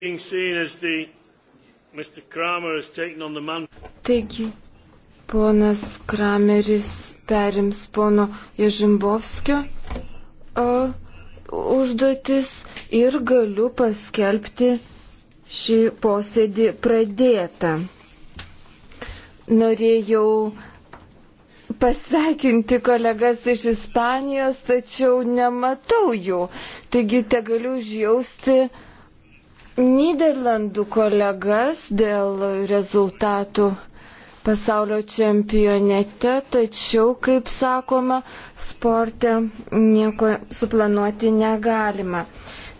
being seen as the Mr. Kramer has taken on the man. Taigi, ponas Krameris perims pono Ježimbovskio uh, užduotis ir galiu paskelbti šį posėdį pradėtą. Norėjau pasveikinti kolegas iš Ispanijos, tačiau nematau jų. Taigi te galiu užjausti uh, Niderlandų kolegas dėl rezultatų pasaulio čempionete, tačiau, kaip sakoma, sporte nieko suplanuoti negalima.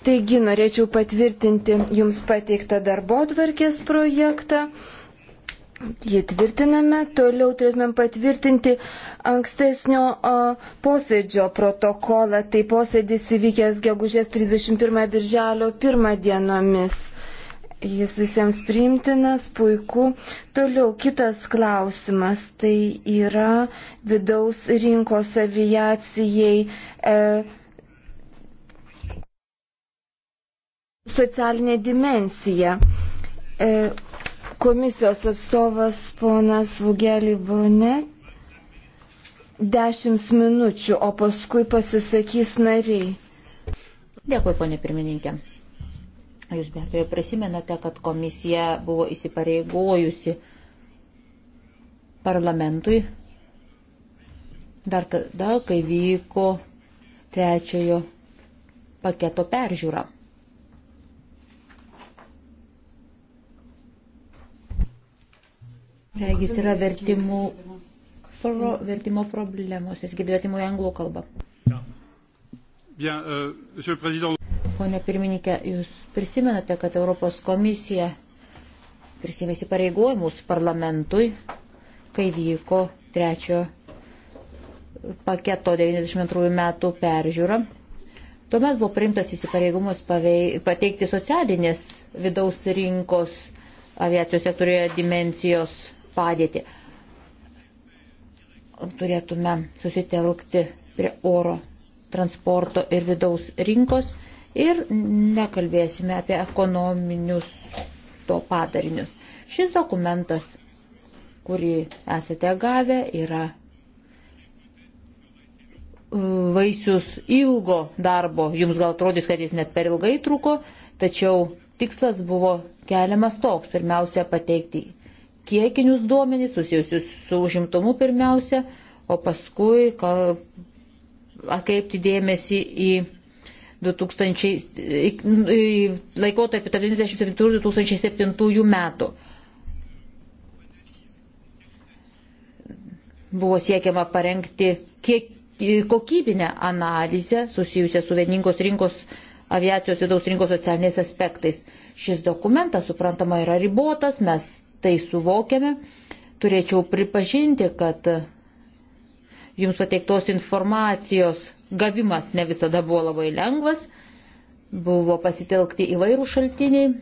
Taigi norėčiau patvirtinti Jums pateiktą darbo atvarkės projektą. Jį tvirtiname, toliau turėtumėm patvirtinti ankstesnio o, posėdžio protokolą. Tai posėdis įvykęs gegužės 31 birželio 1 dienomis. Jis visiems priimtinas, puiku. Toliau kitas klausimas, tai yra vidaus rinkos aviacijai. E, socialinė dimensija. E, komisijos atstovas ponas Vugelį Brunet. Dešimt minučių, o paskui pasisakys nariai. Dėkui, ponė pirmininkė. Jūs be abejo prisimenate, kad komisija buvo įsipareigojusi parlamentui dar tada, kai vyko trečiojo paketo peržiūra. Regis yra vertimų, pro, vertimo problemos, jis girdėtimo į anglų kalbą. Euh, Pone pirmininkė, jūs prisimenate, kad Europos komisija prisimėsi pareigojimus parlamentui, kai vyko trečio paketo 92 metų peržiūra. Tuomet buvo priimtas įsipareigomus pateikti socialinės vidaus rinkos aviacijos sektorioje dimensijos padėtį. Turėtume susitelkti prie oro transporto ir vidaus rinkos ir nekalbėsime apie ekonominius to padarinius. Šis dokumentas, kurį esate gavę, yra e, vaisius ilgo darbo. Jums gal atrodys, kad jis net per ilgai truko, tačiau tikslas buvo keliamas toks. Pirmiausia, pateikti kiekinius duomenys susijusius su užimtumu pirmiausia, o paskui kal, atkreipti dėmesį į 2000, į, į laikotarpį 1997-2007 metų. Buvo siekiama parengti kiek, kokybinę analizę susijusią su vieningos rinkos aviacijos vidaus rinkos socialiniais aspektais. Šis dokumentas, suprantama, yra ribotas, mes tai suvokiame. Turėčiau pripažinti, kad jums pateiktos informacijos gavimas ne visada buvo labai lengvas, buvo pasitelkti įvairių šaltiniai,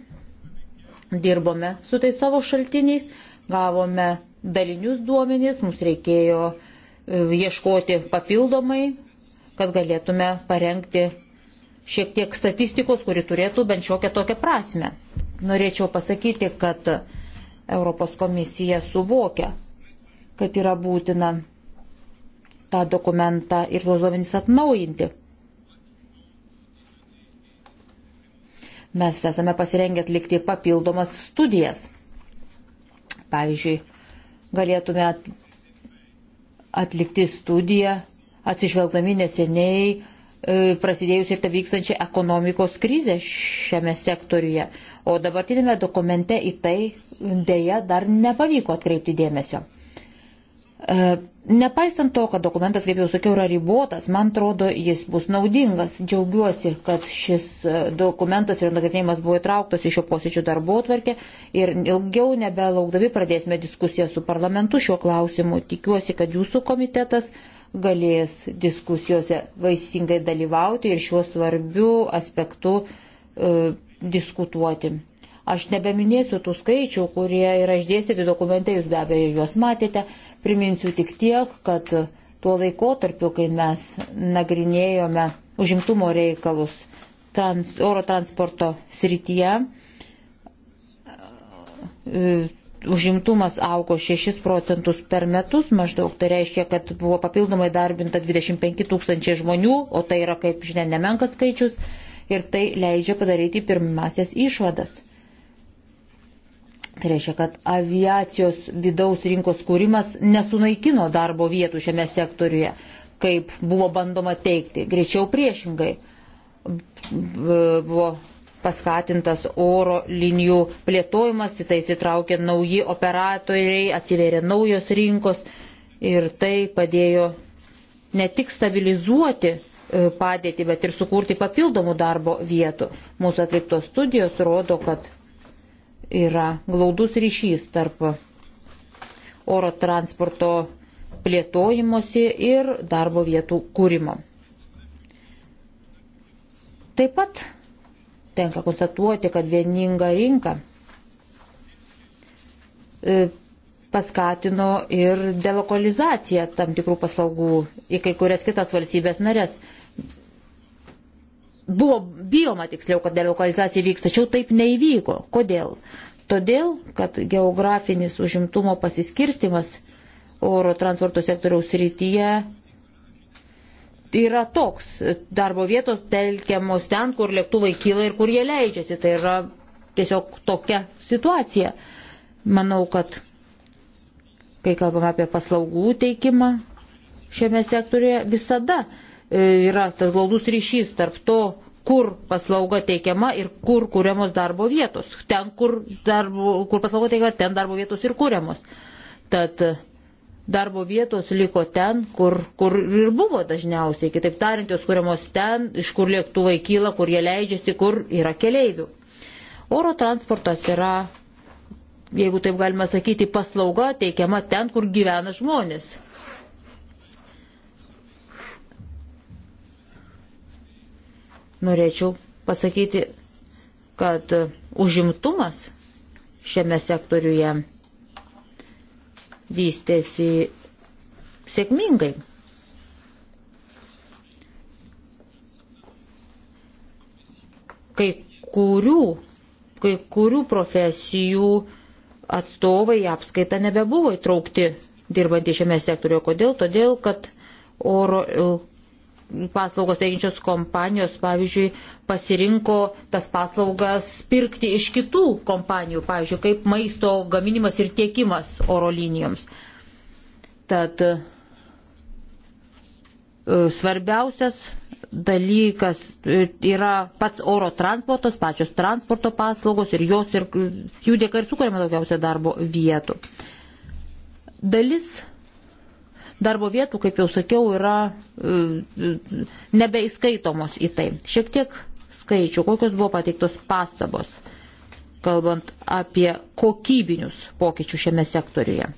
dirbome su tais savo šaltiniais, gavome dalinius duomenys, mums reikėjo e, ieškoti papildomai, kad galėtume parengti šiek tiek statistikos, kuri turėtų bent šiokią tokią prasme. Norėčiau pasakyti, kad Europos komisija suvokia, kad yra būtina tą dokumentą ir tuos duomenys atnaujinti. Mes esame pasirengę atlikti papildomas studijas. Pavyzdžiui, galėtume atlikti studiją atsižvelgdami neseniai e, prasidėjus ir te vykstančią ekonomikos krizę šiame sektoriuje. O dabartinėme dokumente į tai dėja dar nepavyko atkreipti dėmesio. E, nepaisant to, kad dokumentas, kaip jau sakiau, yra ribotas, man atrodo, jis bus naudingas. Džiaugiuosi, kad šis e, dokumentas ir nagrinėjimas buvo įtrauktas į šio posėdžio darbo atvarkę ir ilgiau nebelaukdami pradėsime diskusiją su parlamentu šiuo klausimu. Tikiuosi, kad jūsų komitetas galės diskusijose vaisingai dalyvauti ir šiuo svarbiu aspektu e, diskutuoti. Aš nebeminėsiu tų skaičių, kurie yra išdėstyti dokumente, jūs be abejo juos matėte. Priminsiu tik tiek, kad tuo laikotarpiu, kai mes nagrinėjome užimtumo reikalus trans, oro transporto srityje, e, užimtumas augo 6 procentus per metus maždaug, tai reiškia, kad buvo papildomai darbinta 25 tūkstančiai žmonių, o tai yra, kaip žinia, nemenkas skaičius ir tai leidžia padaryti pirmasias išvadas. Tai reiškia, kad aviacijos vidaus rinkos kūrimas nesunaikino darbo vietų šiame sektoriuje, kaip buvo bandoma teikti. Greičiau priešingai buvo paskatintas oro linijų plėtojimas, į tai įsitraukė nauji operatoriai, atsiverė naujos rinkos ir tai padėjo ne tik stabilizuoti e, padėtį, bet ir sukurti papildomų darbo vietų. Mūsų atliktos studijos rodo, kad yra glaudus ryšys tarp oro transporto plėtojimosi ir darbo vietų kūrimo. Taip pat tenka konstatuoti, kad vieninga rinka e, paskatino ir delokalizaciją tam tikrų paslaugų į kai kurias kitas valstybės narės buvo bijoma tiksliau, kad delokalizacija vyks, tačiau taip neįvyko. Kodėl? Todėl, kad geografinis užimtumo pasiskirstimas oro transporto sektoriaus rytyje yra toks. Darbo vietos telkiamos ten, kur lėktuvai kyla ir kur jie leidžiasi. Tai yra tiesiog tokia situacija. Manau, kad kai kalbame apie paslaugų teikimą šiame sektoriuje, visada E, yra tas glaudus ryšys tarp to, kur paslauga teikiama ir kur kūriamos darbo vietos. Ten, kur, darbo, kur paslauga teikiama, ten darbo vietos ir kūriamos. Tad e, darbo vietos liko ten, kur, kur ir buvo dažniausiai. Kitaip tariant, jos kūriamos ten, iš kur lėktuvai kyla, kur jie leidžiasi, kur yra keleivių. Oro transportas yra, jeigu taip galima sakyti, paslauga teikiama ten, kur gyvena žmonės. Norėčiau pasakyti, kad užimtumas šiame sektoriuje vystėsi sėkmingai. Kai kurių, kai kurių profesijų atstovai apskaita nebebuvo įtraukti dirbantį šiame sektoriuje. Kodėl? Todėl, kad oro paslaugos teikiančios kompanijos, pavyzdžiui, pasirinko tas paslaugas pirkti iš kitų kompanijų, pavyzdžiui, kaip maisto gaminimas ir tiekimas oro linijoms. Tad e, svarbiausias dalykas e, yra pats oro transportas, pačios transporto paslaugos ir jos ir jų dėka ir sukūrėme daugiausia darbo vietų. Dalis darbo vietų, kaip jau sakiau, yra e, nebeįskaitomos į tai. Šiek tiek skaičių, kokios buvo pateiktos pastabos, kalbant apie kokybinius pokyčius šiame sektoriuje.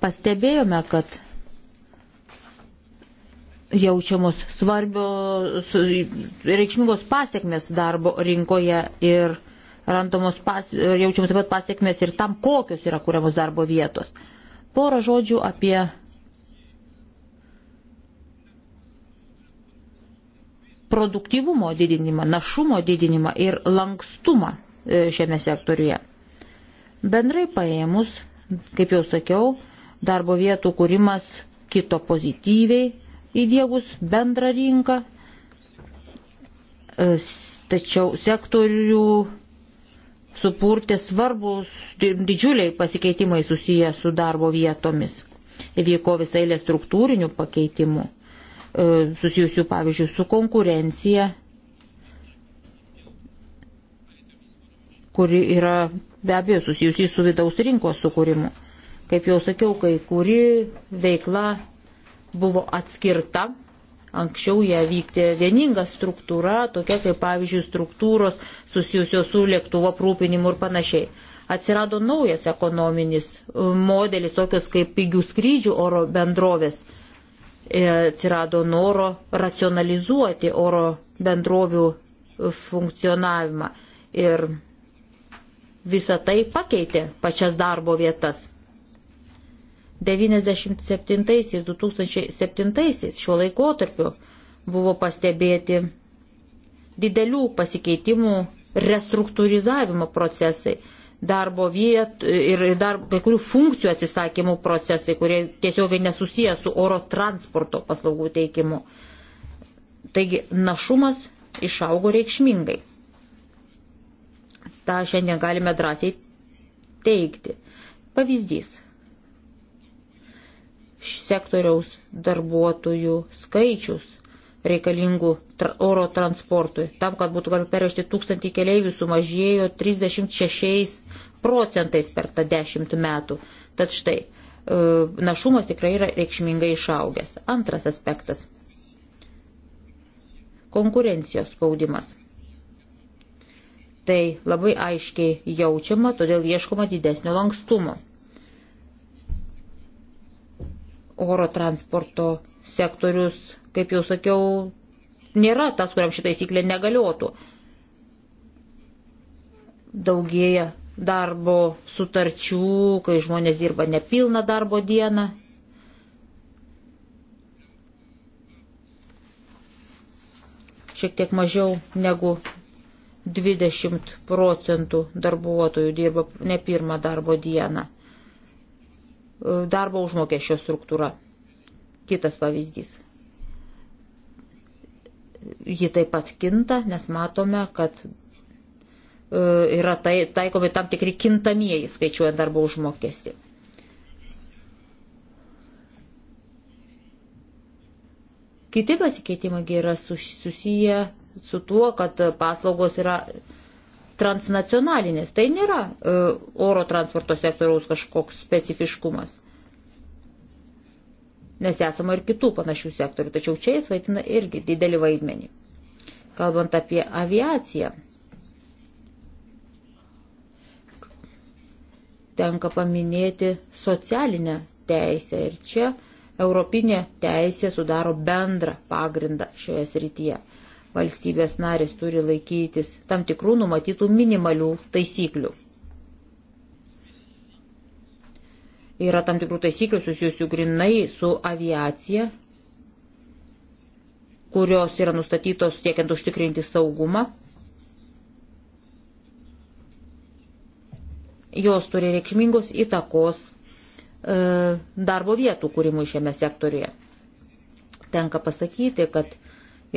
Pastebėjome, kad jaučiamos svarbio reikšmingos pasiekmes darbo rinkoje ir randamos pas, jaučiamos taip pat pasiekmes ir tam, kokios yra kūriamos darbo vietos. Porą žodžių apie produktyvumo didinimą, našumo didinimą ir lankstumą e, šiame sektoriuje. Bendrai paėmus, kaip jau sakiau, darbo vietų kūrimas kito pozityviai įdėgus bendrą rinką, e, tačiau sektorių supurtė svarbus didžiuliai pasikeitimai susiję su darbo vietomis. Įvyko visai lė struktūrinių pakeitimų, e, susijusių pavyzdžiui su konkurencija, kuri yra be abejo susijusi su vidaus rinkos sukūrimu. Kaip jau sakiau, kai kuri veikla buvo atskirta Anksčiau jie vykti vieninga struktūra, tokia kaip pavyzdžiui struktūros susijusios su lėktuvo prūpinimu ir panašiai. Atsirado naujas ekonominis e, modelis, tokios kaip pigių skrydžių oro bendrovės. E, atsirado noro racionalizuoti oro bendrovių e, funkcionavimą. Ir visa tai pakeitė pačias darbo vietas. 97-2007 šiuo laikotarpiu buvo pastebėti didelių pasikeitimų restruktūrizavimo procesai, darbo vietų ir dar kai kurių funkcijų atsisakymų procesai, kurie tiesiogiai nesusiję su oro transporto paslaugų teikimu. Taigi našumas išaugo reikšmingai. Ta šiandien galime drąsiai teikti. Pavyzdys sektoriaus darbuotojų skaičius reikalingų tra oro transportui. Tam, kad būtų galima pervežti tūkstantį keleivių, sumažėjo 36 procentais per tą 10 metų. Tad štai, e, našumas tikrai yra reikšmingai išaugęs. Antras aspektas - konkurencijos spaudimas. Tai labai aiškiai jaučiama, todėl ieškoma didesnio lankstumo. oro transporto sektorius, kaip jau sakiau, nėra tas, kuriam šitą taisyklę negaliotų. Daugėja darbo sutarčių, kai žmonės dirba nepilną darbo dieną. Šiek tiek mažiau negu 20 procentų darbuotojų dirba ne pirmą darbo dieną darbo užmokesčio struktūra. Kitas pavyzdys. Ji taip pat kinta, nes matome, kad e, yra tai, taikomi tam tikri kintamieji skaičiuojant darbo užmokestį. Kiti pasikeitimai yra susiję su tuo, kad paslaugos yra transnacionalinės. Tai nėra e, oro transporto sektoriaus kažkoks specifiškumas. Nes esama ir kitų panašių sektorių, tačiau čia jis vaidina irgi didelį vaidmenį. Kalbant apie aviaciją, tenka paminėti socialinę teisę ir čia europinė teisė sudaro bendrą pagrindą šioje srityje valstybės narės turi laikytis tam tikrų numatytų minimalių taisyklių. Yra tam tikrų taisyklių susijusių grinai su aviacija, kurios yra nustatytos siekiant užtikrinti saugumą. Jos turi reikšmingos įtakos e, darbo vietų kūrimui šiame sektoriuje. Tenka pasakyti, kad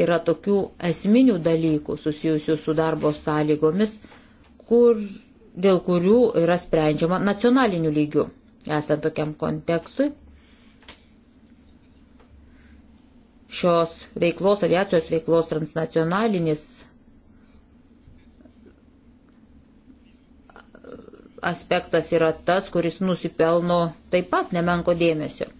Yra tokių esminių dalykų susijusių su darbo sąlygomis, kur, dėl kurių yra sprendžiama nacionaliniu lygiu. Esant tokiam kontekstui, šios veiklos, aviacijos veiklos transnacionalinis aspektas yra tas, kuris nusipelno taip pat nemenko dėmesio.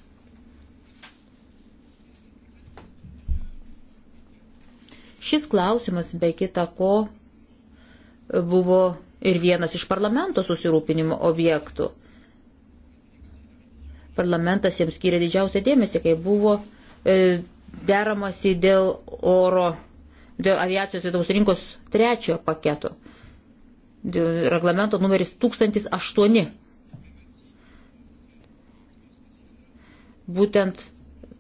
Šis klausimas, be kita ko, buvo ir vienas iš parlamento susirūpinimo objektų. Parlamentas jiems skiria didžiausią dėmesį, kai buvo e, deramasi dėl oro, dėl aviacijos vidaus rinkos trečiojo paketo. Reglamento numeris 1008. Būtent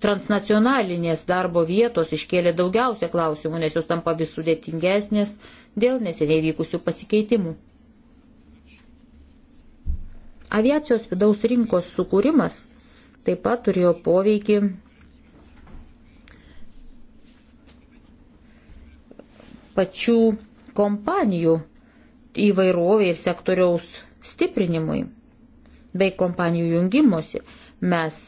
Transnacionalinės darbo vietos iškėlė daugiausia klausimų, nes jos tampa vis sudėtingesnės dėl neseniai vykusių pasikeitimų. Aviacijos vidaus rinkos sukūrimas taip pat turėjo poveikį pačių kompanijų įvairoviai ir sektoriaus stiprinimui bei kompanijų jungimosi. Mes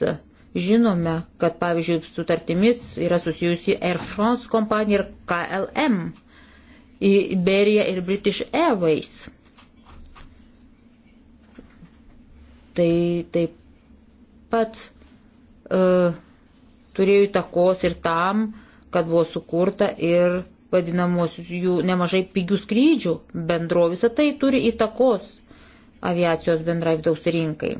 Žinome, kad pavyzdžiui sutartimis yra susijusi Air France kompanija ir KLM, Iberija ir British Airways. Tai taip pat uh, turėjo įtakos ir tam, kad buvo sukurta ir vadinamosius jų nemažai pigių skrydžių bendro. Visą tai turi įtakos aviacijos bendrai vidaus rinkai.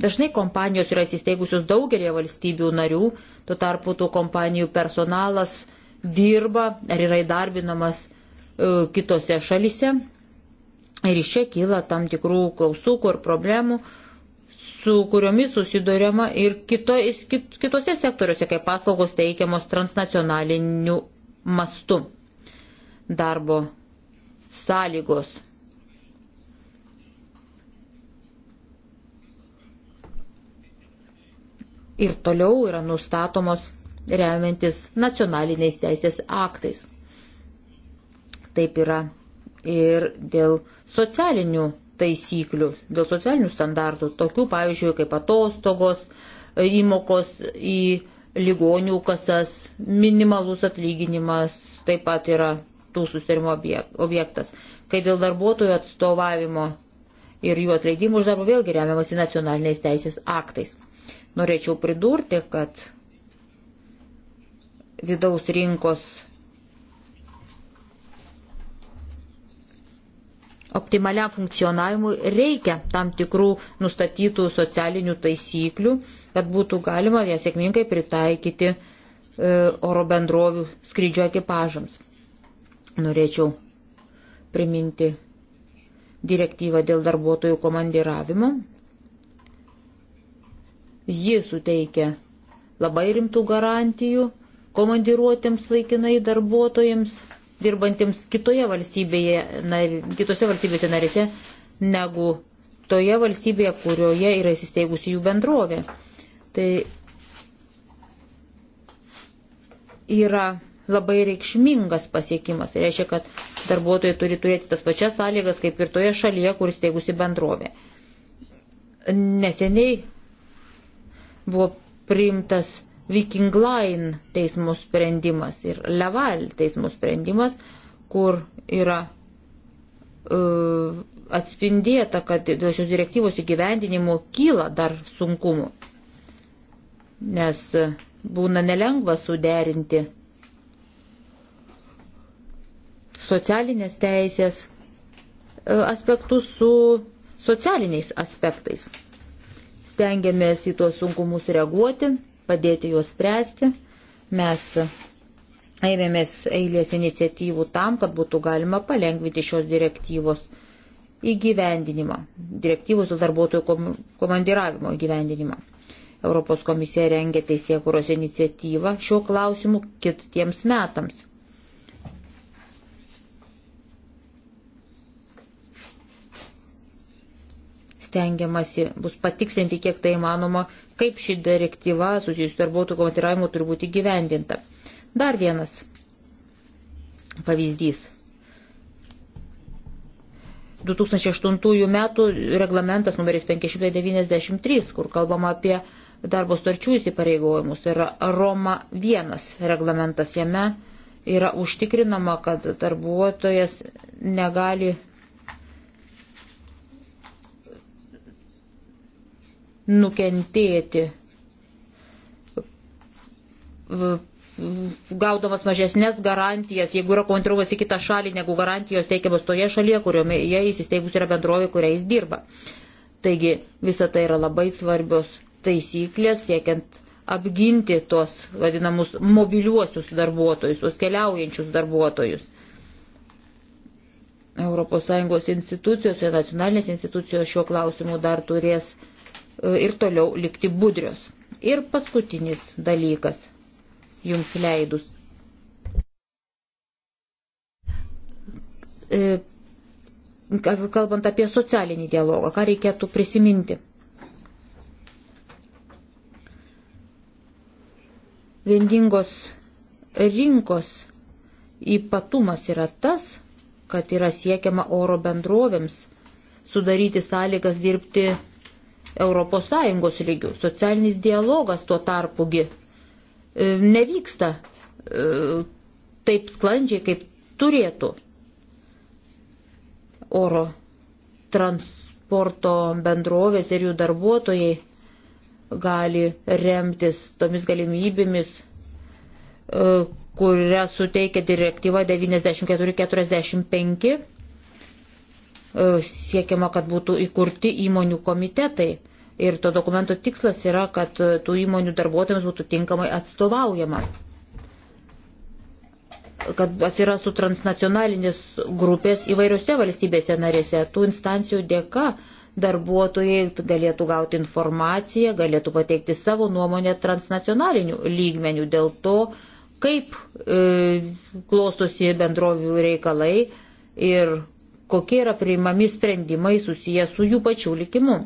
Dažnai kompanijos yra įsisteigusios daugelį valstybių narių, tuo tarpu tų kompanijų personalas dirba ar yra įdarbinamas e, kitose šalise. Ir iš čia kyla tam tikrų klausukų ir problemų, su kuriomis susidurėma ir kito, kit, kitose sektoriuose, kai paslaugos teikiamos transnacionaliniu mastu. Darbo sąlygos ir toliau yra nustatomos remiantis nacionaliniais teisės aktais. Taip yra ir dėl socialinių taisyklių, dėl socialinių standartų, tokių pavyzdžiui kaip atostogos, įmokos į ligonių kasas, minimalus atlyginimas taip pat yra tų susitarimo objektas. Kai dėl darbuotojų atstovavimo ir jų atleidimų už darbą vėlgi remiamasi nacionaliniais teisės aktais. Norėčiau pridurti, kad vidaus rinkos optimaliam funkcionavimui reikia tam tikrų nustatytų socialinių taisyklių, kad būtų galima jas sėkmingai pritaikyti e, oro bendrovių skrydžio ekipažams. Norėčiau priminti direktyvą dėl darbuotojų komandiravimo. Ji suteikia labai rimtų garantijų komandiruotėms laikinai darbuotojams, dirbantiems kitoje valstybėje, kitose valstybėse narėse, negu toje valstybėje, kurioje yra įsisteigusi jų bendrovė. Tai yra labai reikšmingas pasiekimas. Tai reiškia, kad darbuotojai turi turėti tas pačias sąlygas, kaip ir toje šalyje, kur steigusi bendrovė. Neseniai Buvo priimtas Viking Line teismo sprendimas ir Leval teismo sprendimas, kur yra uh, atspindėta, kad dėl šios direktyvos įgyvendinimo kyla dar sunkumų, nes būna nelengva suderinti socialinės teisės e, aspektus su socialiniais aspektais stengiamės į tuos sunkumus reaguoti, padėti juos spręsti. Mes ėmėmės eilės iniciatyvų tam, kad būtų galima palengvinti šios direktyvos įgyvendinimą, direktyvos darbuotojų kom komandiravimo įgyvendinimą. Europos komisija rengia teisėkuros iniciatyvą šiuo klausimu kitiems metams. stengiamasi bus patikslinti, kiek tai manoma, kaip ši direktyva susijusi darbuotojų komandiravimo turi būti gyvendinta. Dar vienas pavyzdys. 2008 metų reglamentas numeris 593, kur kalbama apie darbo starčių įsipareigojimus, tai yra Roma 1 reglamentas jame yra užtikrinama, kad darbuotojas negali nukentėti, gaudamas mažesnės garantijas, jeigu yra kontrumas į kitą šalį, negu garantijos teikiamas toje šalyje, kurioje jis įsteigus yra bendrovė, kurioje jis dirba. Taigi visa tai yra labai svarbios taisyklės, siekiant apginti tuos vadinamus mobiliuosius darbuotojus, tuos keliaujančius darbuotojus. ES institucijos ir nacionalinės institucijos šiuo klausimu dar turės E, ir toliau likti budrios. Ir paskutinis dalykas jums leidus. E, kalbant apie socialinį dialogą, ką reikėtų prisiminti. Vendingos rinkos ypatumas yra tas, kad yra siekiama oro bendrovėms sudaryti sąlygas dirbti ES lygių. Socialinis dialogas tuo tarpugi e, nevyksta e, taip sklandžiai, kaip turėtų. Oro transporto bendrovės ir jų darbuotojai gali remtis tomis galimybėmis, e, kurias suteikia direktyva 9445 E, siekiama, kad būtų įkurti įmonių komitetai. Ir to dokumento tikslas yra, kad e, tų įmonių darbuotojams būtų tinkamai atstovaujama. Kad atsirastų transnacionalinės grupės įvairiose valstybėse narėse. Tų instancijų dėka darbuotojai galėtų gauti informaciją, galėtų pateikti savo nuomonę transnacionalinių lygmenių dėl to, kaip e, klostosi bendrovių reikalai ir kokie yra priimami sprendimai susiję su jų pačių likimu.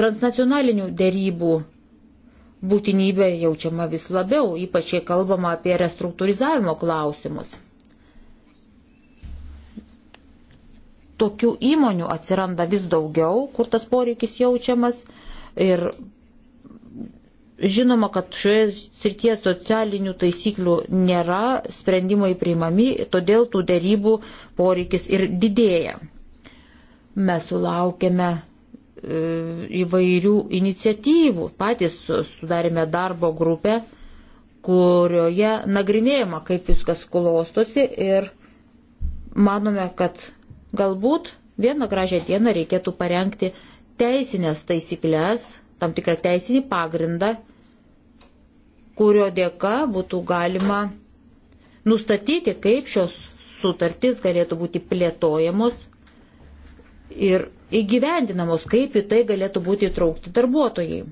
Transnacionalinių dėrybų būtinybė jaučiama vis labiau, ypač jei kalbama apie restruktūrizavimo klausimus. Tokių įmonių atsiranda vis daugiau, kur tas poreikis jaučiamas ir Žinoma, kad šioje srityje socialinių taisyklių nėra, sprendimai priimami, todėl tų dėrybų poreikis ir didėja. Mes sulaukėme e, įvairių iniciatyvų. Patys sudarėme darbo grupę, kurioje nagrinėjama, kaip viskas klostosi ir manome, kad galbūt vieną gražią dieną reikėtų parengti teisinės taisyklės tam tikrą teisinį pagrindą, kurio dėka būtų galima nustatyti, kaip šios sutartys galėtų būti plėtojamos ir įgyvendinamos, kaip į tai galėtų būti įtraukti darbuotojai.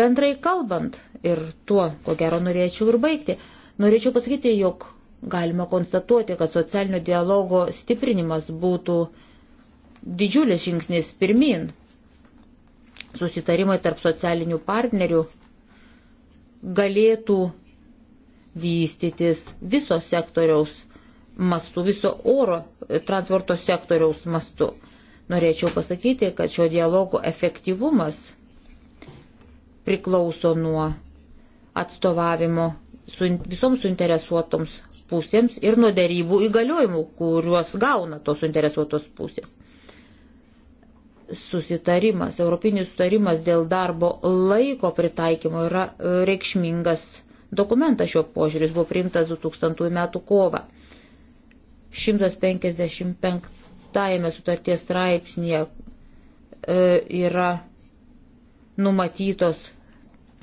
Bendrai kalbant, ir tuo, ko gero, norėčiau ir baigti, norėčiau pasakyti, jog galima konstatuoti, kad socialinio dialogo stiprinimas būtų didžiulis žingsnis pirmin susitarimai tarp socialinių partnerių galėtų vystytis viso sektoriaus mastu, viso oro e, transporto sektoriaus mastu. Norėčiau pasakyti, kad šio dialogo efektyvumas priklauso nuo atstovavimo su, visoms suinteresuotoms pusėms ir nuo dėrybų įgaliojimų, kuriuos gauna tos suinteresuotos pusės susitarimas, Europinis sutarimas dėl darbo laiko pritaikymo yra e, reikšmingas dokumentas šio požiūris, buvo priimtas 2000 metų kovą. 155 sutarties straipsnėje e, yra numatytos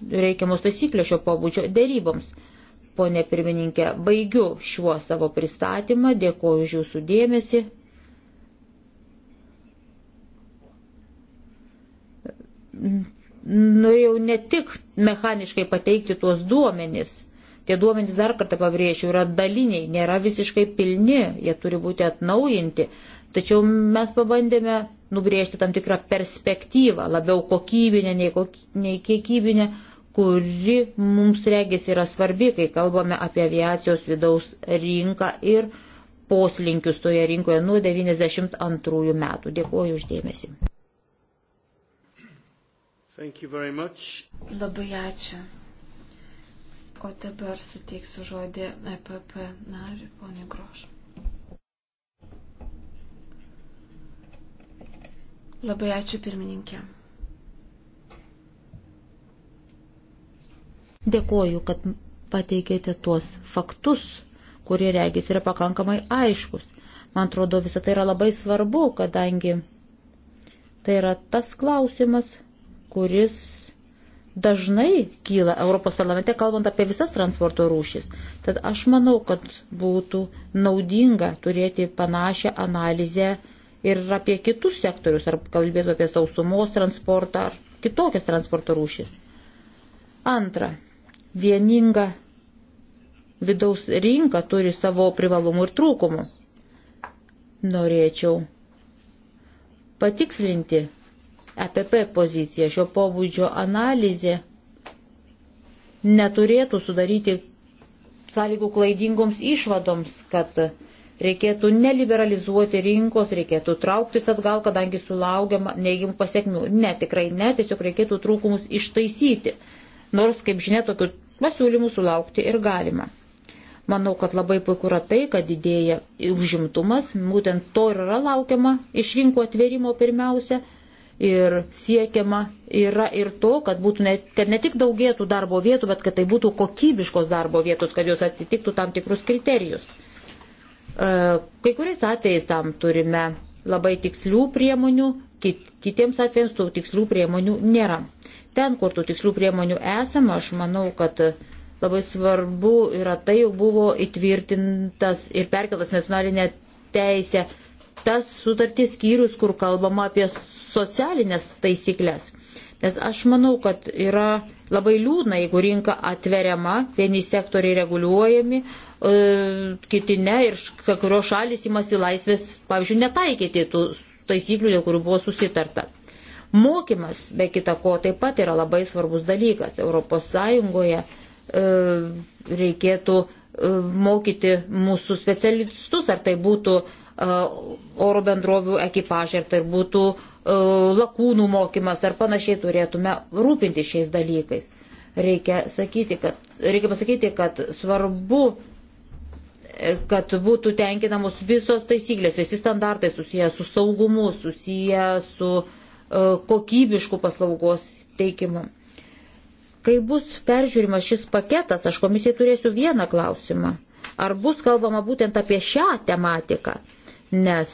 reikiamos taisyklės šio pobūdžio dėryboms. Pone pirmininkė, baigiu šiuo savo pristatymą, dėkoju už jūsų dėmesį. norėjau ne tik mechaniškai pateikti tuos duomenis, tie duomenys dar kartą pabrėšiu, yra daliniai, nėra visiškai pilni, jie turi būti atnaujinti, tačiau mes pabandėme nubrėžti tam tikrą perspektyvą, labiau kokybinę nei, koky, nei kiekybinę, kuri mums regis yra svarbi, kai kalbame apie aviacijos vidaus rinką ir poslinkius toje rinkoje nuo 92 metų. Dėkuoju uždėmesi. Labai ačiū. O dabar suteiksiu žodį EPP nariui, poniai Groš. Labai ačiū pirmininkė. Dėkoju, kad pateikėte tuos faktus, kurie regis yra pakankamai aiškus. Man atrodo, visą tai yra labai svarbu, kadangi tai yra tas klausimas, kuris dažnai kyla Europos parlamente, kalbant apie visas transporto rūšis. Tad aš manau, kad būtų naudinga turėti panašią analizę ir apie kitus sektorius, ar kalbėtų apie sausumos transportą, ar kitokias transporto rūšis. Antra, vieninga vidaus rinka turi savo privalumų ir trūkumų. Norėčiau patikslinti EPP poziciją. Šio pobūdžio analizė neturėtų sudaryti sąlygų klaidingoms išvadoms, kad reikėtų neliberalizuoti rinkos, reikėtų trauktis atgal, kadangi sulaukiama neigiamų pasiekmių. Ne, tikrai ne, tiesiog reikėtų trūkumus ištaisyti. Nors, kaip žinia, tokių pasiūlymų sulaukti ir galima. Manau, kad labai puiku yra tai, kad didėja užimtumas, būtent to ir yra laukiama iš rinkų atverimo pirmiausia, ir siekiama yra ir to, kad, būtų ne, kad ne tik daugėtų darbo vietų, bet kad tai būtų kokybiškos darbo vietos, kad jos atitiktų tam tikrus kriterijus. E, kai kuriais atvejais tam turime labai tikslių priemonių, kit, kitiems atvejams tų tikslių priemonių nėra. Ten, kur tų tikslių priemonių esama, aš manau, kad labai svarbu yra tai jau buvo įtvirtintas ir perkeltas nacionalinė teisė tas sutartys skyrius, kur kalbama apie socialinės taisyklės. Nes aš manau, kad yra labai liūdna, jeigu rinka atveriama, vieni sektoriai reguliuojami, e, kiti ne ir kai kurios šalis imasi laisvės, pavyzdžiui, netaikyti tų taisyklių, dėl kurių buvo susitarta. Mokymas, be kita ko, taip pat yra labai svarbus dalykas. Europos Sąjungoje e, reikėtų e, mokyti mūsų specialistus, ar tai būtų e, oro bendrovių ekipažai, ar tai būtų e, E, lakūnų mokymas ar panašiai turėtume rūpinti šiais dalykais. Reikia, sakyti, kad, reikia pasakyti, kad svarbu, e, kad būtų tenkinamos visos taisyklės, visi standartai susiję su saugumu, susiję su e, kokybišku paslaugos teikimu. Kai bus peržiūrimas šis paketas, aš komisijai turėsiu vieną klausimą. Ar bus kalbama būtent apie šią tematiką? Nes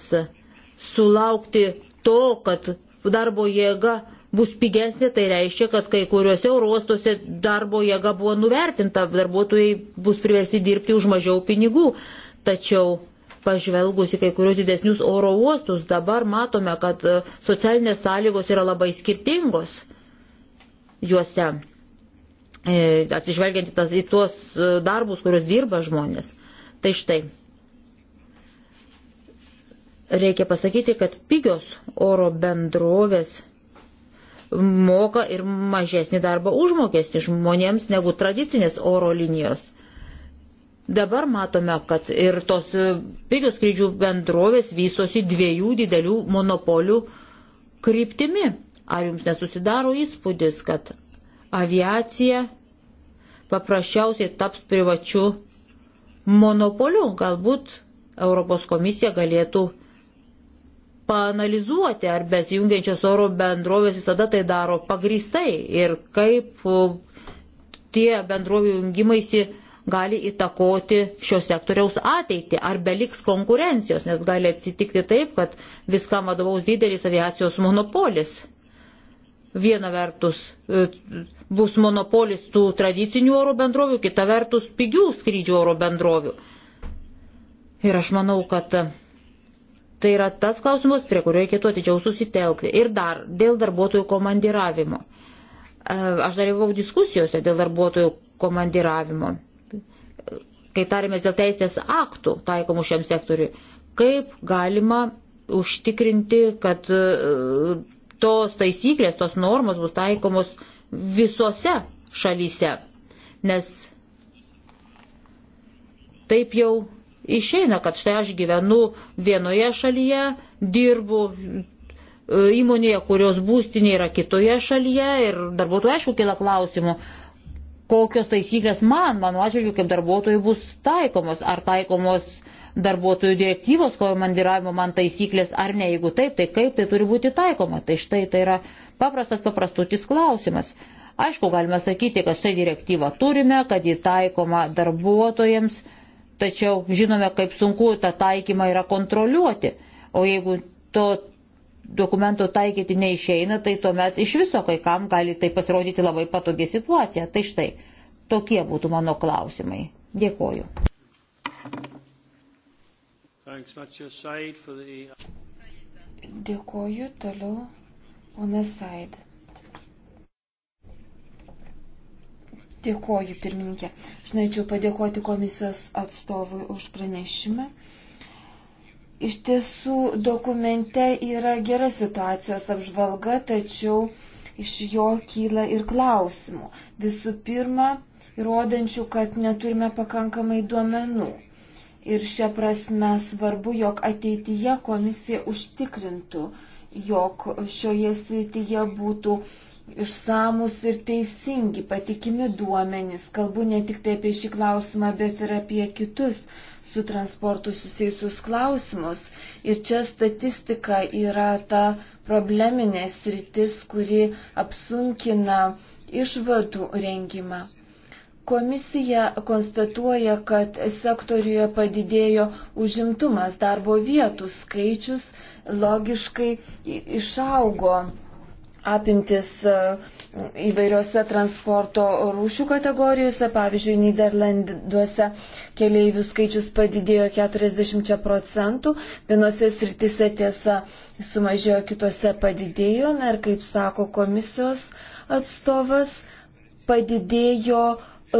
sulaukti to, kad darbo jėga bus pigesnė, tai reiškia, kad kai kuriuose uostuose darbo jėga buvo nuvertinta, darbuotojai bus priversti dirbti už mažiau pinigų. Tačiau pažvelgus į kai kurios didesnius oro uostus, dabar matome, kad e, socialinės sąlygos yra labai skirtingos juose, e, atsižvelgiant į, tas, į tuos e, darbus, kuriuos dirba žmonės. Tai štai. Reikia pasakyti, kad pigios oro bendrovės moka ir mažesnį darbo užmokestį žmonėms negu tradicinės oro linijos. Dabar matome, kad ir tos pigios skrydžių bendrovės vystosi dviejų didelių monopolių kryptimi. Ar jums nesusidaro įspūdis, kad aviacija paprasčiausiai taps privačiu monopoliu? Galbūt Europos komisija galėtų panalizuoti, ar besijungiančios oro bendrovės visada tai daro pagristai ir kaip e, tie bendrovių jungimaisi gali įtakoti šio sektoriaus ateitį, ar beliks konkurencijos, nes gali atsitikti taip, kad viskam vadovaus didelis aviacijos monopolis. Viena vertus e, bus monopolis tų tradicinių oro bendrovių, kita vertus pigių skrydžių oro bendrovių. Ir aš manau, kad Tai yra tas klausimas, prie kurio reikėtų atidžiau susitelkti. Ir dar dėl darbuotojų komandiravimo. E, aš dalyvau diskusijose dėl darbuotojų komandiravimo, kai tarėmės dėl teisės aktų taikomų šiam sektoriui, kaip galima užtikrinti, kad e, tos taisyklės, tos normos bus taikomos visose šalyse. Nes taip jau išeina, kad štai aš gyvenu vienoje šalyje, dirbu e, įmonėje, kurios būstinė yra kitoje šalyje ir darbuotojų aišku kila klausimų, kokios taisyklės man, mano atžvilgiu, kaip darbuotojų bus taikomos, ar taikomos darbuotojų direktyvos komandiravimo man taisyklės, ar ne, jeigu taip, tai kaip tai turi būti taikoma. Tai štai tai yra paprastas, paprastutis klausimas. Aišku, galime sakyti, kad štai direktyvą turime, kad ji taikoma darbuotojams tačiau žinome, kaip sunku tą taikymą yra kontroliuoti. O jeigu to dokumento taikyti neišeina, tai tuomet iš viso kai kam gali tai pasirodyti labai patogi situacija. Tai štai, tokie būtų mano klausimai. Dėkoju. Dėkoju toliau, ponas Said. Dėkoju, pirmininkė. Aš norėčiau padėkoti komisijos atstovui už pranešimą. Iš tiesų, dokumente yra gera situacijos apžvalga, tačiau iš jo kyla ir klausimų. Visų pirma, įrodančių, kad neturime pakankamai duomenų. Ir šia prasme svarbu, jog ateityje komisija užtikrintų, jog šioje srityje būtų uh, išsamus ir teisingi, patikimi duomenys. Kalbu ne tik tai apie šį klausimą, bet ir apie kitus su transportu susijusius klausimus. Ir čia statistika yra ta probleminė sritis, kuri apsunkina išvadų rengimą. Komisija konstatuoja, kad sektoriuje padidėjo užimtumas, darbo vietų skaičius logiškai išaugo apimtis e, įvairiose transporto rūšių kategorijose. Pavyzdžiui, Niderlanduose keleivių skaičius padidėjo 40 procentų, vienose sritise tiesa sumažėjo, kitose padidėjo. Na ir kaip sako komisijos atstovas, padidėjo E,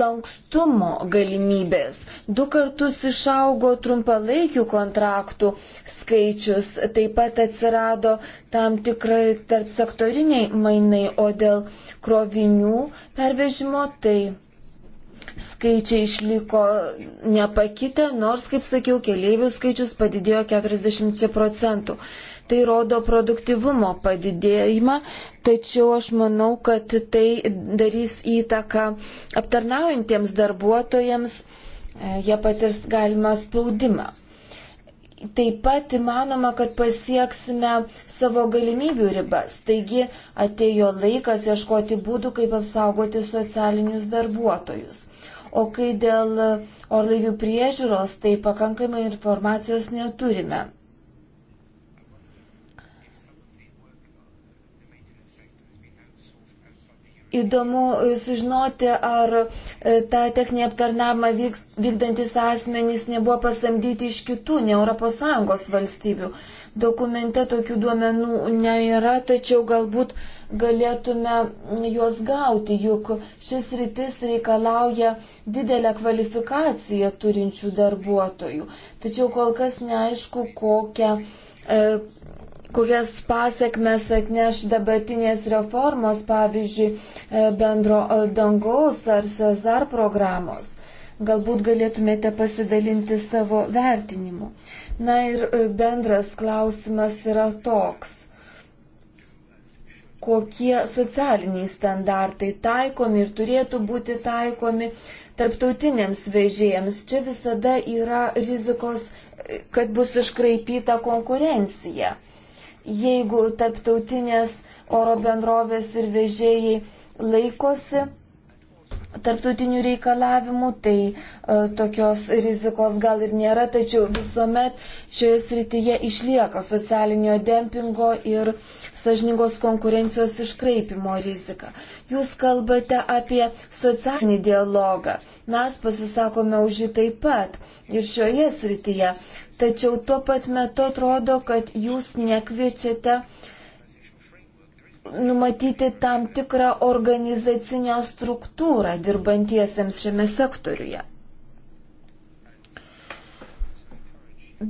lankstumo galimybės. Du kartus išaugo trumpalaikių kontraktų skaičius, taip pat atsirado tam tikrai tarp sektoriniai mainai, o dėl krovinių pervežimo tai skaičiai išliko nepakitę, nors, kaip sakiau, keleivių skaičius padidėjo 40 procentų. Tai rodo produktivumo padidėjimą, tačiau aš manau, kad tai darys įtaką aptarnaujantiems darbuotojams, e, jie patirs galimą spaudimą. Taip pat įmanoma, kad pasieksime savo galimybių ribas. Taigi atėjo laikas ieškoti būdų, kaip apsaugoti socialinius darbuotojus O kai dėl orlaivių priežiūros, tai pakankamai informacijos neturime. Įdomu sužinoti, ar e, tą techninį aptarnavimą vykdantis asmenys nebuvo pasamdyti iš kitų, ne ES valstybių. Dokumente tokių duomenų nėra, tačiau galbūt galėtume juos gauti, juk šis rytis reikalauja didelę kvalifikaciją turinčių darbuotojų. Tačiau kol kas neaišku, kokią, e, kokias pasiekmes atneš dabartinės reformos, pavyzdžiui, e, bendro e, dangaus ar Cezar programos. Galbūt galėtumėte pasidalinti savo vertinimu. E, Na ir e, bendras klausimas yra toks. Kokie socialiniai standartai taikomi ir turėtų būti taikomi tarptautiniams vežėjams? Čia visada yra rizikos, e, kad bus iškraipyta konkurencija. Jeigu tarptautinės oro bendrovės ir vežėjai laikosi tarptautinių reikalavimų, tai uh, tokios rizikos gal ir nėra, tačiau visuomet šioje srityje išlieka socialinio dempingo ir sažningos konkurencijos iškraipimo rizika. Jūs kalbate apie socialinį dialogą. Mes pasisakome už jį taip pat ir šioje srityje. Tačiau tuo pat metu atrodo, kad jūs nekviečiate uh, numatyti tam tikrą organizacinę struktūrą dirbantiesiems šiame sektoriuje.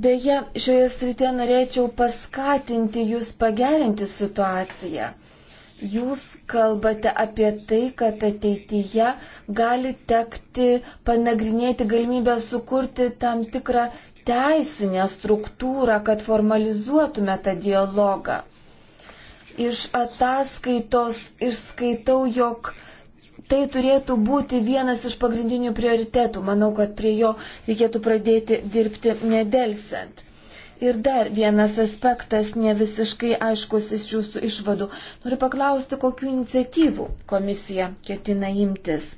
Beje, šioje srityje norėčiau paskatinti jūs pagerinti situaciją. Jūs kalbate apie tai, kad ateityje gali tekti panagrinėti galimybę sukurti tam tikrą teisinę struktūrą, kad formalizuotume tą dialogą. Iš ataskaitos išskaitau, jog tai turėtų būti vienas iš pagrindinių prioritetų. Manau, kad prie jo reikėtų pradėti dirbti nedelsiant. Ir dar vienas aspektas ne visiškai aiškus iš jūsų išvadų. Noriu paklausti, kokiu iniciatyvu komisija ketina imtis.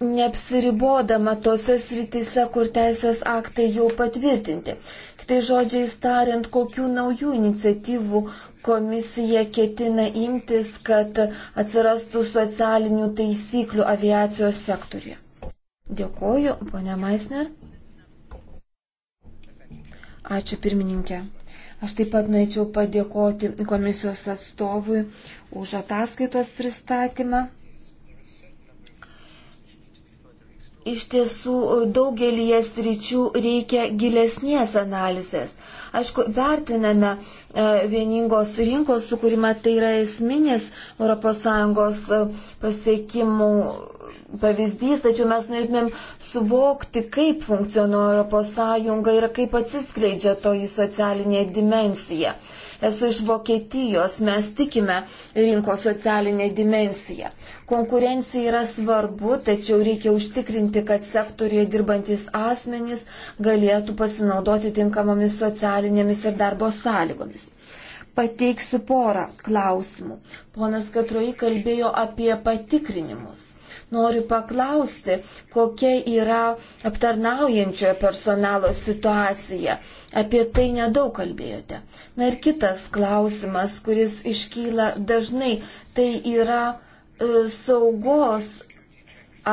neapsiribodama tose sritise, kur teisės aktai jau patvirtinti. Kitai žodžiais tariant, kokių naujų iniciatyvų komisija ketina imtis, kad atsirastų socialinių taisyklių aviacijos sektoriuje. Dėkoju, ponia Maisner. Ačiū pirmininkė. Aš taip pat norėčiau padėkoti komisijos atstovui už ataskaitos pristatymą. iš tiesų e, daugelį sričių reikia gilesnės analizės. Aišku, vertiname e, vieningos rinkos sukūrimą, tai yra esminis ES e, pasiekimų pavyzdys, tačiau mes norėtumėm suvokti, kaip funkcionuoja ES ir kaip atsiskleidžia toji socialinė dimensija. Esu iš Vokietijos, mes tikime rinko socialinę dimensiją. Konkurencija yra svarbu, tačiau reikia užtikrinti, kad sektoriuje dirbantis asmenys galėtų pasinaudoti tinkamomis socialinėmis ir darbo sąlygomis pateiksiu porą klausimų. Ponas Katroji kalbėjo apie patikrinimus. Noriu paklausti, kokia yra aptarnaujančiojo personalo situacija. Apie tai nedaug kalbėjote. Na ir kitas klausimas, kuris iškyla dažnai, tai yra e, saugos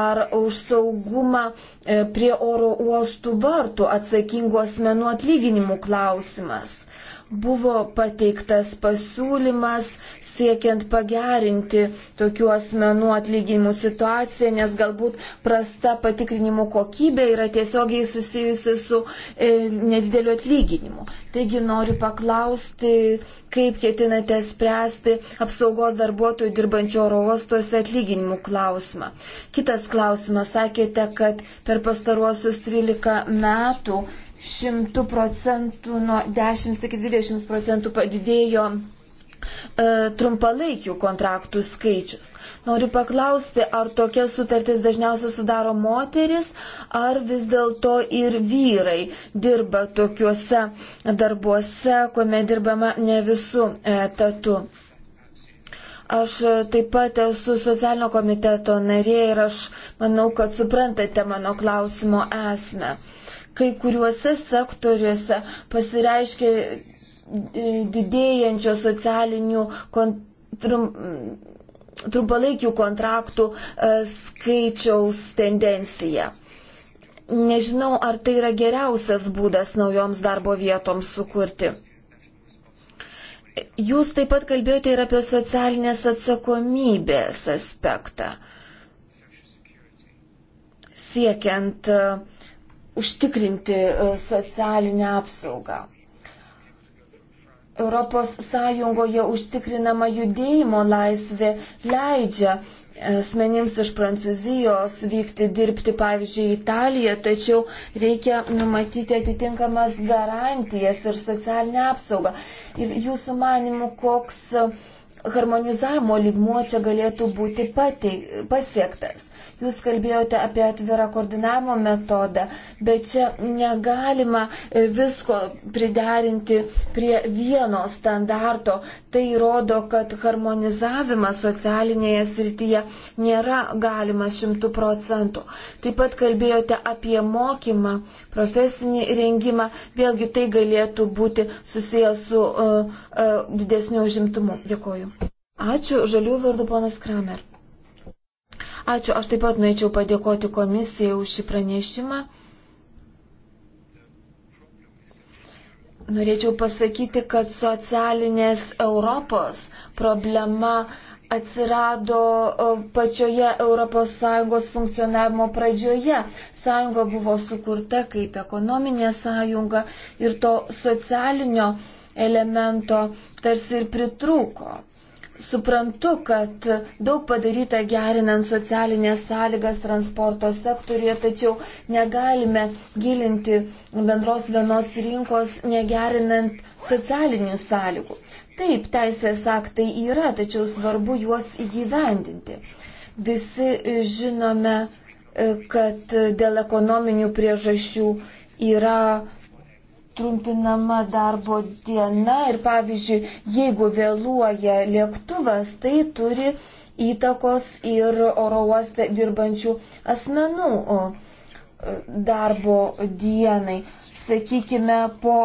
ar už saugumą e, prie oro uostų vartų atsakingų asmenų atlyginimų klausimas buvo pateiktas pasiūlymas siekiant pagerinti tokių asmenų atlyginimų situaciją, nes galbūt prasta patikrinimų kokybė yra tiesiogiai susijusi su e, nedideliu atlyginimu. Taigi noriu paklausti, kaip ketinate spręsti apsaugos darbuotojų dirbančio oro uostuose atlyginimų klausimą. Kitas klausimas, sakėte, kad per pastaruosius 13 metų 100 procentų, nuo 10 iki 20 procentų padidėjo e, trumpalaikių kontraktų skaičius. Noriu paklausti, ar tokias sutartis dažniausiai sudaro moteris, ar vis dėlto ir vyrai dirba tokiuose darbuose, kuomet dirbama ne visų e, etatų. Aš taip pat esu socialinio komiteto narė ir aš manau, kad suprantate mano klausimo esmę. Uh, kai kuriuose sektoriuose pasireiškia e, didėjančio socialinių kont trum trumpalaikių kontraktų e, skaičiaus tendencija. Nežinau, ar tai yra geriausias būdas naujoms darbo vietoms sukurti. Jūs taip pat kalbėjote ir apie socialinės atsakomybės aspektą. Siekiant uh, užtikrinti e, socialinę apsaugą. Europos Sąjungoje užtikrinama judėjimo laisvė leidžia e, asmenims iš Prancūzijos vykti dirbti, pavyzdžiui, Italiją, tačiau reikia numatyti atitinkamas garantijas ir socialinę apsaugą. Ir jūsų manimų, koks harmonizavimo lygmuo čia galėtų būti patei, pasiektas. Jūs kalbėjote apie atvirą koordinavimo metodą, bet čia negalima e, visko priderinti prie vieno standarto. Tai rodo, kad harmonizavimas socialinėje srityje nėra galima šimtų procentų. Taip pat kalbėjote apie mokymą, profesinį rengimą. Vėlgi tai galėtų būti susijęs su uh, uh, didesniu užimtumu. Dėkuoju. Ačiū, žalių vardu ponas Kramer. Ačiū, aš taip pat norėčiau padėkoti komisijai už šį pranešimą. Norėčiau pasakyti, kad socialinės Europos problema atsirado e, pačioje ES funkcionavimo pradžioje. Sąjunga buvo sukurta kaip ekonominė sąjunga ir to socialinio elemento tarsi ir pritrūko. Suprantu, kad daug padaryta gerinant socialinės sąlygas transporto sektoriuje, tačiau negalime gilinti bendros vienos rinkos, negerinant socialinių sąlygų. Taip, teisės aktai yra, tačiau svarbu juos įgyvendinti. Visi žinome, e, kad dėl ekonominių priežasčių yra trumpinama darbo diena ir pavyzdžiui, jeigu vėluoja lėktuvas, tai turi įtakos ir oro uoste dirbančių asmenų e, darbo dienai. Sakykime, po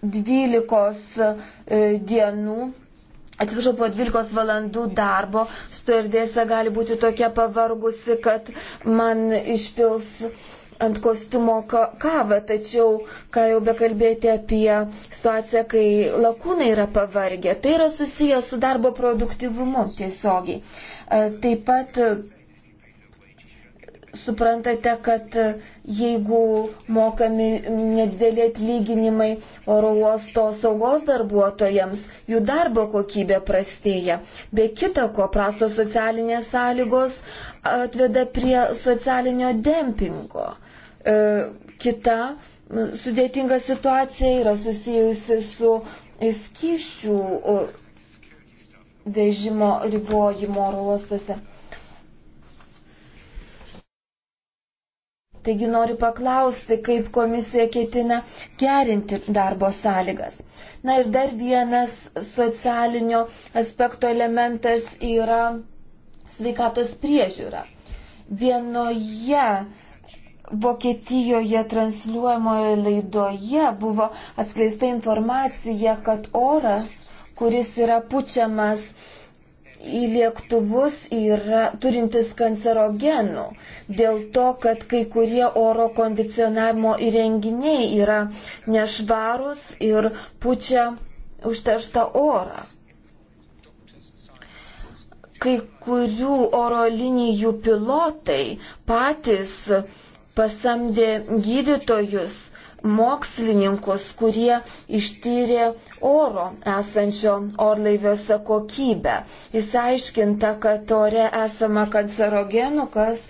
12 e, dienų Atsiprašau, po 12 valandų darbo stordėse gali būti tokia pavargusi, kad man išpils uh, ant kostiumo kavą, tačiau ką jau bekalbėti apie situaciją, kai lakūnai yra pavargę, tai yra susiję su darbo produktivumu tiesiogiai. E, taip pat e, suprantate, kad e, jeigu mokami nedėlė atlyginimai oro uosto saugos darbuotojams, jų darbo kokybė prastėja. Be kita ko, prastos socialinės sąlygos atveda prie socialinio dempingo. E, kita sudėtinga situacija yra susijusi su e, skyščių e, vežimo ribojimo oro uostuose. Taigi noriu paklausti, kaip komisija ketina gerinti darbo sąlygas. Na ir dar vienas socialinio aspekto elementas yra sveikatos priežiūra. Vienoje Vokietijoje transliuojamoje laidoje buvo atskleista informacija, kad oras, kuris yra pučiamas į lėktuvus, yra turintis kancerogenų. Dėl to, kad kai kurie oro kondicionavimo įrenginiai yra nešvarus ir pučia užterštą orą kai kurių oro linijų pilotai patys pasamdė gydytojus, mokslininkus, kurie ištyrė oro esančio orlaiviuose kokybę. Įsiaiškinta, kad ore esama kancerogenų, kas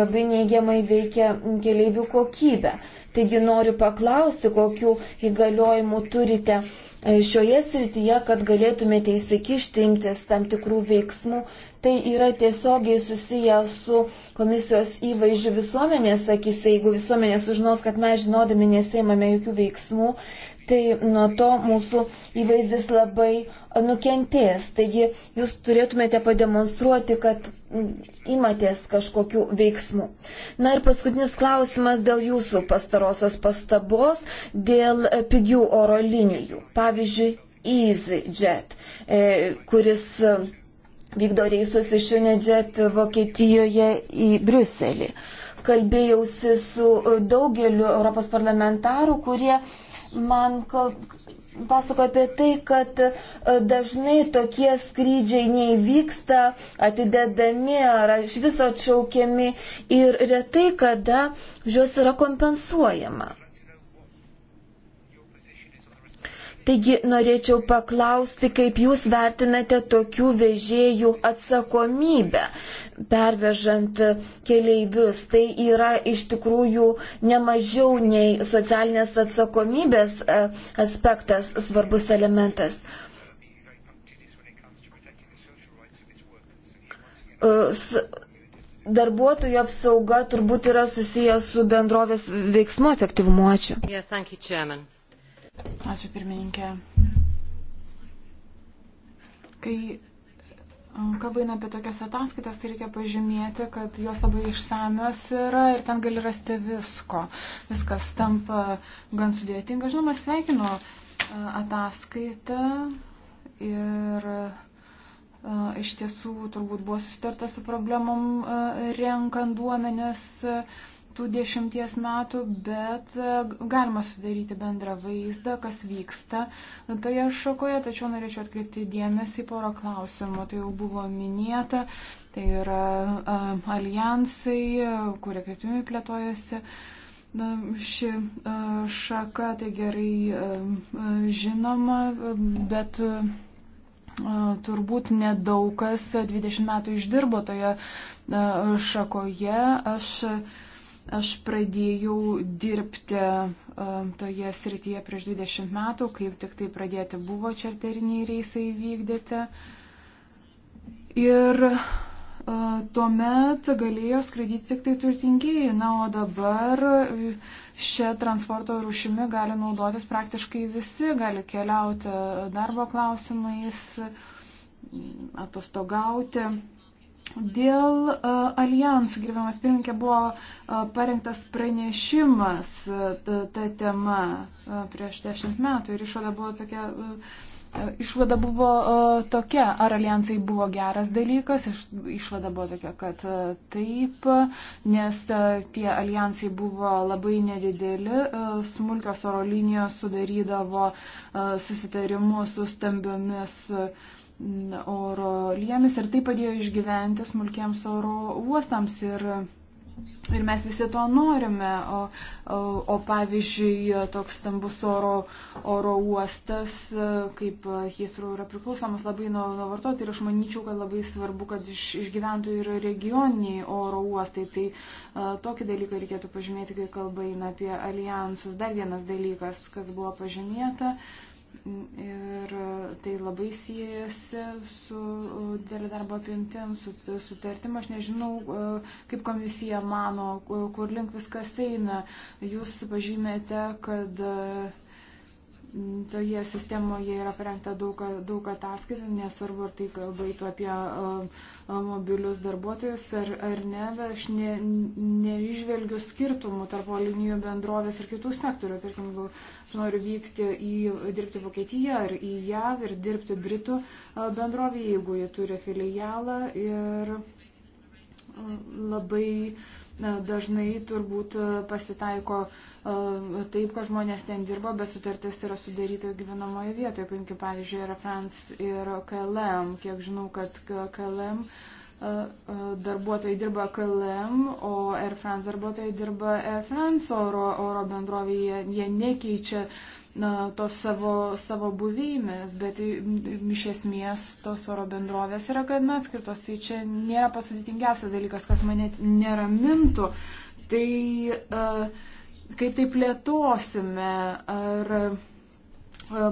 labai neigiamai veikia keliaivių kokybę. Taigi noriu paklausti, kokiu įgaliojimu turite e, šioje srityje, kad galėtumėte įsikišti imtis tam tikrų veiksmų tai yra tiesiogiai susiję su komisijos įvaizdžiu visuomenės akise. Jeigu visuomenė sužinos, kad mes žinodami nesėmame jokių veiksmų, tai nuo to mūsų įvaizdis labai nukentės. Taigi jūs turėtumėte pademonstruoti, kad mm, imatės kažkokių veiksmų. Na ir paskutinis klausimas dėl jūsų pastarosios pastabos, dėl e, pigių oro linijų. Pavyzdžiui, EasyJet, e, kuris vykdo reisus iš Unedžet Vokietijoje į Briuselį. Kalbėjausi su daugeliu Europos parlamentarų, kurie man kal... pasako apie tai, kad e, dažnai tokie skrydžiai neįvyksta, atidedami ar iš viso atšaukiami ir retai kada už juos yra kompensuojama. Taigi norėčiau paklausti, kaip Jūs vertinate tokių vežėjų atsakomybę pervežant keleivius. Tai yra iš tikrųjų nemažiau nei socialinės atsakomybės e, aspektas svarbus elementas. E, darbuotojų apsauga turbūt yra susijęs su bendrovės veiksmo efektyvumu. Ačiū. Yeah, Ačiū pirmininkė. Kai e, Kalbant apie tokias ataskaitas, tai reikia pažymėti, kad jos labai išsamios yra ir ten gali rasti visko. Viskas tampa gan sudėtinga. Žinoma, sveikinu e, ataskaitą ir e, iš tiesų turbūt buvo susitarta su problemom renkant duomenis. E, tų dešimties metų, bet e, galima sudaryti bendrą vaizdą, kas vyksta toje šakoje, tačiau norėčiau atkreipti dėmesį į porą klausimų, tai jau buvo minėta, tai yra e, alijansai, kurie kryptimi plėtojasi. Na, ši e, šaka tai gerai žinoma, bet turbūt nedaug kas 20 metų išdirbo toje šakoje. Aš Aš pradėjau dirbti e, toje srityje prieš 20 metų, kaip tik tai pradėti buvo čarteriniai reisai vykdyti. Ir e, tuomet galėjo skraidyti tik tai turtingieji. Na, o dabar e, šią transporto rūšimi gali naudotis praktiškai visi, gali keliauti darbo klausimais, atostogauti. Dėl uh, alijansų, gerbiamas pirmininkė, buvo uh, parengtas pranešimas uh, ta tema uh, prieš dešimt metų ir išvada buvo tokia. Uh, Išvada buvo uh, tokia, ar alijansai buvo geras dalykas, iš, išvada buvo tokia, kad uh, taip, nes uh, tie alijansai buvo labai nedideli, uh, smulkios oro linijos sudarydavo uh, susitarimus su stambiomis uh, oro liemis ir tai padėjo išgyventi smulkiems oro uostams. Ir, Ir mes visi to norime, o, o, o pavyzdžiui, toks stambus oro, oro uostas, kaip Hisru, yra priklausomas labai nuo, nuo vartotojų ir aš manyčiau, kad labai svarbu, kad iš, išgyventų ir regioniniai oro uostai. Tai a, tokį dalyką reikėtų pažymėti, kai kalba eina apie alijansus. Dar vienas dalykas, kas buvo pažymėta. A, Ir e, tai labai siejasi su e, didelė darbo apimtim, su sutartim. Aš nežinau, e, kaip komisija mano, kur link viskas eina. Jūs pažymėte, kad Toje sistemoje yra parengta daug, daug ataskaitų, nesvarbu, ar tai kalbaitų apie mobilius darbuotojus ar, ar ne, bet aš ne, neižvelgiu skirtumų tarp linijų bendrovės ir kitų sektorių. Tarkim, jeigu aš noriu vykti į dirbti Vokietiją ar į JAV ir dirbti Britų bendrovė, jeigu jie turi filialą ir labai dažnai turbūt pasitaiko uh, taip, kad žmonės ten dirbo, bet sutartis yra sudaryta gyvenamoje vietoje. Paimkime, pavyzdžiui, yra France ir KLM. Kiek žinau, kad KLM darbuotojai dirba KLM, o Air France darbuotojai dirba Air France oro, oro bendrovėje. Jie, jie nekeičia na, tos savo, savo buvimės, bet iš esmės tos oro bendrovės yra gana atskirtos. Tai čia nėra pasudėtingiausias dalykas, kas mane neramintų. Tai uh, kaip tai plėtosime, ar e,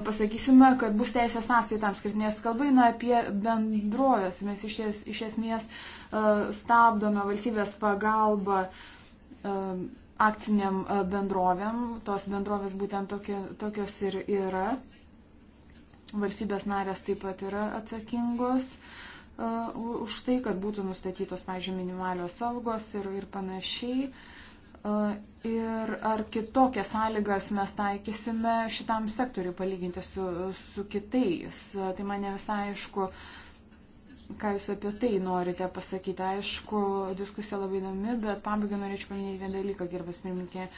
pasakysime, kad bus teisės aktai tam skirti, nes kalba eina apie bendrovės, mes iš, es, iš esmės e, stabdome valstybės pagalbą e, akciniam bendrovėm, tos bendrovės būtent tokie, tokios ir yra. Valstybės narės taip pat yra atsakingos uh, už tai, kad būtų nustatytos, pažiūrėjau, minimalios algos ir, ir panašiai. Uh, Ir ar kitokias sąlygas mes taikysime šitam sektoriu palyginti su, su kitais? Tai mane visai aišku, ką jūs apie tai norite pasakyti. Aišku, diskusija labai įdomi, bet pabaigai norėčiau paminėti vieną dalyką, gerbas pirmininkė.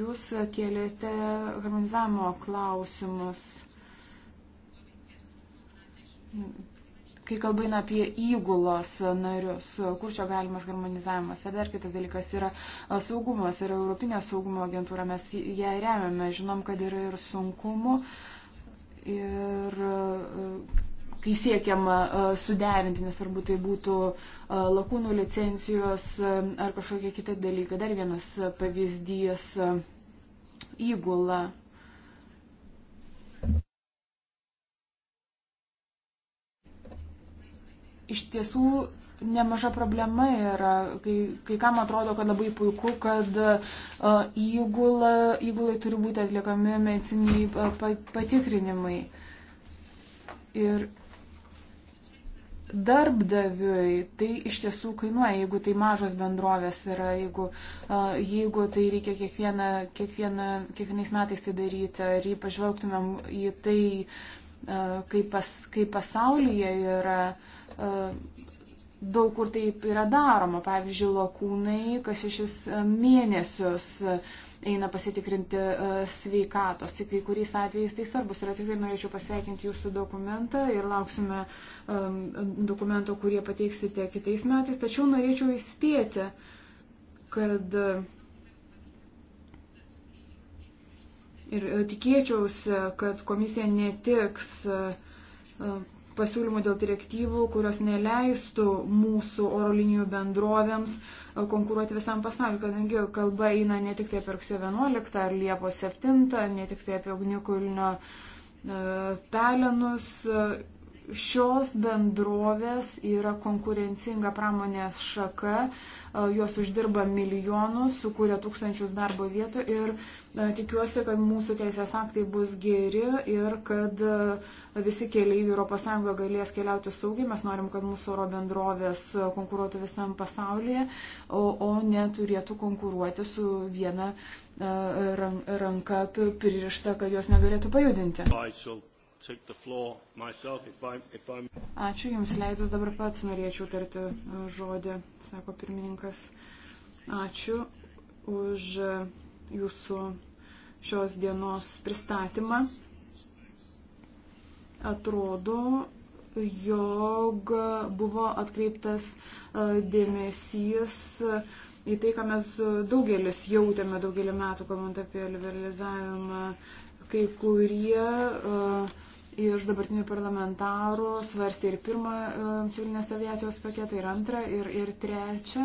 Jūs kėlėte harmonizavimo klausimus kai kalbame apie įgulos narius, kur čia galimas harmonizavimas. Ir dar kitas dalykas yra saugumas, yra Europinė saugumo agentūra, mes ją remiame, žinom, kad yra ir sunkumų. Ir kai siekiama suderinti, nesvarbu tai būtų lakūnų licencijos ar kažkokie kiti dalykai. Dar vienas pavyzdys įgula iš tiesų nemaža problema yra, kai, kai kam atrodo, kad labai puiku, kad e, įgula, įgulai turi būti atliekami mediciniai e, patikrinimai. Ir darbdaviui tai iš tiesų kainuoja, jeigu tai mažos bendrovės yra, jeigu, e, jeigu tai reikia kiekvieną, kiekvieną, kiekvienais metais tai daryti, ar ypač žvelgtumėm į tai, kaip, pas, kaip pasaulyje yra. Uh, E, daug kur taip yra daroma. Pavyzdžiui, lakūnai kas šešis mėnesius eina pasitikrinti e, sveikatos. Tik kai kuriais atvejais tai svarbus. Ir tikrai norėčiau pasveikinti jūsų dokumentą ir lauksime e, dokumento, kurie pateiksite kitais metais. Tačiau norėčiau įspėti, kad ir tikėčiausi, kad komisija netiks pasiūlymų dėl direktyvų, kurios neleistų mūsų oro linijų bendrovėms e, konkuruoti visam pasauliu, kadangi kalba eina ne tik tai apie rugsėjo 11 ar Liepos 7, ne tik tai apie ugnikulnio e, pelenus šios bendrovės yra konkurencinga pramonės šaka, e, jos uždirba milijonus, sukuria tūkstančius darbo vietų ir e, tikiuosi, kad mūsų teisės aktai bus geri ir kad e, visi keliaiviai ES galės keliauti saugiai. Mes norim, kad mūsų oro bendrovės konkuruotų visam pasaulyje, o, o neturėtų konkuruoti su viena ranka pririšta, kad jos negalėtų pajudinti. Ačiū. Ačiū Jums leidus, dabar pats norėčiau tarti e, žodį, sako pirmininkas. Ačiū už e, Jūsų šios dienos pristatymą. Atrodo, jog buvo atkreiptas e, dėmesys į tai, ką mes daugelis jautėme daugelį metų, kalbant apie liberalizavimą. Kai kurie uh, iš dabartinių parlamentarų svarstė ir pirmą e, civilinės aviacijos paketą, ir antrą, ir, ir trečią.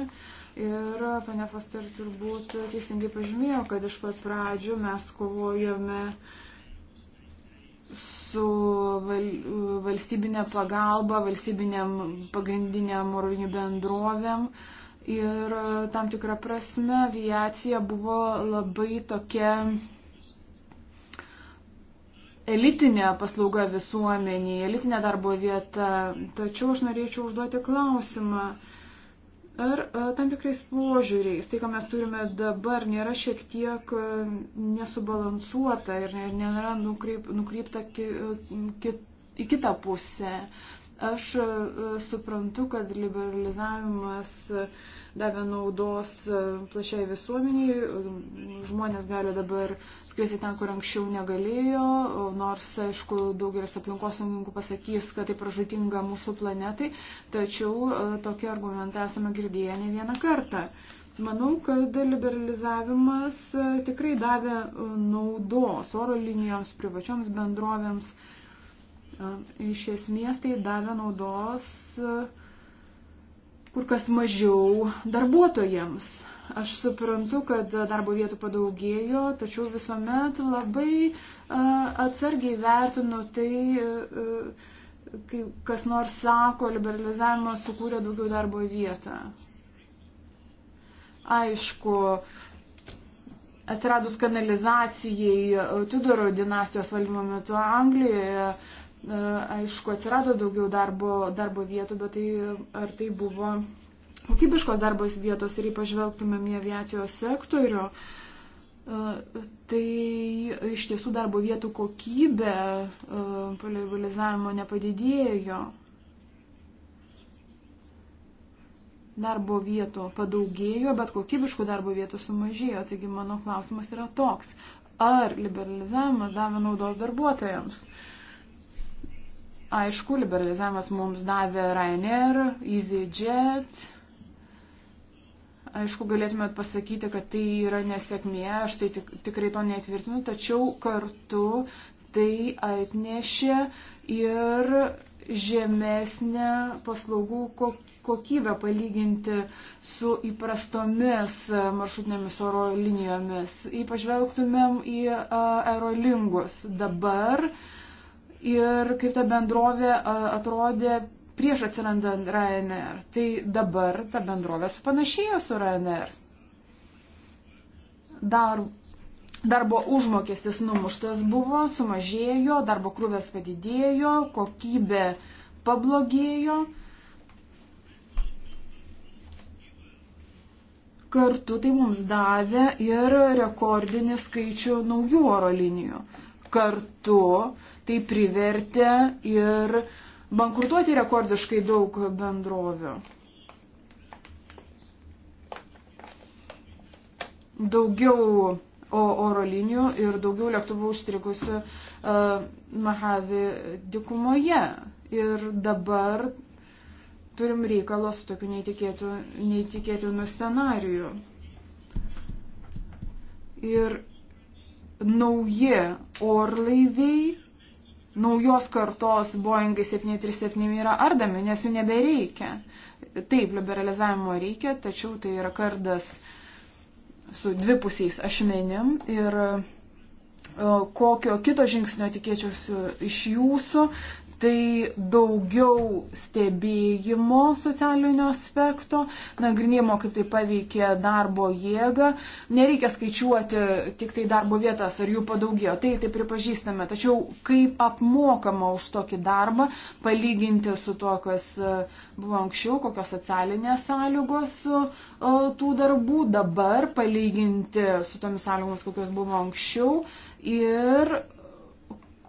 Ir pane Foster turbūt teisingai pažymėjo, kad iš pat pradžių mes kovojome su val, valstybinė pagalba, valstybinėm pagrindinėm orinių bendrovėm. Ir tam tikrą prasme aviacija buvo labai tokia elitinė paslauga visuomeniai, elitinė darbo vieta. Tačiau aš norėčiau užduoti klausimą, ar e, tam tikrais požiūriais tai, ką mes turime dabar, nėra šiek tiek e, nesubalansuota ir nėra nukreip, nukreipta ki, e, ki, į kitą pusę. Aš e, suprantu, kad liberalizavimas davė naudos e, plačiai visuomeniai. Žmonės gali dabar skristi ten, kur anksčiau negalėjo, nors, aišku, daugelis aplinkosaugininkų pasakys, kad tai pražutinga mūsų planetai, tačiau e, tokį argumentą esame girdėję ne vieną kartą. Manau, kad liberalizavimas tikrai davė naudos oro linijoms, privačioms bendrovėms Iš esmės tai davė naudos e, kur kas mažiau darbuotojams. Aš suprantu, kad darbo vietų padaugėjo, tačiau visuomet labai e, atsargiai vertinu tai, e, kai kas nors sako, liberalizavimas sukūrė daugiau darbo vietą. Aišku, atsiradus kanalizacijai Tudoro dinastijos valdymo metu Anglijoje E, aišku, atsirado daugiau darbo, darbo vietų, bet tai ar tai buvo kokybiškos darbos vietos ir ypač žvelgtumėm į aviacijos sektorių, e, tai iš tiesų darbo vietų kokybė e, poliarizavimo nepadidėjo. Darbo vietų padaugėjo, bet kokybiškų darbo vietų sumažėjo. Taigi mano klausimas yra toks. Ar liberalizavimas davė naudos darbuotojams? Aišku, liberalizavimas mums davė Ryanair, EasyJet. Aišku, galėtumėt pasakyti, kad tai yra nesėkmė, aš tai tik, tikrai to netvirtinu, tačiau kartu tai atnešė ir žemesnę paslaugų kokybę palyginti su įprastomis maršrutinėmis oro linijomis. Ypač žvelgtumėm į aerolingus. Dabar uh, ir kaip ta bendrovė atrodė prieš atsirandant Ryanair. Tai dabar ta bendrovė supanašėjo su Ryanair. Dar, darbo užmokestis numuštas buvo, sumažėjo, darbo krūvės padidėjo, kokybė pablogėjo. Kartu tai mums davė ir rekordinį skaičių naujų oro linijų. Kartu tai privertė ir bankrutuoti rekordiškai daug bendrovių. Daugiau oro linijų ir daugiau lėktuvų užstrigusių uh, e, Mahavi dikumoje. Ir dabar turim reikalo su tokiu neįtikėtų, neįtikėtinu scenariju. Ir nauji orlaiviai naujos kartos Boeing 737 yra ardami, nes jų nebereikia. Taip, liberalizavimo reikia, tačiau tai yra kardas su dvipusiais ašmenim ir e, kokio kito žingsnio tikėčiausi iš jūsų, tai daugiau stebėjimo socialinio aspekto, nagrinėjimo, kaip tai paveikia darbo jėgą. Nereikia skaičiuoti tik tai darbo vietas ar jų padaugėjo, tai tai pripažįstame. Tačiau kaip apmokama už tokį darbą, palyginti su tuo, kas e, buvo anksčiau, kokios socialinės sąlygos e, tų darbų dabar, palyginti su tomis sąlygomis, kokios buvo anksčiau. Ir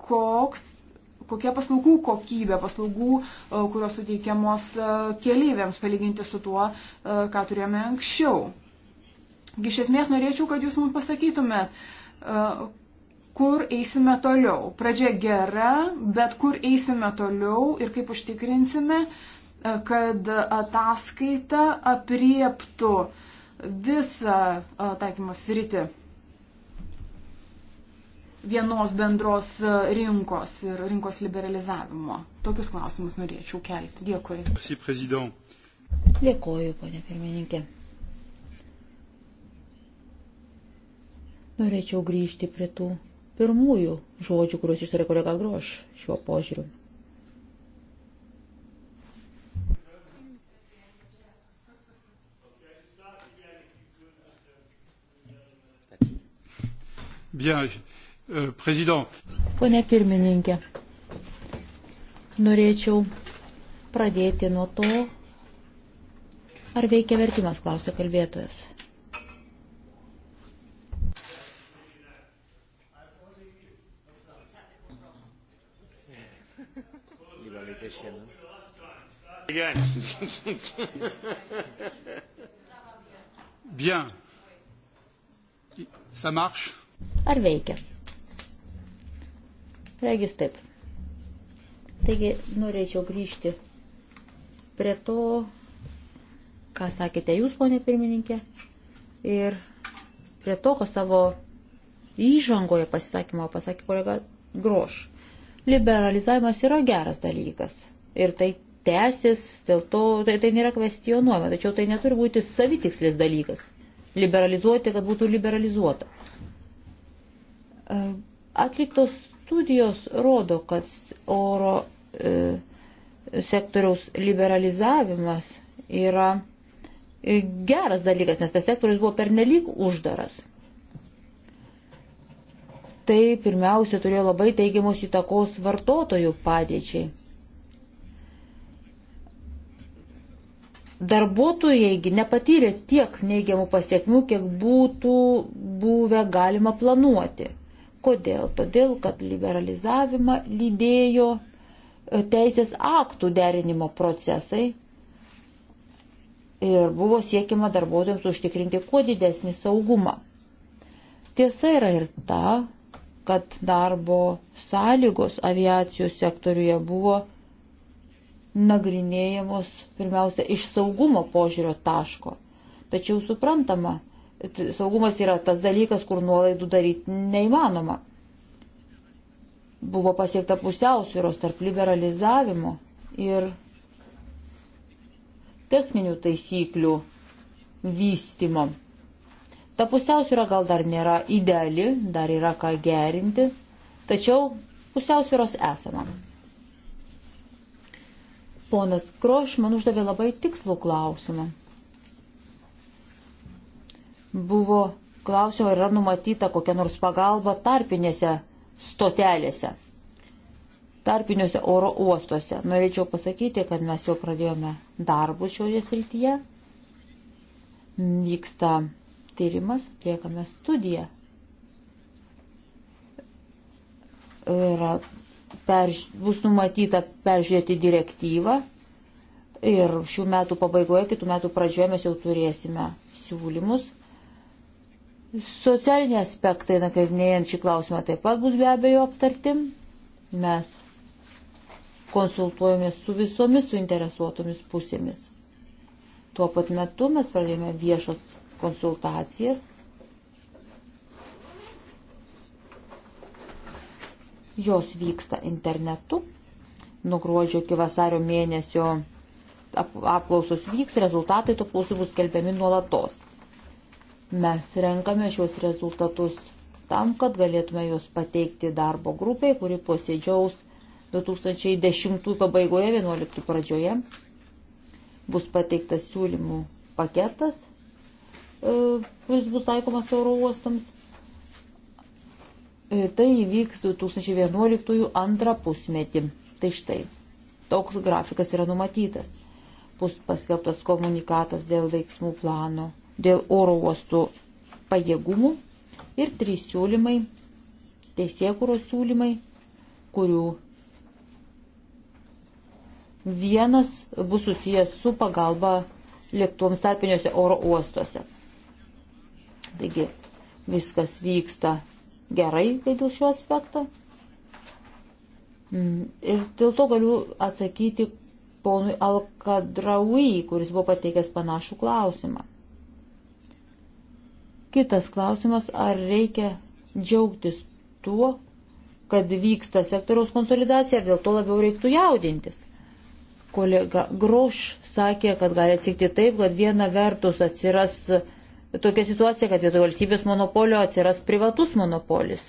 koks kokia paslaugų kokybė, paslaugų, e, kurios suteikiamos e, keleiviams, palyginti su tuo, e, ką turėjome anksčiau. Iš esmės norėčiau, kad jūs mums pasakytumėt, kur eisime toliau. Pradžia gera, bet kur eisime toliau ir kaip užtikrinsime, kad ataskaita apriektų visą taikymo sritį vienos bendros e, rinkos ir rinkos liberalizavimo. Tokius klausimus norėčiau kelti. Dėkui. Dėkoju, ponė pirmininkė. Norėčiau grįžti prie tų pirmųjų žodžių, kuriuos ištarė kolega Groš šiuo požiūriu. Bien, Euh, Pone pirmininkė, norėčiau pradėti nuo to, ar veikia vertimas, klausė kalbėtojas. Bien. Ça marche? Ar veikia? Regis taip. Taigi norėčiau grįžti prie to, ką sakėte jūs, ponė pirmininkė, ir prie to, ko savo įžangoje pasisakymo pasakė kolega Groš. Liberalizavimas yra geras dalykas ir tai tęsis, dėl to tai, tai nėra kvestionuojama, tačiau tai neturi būti savitikslis dalykas. Liberalizuoti, kad būtų liberalizuota. Atliktos Studijos rodo, kad oro e, sektoriaus liberalizavimas yra e, geras dalykas, nes tas sektorius buvo pernelyg uždaras. Tai pirmiausia turėjo labai teigiamus įtakos vartotojų padėčiai. Darbuotojai nepatyrė tiek neigiamų pasiekmių, kiek būtų buvę galima planuoti. Kodėl? Todėl, kad liberalizavimą lydėjo e, teisės aktų derinimo procesai ir buvo siekiama darbuotojams užtikrinti kuo didesnį saugumą. Tiesa yra ir ta, kad darbo sąlygos aviacijos sektoriuje buvo nagrinėjamos pirmiausia iš saugumo požiūrio taško. Tačiau suprantama, saugumas yra tas dalykas, kur nuolaidų daryti neįmanoma. Buvo pasiekta pusiausvyros tarp liberalizavimo ir techninių taisyklių vystimo. Ta pusiausvyra gal dar nėra ideali, dar yra ką gerinti, tačiau pusiausvyros esama. Ponas Kroš man uždavė labai tikslų klausimą. Buvo klausimo, ar yra numatyta kokia nors pagalba tarpinėse stotelėse, tarpiniuose oro uostuose. Norėčiau pasakyti, kad mes jau pradėjome darbus šioje srityje. Vyksta tyrimas, liekame studiją. Ir perž... bus numatyta peržiūrėti direktyvą ir šių metų pabaigoje, kitų metų pradžioje mes jau turėsime siūlymus Socialiniai aspektai, nagrinėjant šį klausimą, taip pat bus be abejo aptarti. Mes konsultuojamės su visomis suinteresuotomis pusėmis. Tuo pat metu mes pradėjome viešas konsultacijas. Jos vyksta internetu. Nuo gruodžio iki vasario mėnesio apklausos vyks, rezultatai tų apklausų bus skelbiami nuolatos Mes renkame šios rezultatus tam, kad galėtume juos pateikti darbo grupiai, kuri posėdžiaus 2010 pabaigoje, 11 pradžioje. Bus pateiktas siūlymų paketas, e, kuris bus taikomas euro uostams. E, tai įvyks 2011 antrą pusmetį. Tai štai, toks grafikas yra numatytas. Bus paskelbtas komunikatas dėl veiksmų plano dėl oro uostų pajėgumų ir trys siūlymai, teisėkuros siūlymai, kurių vienas bus susijęs su pagalba lėktuvams tarpiniuose oro uostuose. Taigi viskas vyksta gerai, kai dėl šio aspekto. Mm, ir dėl to galiu atsakyti ponui Alkadraui, kuris buvo pateikęs panašų klausimą. Kitas klausimas, ar reikia džiaugtis tuo, kad vyksta sektoriaus konsolidacija, ar dėl to labiau reiktų jaudintis. Kolega Groš sakė, kad gali atsikti taip, kad viena vertus atsiras tokia situacija, kad vietoj valstybės monopolio atsiras privatus monopolis.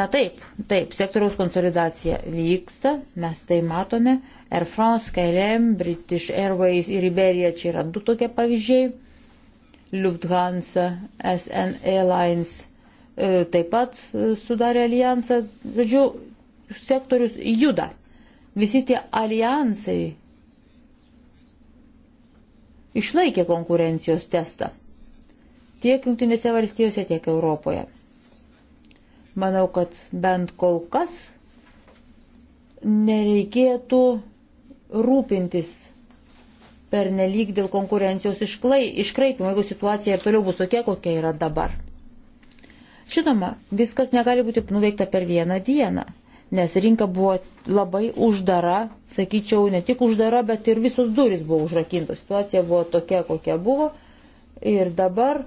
Na taip, taip, sektoriaus konsolidacija vyksta, mes tai matome. Air France, KLM, British Airways ir Iberija čia yra du tokie pavyzdžiai Lufthansa, SN Airlines e, taip pat e, sudarė alijansą. Žodžiu, sektorius juda. Visi tie alijansai išlaikė konkurencijos testą. Tiek Junktinėse valstijose, tiek Europoje. Manau, kad bent kol kas nereikėtų rūpintis per nelik dėl konkurencijos iškraipimo, jeigu situacija ir toliau bus tokia, kokia yra dabar. Žinoma, viskas negali būti nuveikta per vieną dieną, nes rinka buvo labai uždara, sakyčiau, ne tik uždara, bet ir visos durys buvo užrakintos. Situacija buvo tokia, kokia buvo. Ir dabar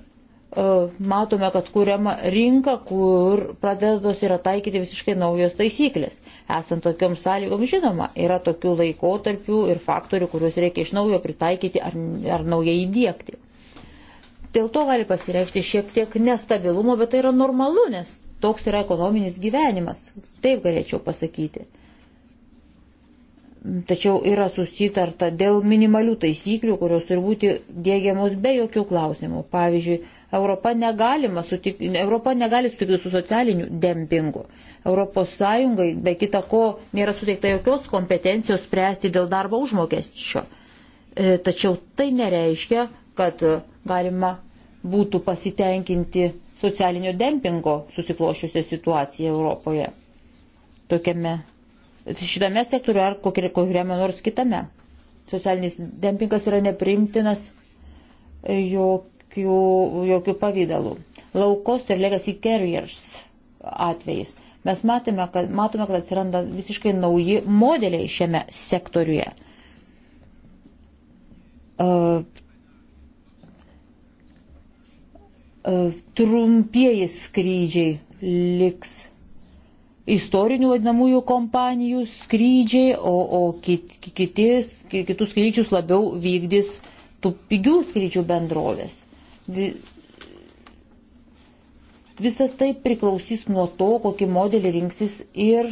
E, matome, kad kuriama rinka, kur pradedos yra taikyti visiškai naujos taisyklės. Esant tokiom sąlygom, žinoma, yra tokių laikotarpių ir faktorių, kuriuos reikia iš naujo pritaikyti ar, ar naujai įdėkti. Dėl to gali pasireikšti šiek tiek nestabilumo, bet tai yra normalu, nes toks yra ekonominis gyvenimas. Taip galėčiau pasakyti. Tačiau yra susitarta dėl minimalių taisyklių, kurios turi būti dėgiamos be jokių klausimų. Pavyzdžiui, Europa, sutik... Europa negali sutikti su socialiniu dempingu. Europos Sąjungai be kita ko nėra suteikta jokios kompetencijos spręsti dėl darbo užmokesčio. E, tačiau tai nereiškia, kad galima būtų pasitenkinti socialinio dempingo susiklošiusią situaciją Europoje. Tokiame šitame sektoriu ar kokiame nors kitame. Socialinis dempingas yra neprimtinas jokių, jokių pavydalų. Laukos ir legacy carriers atvejais. Mes matome kad, matome, kad atsiranda visiškai nauji modeliai šiame sektoriuje. Uh, uh, trumpieji skrydžiai liks istorinių vadinamųjų kompanijų skrydžiai, o, o kit, kitis, kitus skrydžius labiau vykdys tų pigių skrydžių bendrovės. Visa tai priklausys nuo to, kokį modelį rinksis ir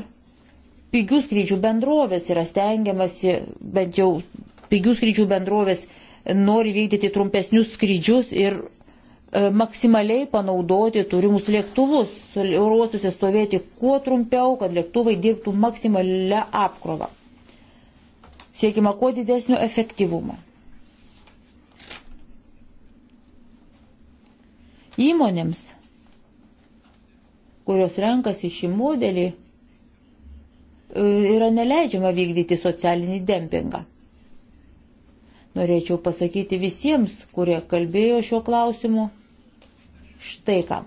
pigių skrydžių bendrovės yra stengiamasi, bent jau pigių skrydžių bendrovės nori vykdyti trumpesnius skrydžius ir E, maksimaliai panaudoti turimus lėktuvus, ruostusi stovėti kuo trumpiau, kad lėktuvai dirbtų maksimalią apkrovą. Siekima kuo didesnio efektyvumo. Įmonėms, kurios renkasi šį modelį, e, yra neleidžiama vykdyti socialinį dempingą. Norėčiau pasakyti visiems, kurie kalbėjo šiuo klausimu, štai ką.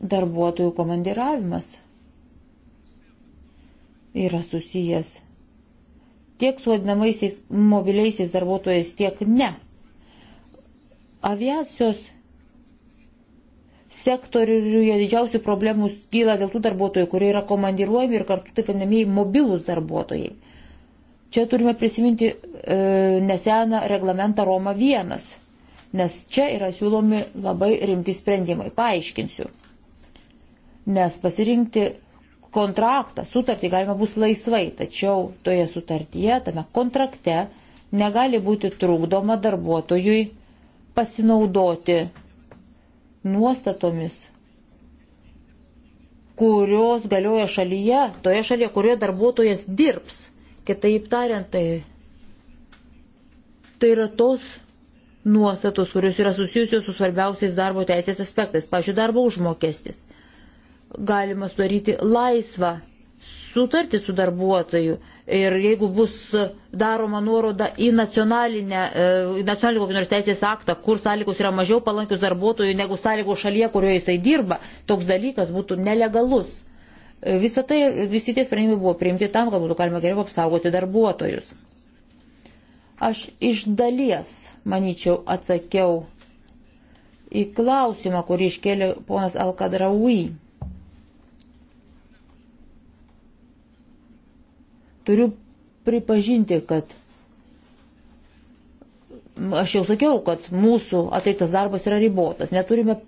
Darbuotojų komandiravimas yra susijęs tiek su vadinamaisiais mobiliaisiais darbuotojais, tiek ne. Aviacijos sektoriuje didžiausių problemų kyla dėl tų darbuotojų, kurie yra komandiruojami ir kartu taip vadinamieji mobilūs darbuotojai. Čia turime prisiminti e, neseną reglamentą Roma 1 nes čia yra siūlomi labai rimti sprendimai. Paaiškinsiu. Nes pasirinkti kontraktą, sutartį galima bus laisvai, tačiau toje sutartyje, tame kontrakte negali būti trukdoma darbuotojui pasinaudoti nuostatomis, kurios galioja šalyje, toje šalyje, kurioje darbuotojas dirbs. Kitaip tariant, tai, tai yra tos nuostatos, kurios yra susijusios su svarbiausiais darbo teisės aspektais, pažiūrėjau, darbo užmokestis. Galima sudaryti laisvą sutartį su darbuotoju ir jeigu bus daroma nuoroda į nacionalinę, e, į nacionalinį kokį nors teisės aktą, kur sąlygos yra mažiau palankius darbuotojų negu sąlygos šalyje, kurioje jisai dirba, toks dalykas būtų nelegalus. Visą tai, visi tie sprendimai buvo priimti tam, kad būtų galima geriau apsaugoti darbuotojus. Aš iš dalies, manyčiau, atsakiau į klausimą, kurį iškėlė ponas Alkadraui. Turiu pripažinti, kad aš jau sakiau, kad mūsų atliktas darbas yra ribotas. Neturime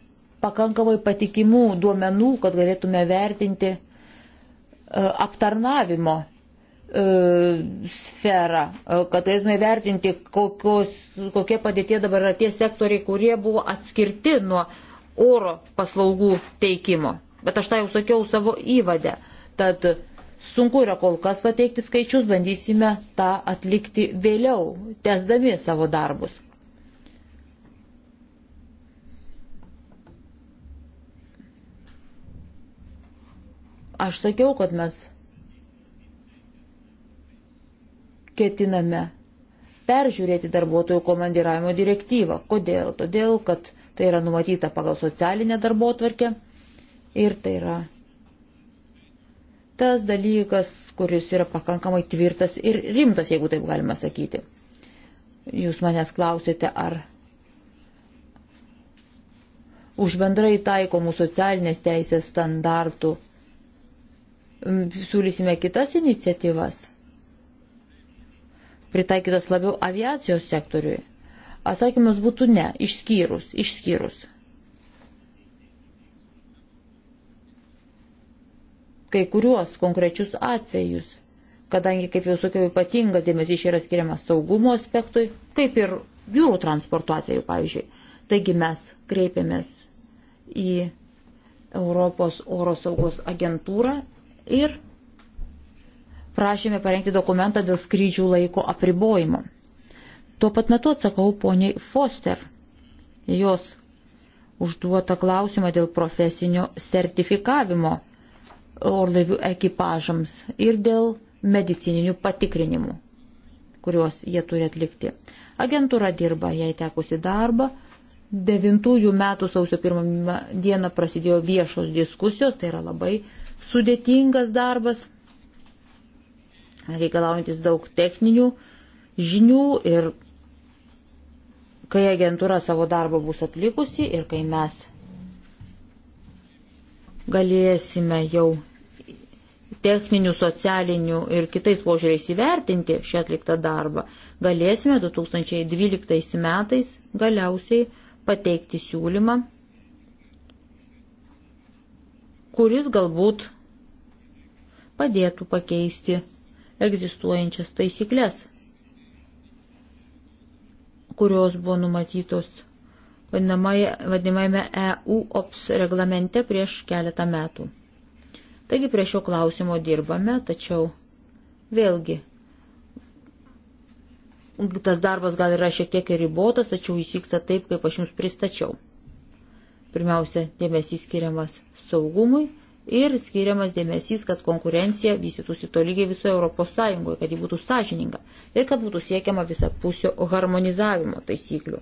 pakankamai patikimų duomenų, kad galėtume vertinti e, aptarnavimo E, sferą, e, kad galėtume vertinti, kokios, kokie padėtie dabar yra tie sektoriai, kurie buvo atskirti nuo oro paslaugų teikimo. Bet aš tai jau sakiau savo įvadę. Tad sunku yra kol kas pateikti skaičius, bandysime tą atlikti vėliau, tesdami savo darbus. Aš sakiau, kad mes ketiname peržiūrėti darbuotojų komandiravimo direktyvą. Kodėl? Todėl, kad tai yra numatyta pagal socialinę darbo tvarkę ir tai yra tas dalykas, kuris yra pakankamai tvirtas ir rimtas, jeigu taip galima sakyti. Jūs manęs klausėte, ar už bendrai taikomų socialinės teisės standartų siūlysime kitas iniciatyvas pritaikytas labiau aviacijos sektoriui? Atsakymas būtų ne, išskyrus, išskyrus. Kai kuriuos konkrečius atvejus, kadangi, kaip jau sakiau, ypatinga dėmesys yra skiriamas saugumo aspektui, kaip ir jūrų transporto atveju, pavyzdžiui. Taigi mes kreipėmės į Europos oro saugos agentūrą ir prašėme parengti dokumentą dėl skrydžių laiko apribojimo. Tuo pat metu atsakau poniai Foster. Jos užduota klausimą dėl profesinio sertifikavimo orlaivių ekipažams ir dėl medicininių patikrinimų, kuriuos jie turi atlikti. Agentūra dirba, jai tekusi darbą. 9 metų sausio 1 dieną prasidėjo viešos diskusijos, tai yra labai sudėtingas darbas, reikalaujantis daug techninių žinių ir kai agentūra savo darbą bus atlikusi ir kai mes galėsime jau techninių, socialinių ir kitais požiūriais įvertinti šią atliktą darbą, galėsime 2012 metais galiausiai pateikti siūlymą, kuris galbūt padėtų pakeisti egzistuojančias taisyklės, kurios buvo numatytos vadinamajame EU OPS reglamente prieš keletą metų. Taigi prie šio klausimo dirbame, tačiau vėlgi tas darbas gal yra šiek tiek ir ribotas, tačiau jis vyksta taip, kaip aš jums pristačiau. Pirmiausia, dėmesys skiriamas saugumui, ir skiriamas dėmesys, kad konkurencija vystytųsi tolygiai visoje Europos Sąjungoje, kad ji būtų sąžininga ir kad būtų siekiama visapusio harmonizavimo taisyklių.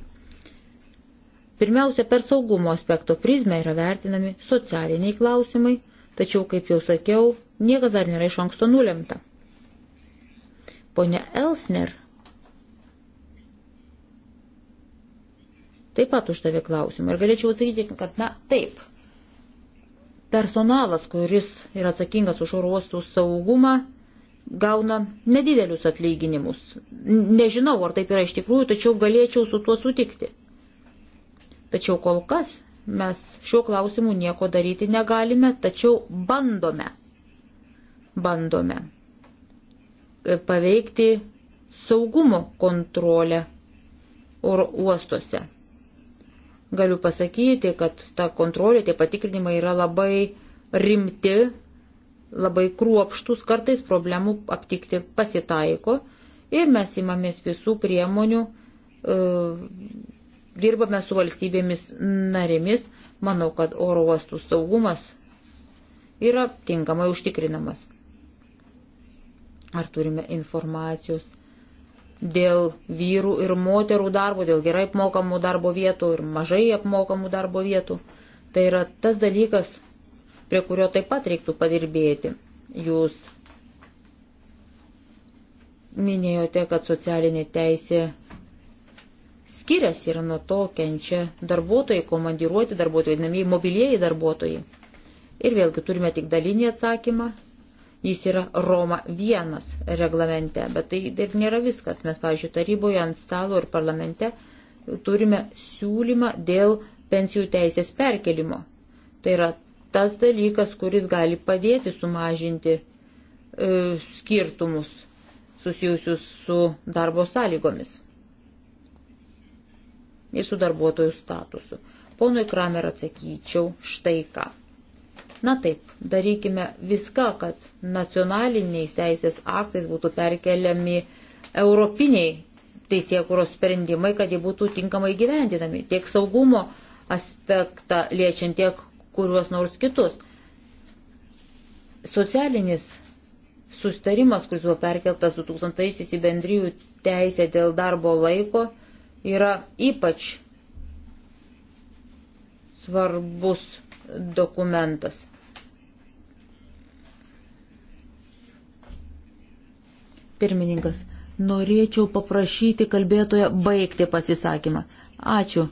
Pirmiausia, per saugumo aspekto prizmę yra vertinami socialiniai klausimai, tačiau, kaip jau sakiau, niekas dar nėra iš anksto nulemta. Pone Elsner taip pat uždavė klausimą ir galėčiau atsakyti, kad na taip, personalas, kuris yra atsakingas už oro uostų saugumą, gauna nedidelius atlyginimus. Nežinau, ar taip yra iš tikrųjų, tačiau galėčiau su tuo sutikti. Tačiau kol kas mes šiuo klausimu nieko daryti negalime, tačiau bandome. Bandome paveikti saugumo kontrolę oro uostuose galiu pasakyti, kad ta kontrolė, tie patikrinimai yra labai rimti, labai kruopštus, kartais problemų aptikti pasitaiko ir mes imamės visų priemonių, e, dirbame su valstybėmis narėmis, manau, kad oro uostų saugumas yra tinkamai užtikrinamas. Ar turime informacijos dėl vyrų ir moterų darbo, dėl gerai apmokamų darbo vietų ir mažai apmokamų darbo vietų. Tai yra tas dalykas, prie kurio taip pat reiktų padirbėti. Jūs minėjote, kad socialinė teisė skiriasi ir nuo to kenčia darbuotojai, komandiruoti darbuotojai, vadinamieji mobilieji darbuotojai. Ir vėlgi turime tik dalinį atsakymą, Jis yra Roma vienas reglamente, bet tai ir nėra viskas. Mes, pavyzdžiui, taryboje ant stalo ir parlamente turime siūlymą dėl pensijų teisės perkelimo. Tai yra tas dalykas, kuris gali padėti sumažinti e, skirtumus susijusius su darbo sąlygomis ir su darbuotojų statusu. Ponui Kramer atsakyčiau štai ką. Na taip, darykime viską, kad nacionaliniais teisės aktais būtų perkeliami europiniai teisėkuros sprendimai, kad jie būtų tinkamai gyvendinami. Tiek saugumo aspektą liečiant, tiek kuriuos nors kitus. Socialinis sustarimas, kuris buvo perkeltas 2000-aisiais į bendrijų teisę dėl darbo laiko, yra ypač svarbus dokumentas. Pirmininkas, norėčiau paprašyti kalbėtoje baigti pasisakymą. Ačiū.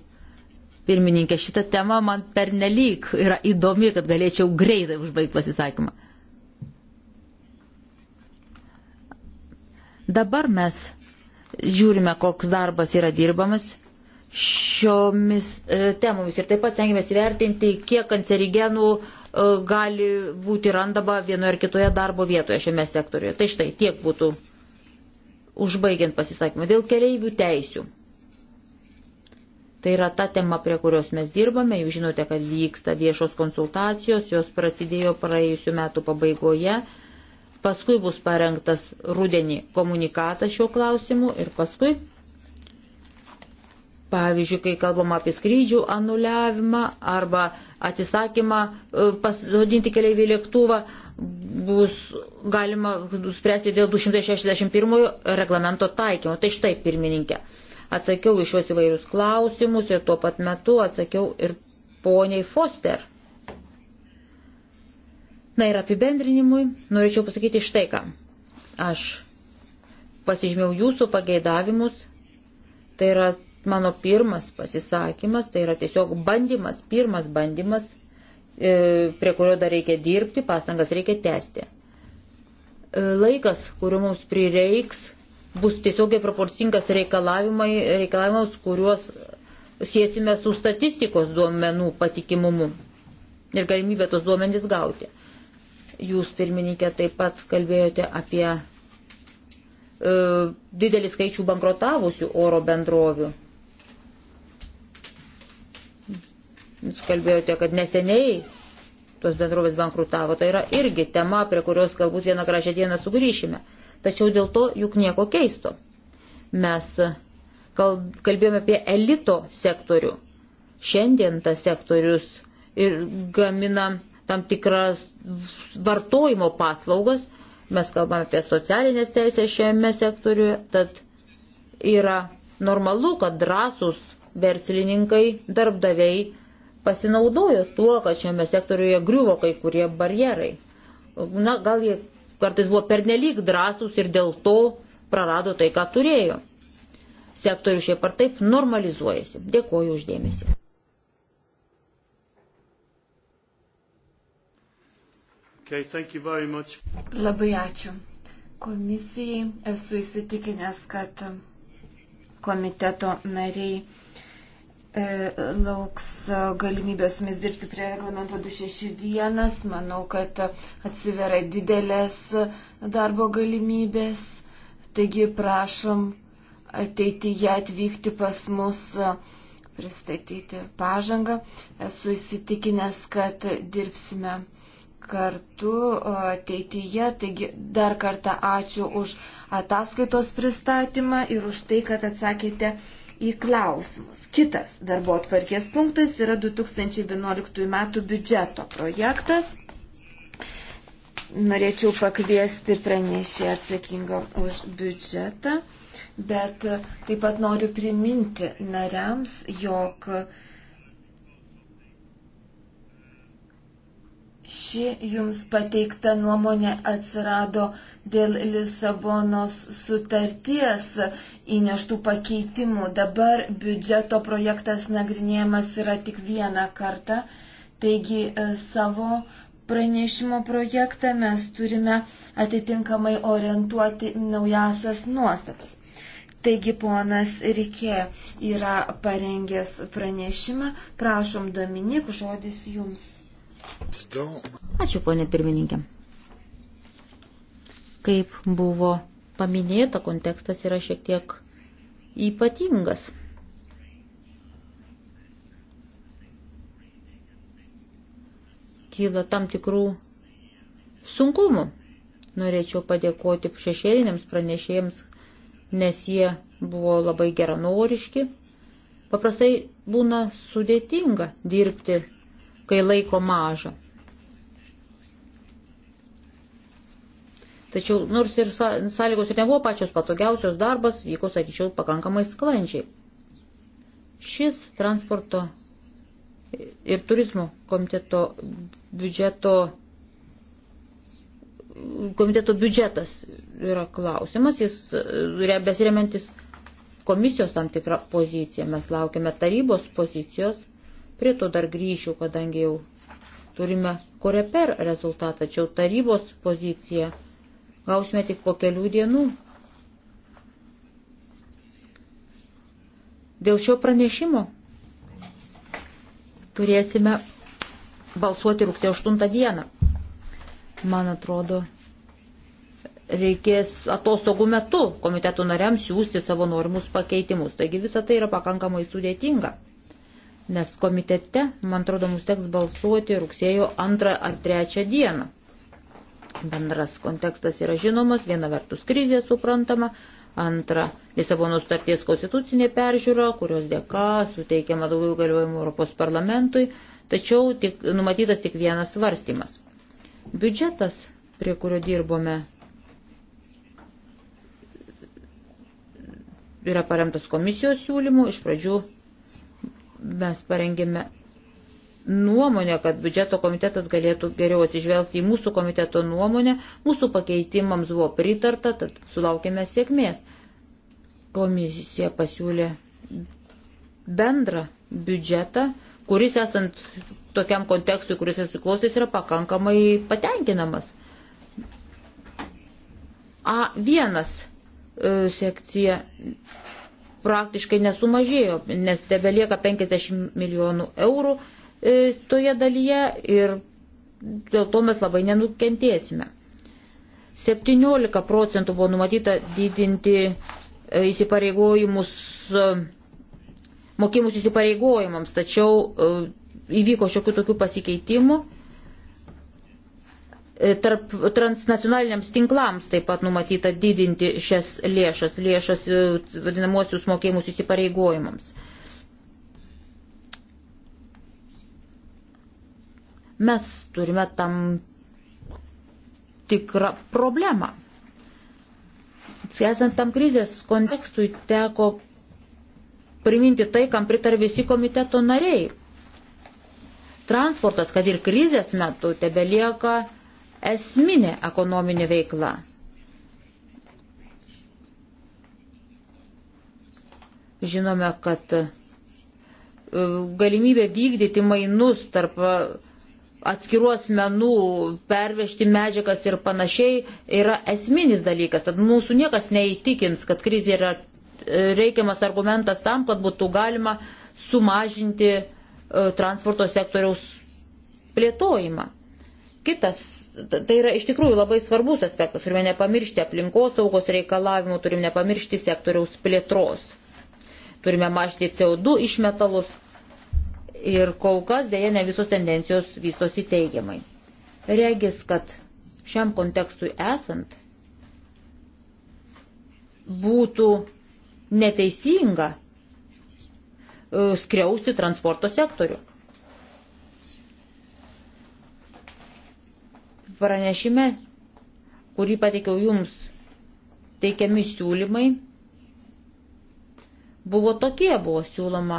Pirmininkė, šita tema man pernelyg yra įdomi, kad galėčiau greitai užbaigti pasisakymą. Dabar mes žiūrime, koks darbas yra dirbamas šiomis e, temomis ir taip pat stengiamės įvertinti, kiek kancerigenų e, gali būti randama vienoje ar kitoje darbo vietoje šiame sektoriuje. Tai štai tiek būtų užbaigiant pasisakymą, dėl keleivių teisių. Tai yra ta tema, prie kurios mes dirbame. Jūs žinote, kad vyksta viešos konsultacijos, jos prasidėjo praėjusiu metu pabaigoje. Paskui bus parengtas rudenį komunikatas šiuo klausimu ir paskui, pavyzdžiui, kai kalbama apie skrydžių anuliavimą arba atsisakymą e, pasodinti keliaivį lėktuvą, bus galima spręsti dėl 261 reglamento taikymo. Tai štai, pirmininkė, atsakiau iš juos įvairius klausimus ir tuo pat metu atsakiau ir poniai Foster. Na ir apibendrinimui norėčiau pasakyti štai ką. Aš pasižymėjau jūsų pageidavimus. Tai yra mano pirmas pasisakymas, tai yra tiesiog bandymas, pirmas bandymas E, prie kurio dar reikia dirbti, pastangas reikia tęsti. E, laikas, kuriuo mums prireiks, bus tiesiogiai proporcingas reikalavimams, kuriuos siesime su statistikos duomenų patikimumu ir galimybę tos duomenys gauti. Jūs, pirmininkė, taip pat kalbėjote apie e, didelį skaičių bankrotavusių oro bendrovių. Jūs kalbėjote, kad neseniai tos bendrovės bankrutavo. Tai yra irgi tema, prie kurios galbūt vieną gražią dieną sugrįšime. Tačiau dėl to juk nieko keisto. Mes e, kalbėjome apie elito sektorių. Šiandien tas sektorius ir gamina tam tikras vartojimo paslaugas. Mes kalbame apie socialinės teisės šiame sektoriuje. Tad yra normalu, kad drąsūs verslininkai, darbdaviai pasinaudojo tuo, kad šiame sektoriuje griuvo kai kurie barjerai. Na, gal jie kartais buvo pernelyg drąsūs ir dėl to prarado tai, ką turėjo. Sektorius šiaip ar taip normalizuojasi. Dėkuoju uždėmesi. Okay, Labai ačiū. Komisijai esu įsitikinęs, kad komiteto nariai E, lauks galimybė su mumis dirbti prie reglamento 261. Manau, kad atsiveria didelės darbo galimybės. Taigi prašom ateityje atvykti pas mus e, pristatyti pažangą. Esu įsitikinęs, kad dirbsime kartu e, ateityje. Taigi dar kartą ačiū už ataskaitos pristatymą ir už tai, kad atsakėte į klausimus. Kitas darbo atvarkės punktas yra 2011 m. biudžeto projektas. Norėčiau pakviesti pranešę atsakingą už biudžetą, bet taip pat noriu priminti nariams, jog Ši jums pateikta nuomonė atsirado dėl Lisabonos sutarties įneštų pakeitimų. Dabar biudžeto projektas nagrinėjamas yra tik vieną kartą. Taigi e, savo pranešimo projektą mes turime atitinkamai orientuoti naujasias nuostatas. Taigi ponas Rikė yra parengęs pranešimą. Prašom, Dominik, žodis jums. Ačiū, ponė pirmininkė. Kaip buvo paminėta, kontekstas yra šiek tiek ypatingas. Kyla tam tikrų sunkumų. Norėčiau padėkoti šešėliniams pranešėjams, nes jie buvo labai geranoriški. Paprastai būna sudėtinga dirbti kai laiko maža. Tačiau nors ir sąlygos ir nebuvo pačios patogiausios, darbas vyko, sakyčiau, pakankamai sklandžiai. Šis transporto ir turizmo komiteto biudžeto komiteto biudžetas yra klausimas, jis e, besiremiantis komisijos tam tikrą poziciją. Mes laukiame tarybos pozicijos Prie to dar grįšiu, kadangi jau turime koreper rezultatą, tačiau tarybos poziciją gausime tik po kelių dienų. Dėl šio pranešimo turėsime balsuoti rugsėjo 8 dieną. Man atrodo, reikės atostogų metu komitetų nariams siūsti savo norimus pakeitimus. Taigi visa tai yra pakankamai sudėtinga nes komitete, man atrodo, mums teks balsuoti rugsėjo 2 ar 3 dieną. Bendras kontekstas yra žinomas, viena vertus krizė suprantama, antra Lisabono sutarties konstitucinė peržiūra, kurios dėka suteikiama daugiau galiojimų Europos parlamentui, tačiau tik, numatytas tik vienas svarstymas. Biudžetas, prie kurio dirbome, yra paremtas komisijos siūlymų, iš pradžių mes parengėme nuomonę, kad biudžeto komitetas galėtų geriau atsižvelgti į mūsų komiteto nuomonę. Mūsų pakeitimams buvo pritarta, tad sulaukėme sėkmės. Komisija pasiūlė bendrą biudžetą, kuris esant tokiam kontekstui, kuris susiklostys, yra pakankamai patenkinamas. A1 e, sekcija praktiškai nesumažėjo, nes tebelieka 50 milijonų eurų e, toje dalyje ir dėl to mes labai nenukentėsime. 17 procentų buvo numatyta didinti e, įsipareigojimus, e, mokymus įsipareigojimams, tačiau įvyko šiokių tokių pasikeitimų E, tarp transnacionaliniams tinklams taip pat numatyta didinti šias lėšas, lėšas e, vadinamosius mokėjimus įsipareigojimams. Mes turime tam tikrą problemą. Esant tam krizės kontekstui teko priminti tai, kam pritar visi komiteto nariai. Transportas, kad ir krizės metu, tebelieka esminė ekonominė veikla. Žinome, kad e, galimybė vykdyti mainus tarp e, atskirų asmenų, pervežti medžiagas ir panašiai yra esminis dalykas. Tad mūsų niekas neįtikins, kad krizė yra e, reikiamas argumentas tam, kad būtų galima sumažinti transporto sektoriaus plėtojimą. Kitas, tai yra iš tikrųjų labai svarbus aspektas, turime nepamiršti aplinkos saugos reikalavimų, turime nepamiršti sektoriaus plėtros, turime mažti CO2 išmetalus ir kol kas dėja ne visos tendencijos vystosi teigiamai. Regis, kad šiam kontekstui esant būtų neteisinga e, skriausti transporto sektorių. Pranešime, kurį pateikiau jums, teikiami siūlymai buvo tokie, buvo siūloma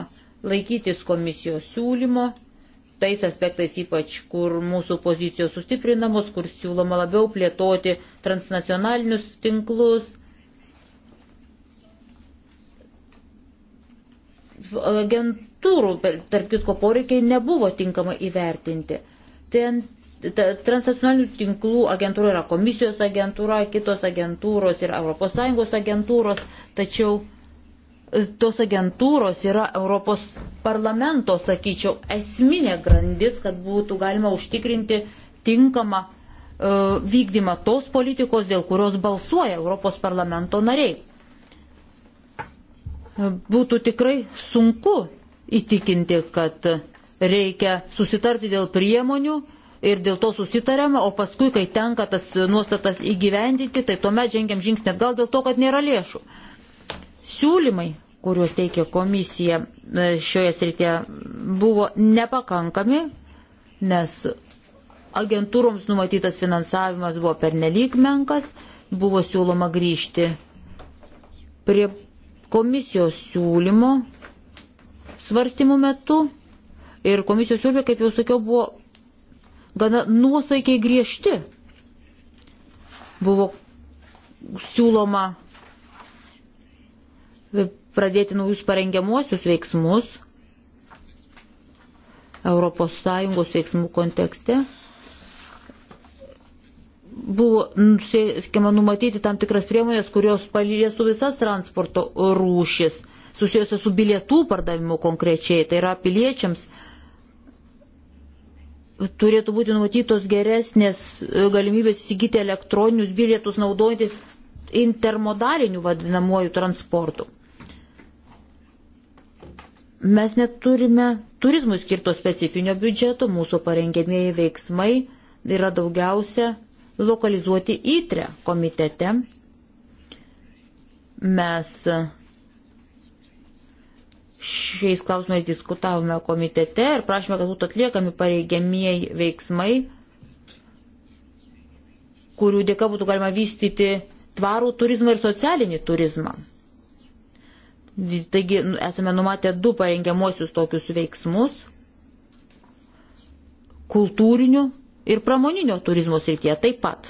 laikytis komisijos siūlymo, tais aspektais ypač, kur mūsų pozicijos sustiprinamos, kur siūloma labiau plėtoti transnacionalinius tinklus. Agentūrų, tarp kitko, poreikiai nebuvo tinkamai įvertinti. Ten Transnacionalinių tinklų agentūra yra komisijos agentūra, kitos agentūros ir ES agentūros, tačiau e, tos agentūros yra Europos parlamento, sakyčiau, esminė grandis, kad būtų galima užtikrinti tinkamą uh, vykdymą tos politikos, dėl kurios balsuoja Europos parlamento nariai. E, būtų tikrai sunku įtikinti, kad reikia susitarti dėl priemonių, ir dėl to susitarėme, o paskui, kai tenka tas nuostatas įgyvendinti, tai tuomet žengiam žingsnį atgal dėl to, kad nėra lėšų. Siūlymai, kuriuos teikia komisija e, šioje srityje, buvo nepakankami, nes agentūroms numatytas finansavimas buvo pernelyg menkas, buvo siūloma grįžti prie komisijos siūlymo svarstymų metu ir komisijos siūlymai, kaip jau sakiau, buvo gana nuosaikiai griežti. Buvo siūloma pradėti naujus parengiamuosius veiksmus ES veiksmų kontekste. Buvo siekiama numatyti tam tikras priemonės, kurios paliestų visas transporto rūšis, susijusios su bilietų pardavimu konkrečiai, tai yra piliečiams turėtų būti numatytos geresnės e, galimybės įsigyti elektroninius bilietus naudojantis intermodaliniu vadinamuoju transportu. Mes neturime turizmui skirto specifinio biudžeto, mūsų parengėmėjai veiksmai yra daugiausia lokalizuoti įtrę komitete. Mes šiais klausimais diskutavome komitete ir prašome, kad būtų atliekami pareigiamieji veiksmai, kurių dėka būtų galima vystyti tvarų turizmą ir socialinį turizmą. Taigi nu, esame numatę du parengiamuosius tokius veiksmus - kultūrinių ir pramoninio turizmo srityje taip pat.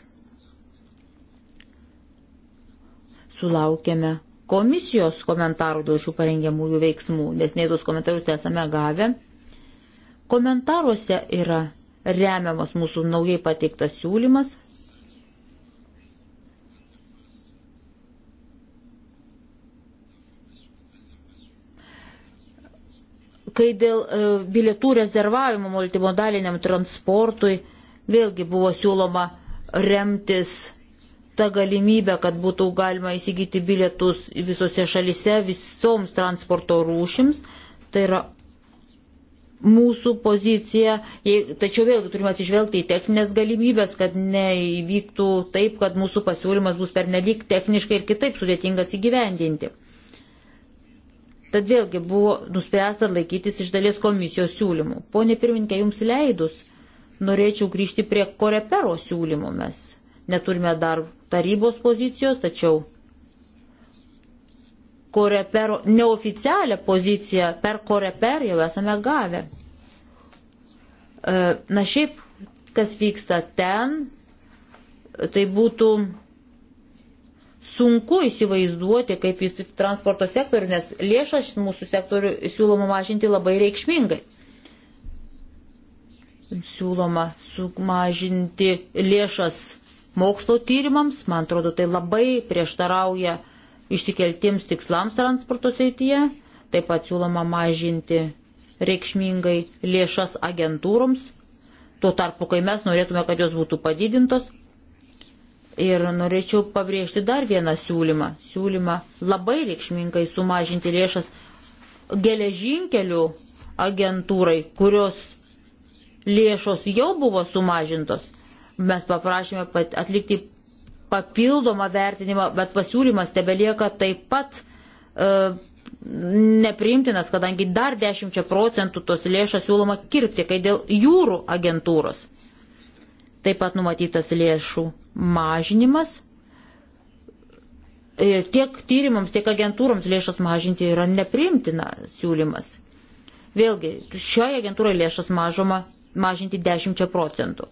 Sulaukėme komisijos komentarų dėl šių parengiamųjų veiksmų, nes nei tos komentarus esame gavę. Komentaruose yra remiamas mūsų naujai pateiktas siūlymas. Kai dėl e, bilietų rezervavimo multimodaliniam transportui vėlgi buvo siūloma remtis ta galimybė, kad būtų galima įsigyti bilietus visose šalise visoms transporto rūšims. Tai yra mūsų pozicija, tačiau vėlgi turime atsižvelgti į techninės galimybės, kad neįvyktų taip, kad mūsų pasiūlymas bus pernelyg techniškai ir kitaip sudėtingas įgyvendinti. Tad vėlgi buvo nuspręsta laikytis iš dalies komisijos siūlymų. Pone pirmininkė, jums leidus, norėčiau grįžti prie korepero siūlymų mes Neturime dar tarybos pozicijos, tačiau korepero neoficialią poziciją per koreper jau esame gavę. E, na šiaip, kas vyksta ten, tai būtų sunku įsivaizduoti, kaip vystyti transporto sektorių, nes lėšas mūsų sektorių siūloma mažinti labai reikšmingai. Siūloma sumažinti lėšas mokslo tyrimams. Man atrodo, tai labai prieštarauja išsikeltiems tikslams transporto seityje. Taip pat siūloma mažinti reikšmingai lėšas agentūroms. Tuo tarpu, kai mes norėtume, kad jos būtų padidintos. Ir norėčiau pabrėžti dar vieną siūlymą. Siūlymą labai reikšmingai sumažinti lėšas geležinkelių agentūrai, kurios lėšos jau buvo sumažintos. Mes paprašėme atlikti papildomą vertinimą, bet pasiūlymas tebelieka taip pat e, nepriimtinas, kadangi dar 10 procentų tos lėšas siūloma kirpti, kai dėl jūrų agentūros. Taip pat numatytas lėšų mažinimas. Ir e, tiek tyrimams, tiek agentūroms lėšas mažinti yra nepriimtina siūlymas. Vėlgi, šioje agentūroje lėšas mažoma mažinti 10 procentų.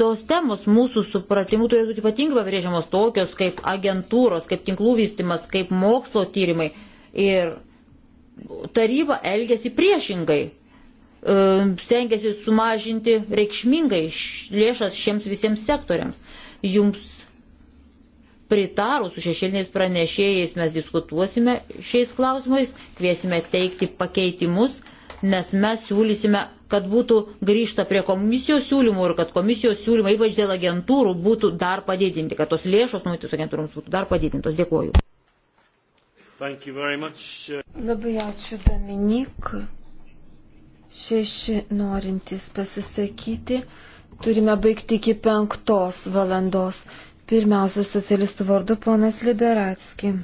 tos temos mūsų supratimu turėtų būti ypatingai pabrėžiamos tokios kaip agentūros, kaip tinklų vystimas, kaip mokslo tyrimai. Ir taryba elgėsi priešingai, e, stengiasi sumažinti reikšmingai lėšas šiems visiems sektoriams. Jums pritarus su šešėliniais pranešėjais mes diskutuosime šiais klausimais, kviesime teikti pakeitimus, nes mes siūlysime kad būtų grįžta prie komisijos siūlymų ir kad komisijos siūlymai, ypač dėl agentūrų, būtų dar padidinti, kad tos lėšos numatytos agentūroms būtų dar padidintos. Dėkuoju. Labai ačiū Dominik. Šeši norintys pasisakyti. Turime baigti iki penktos valandos. Pirmiausia, socialistų vardu ponas Liberatski.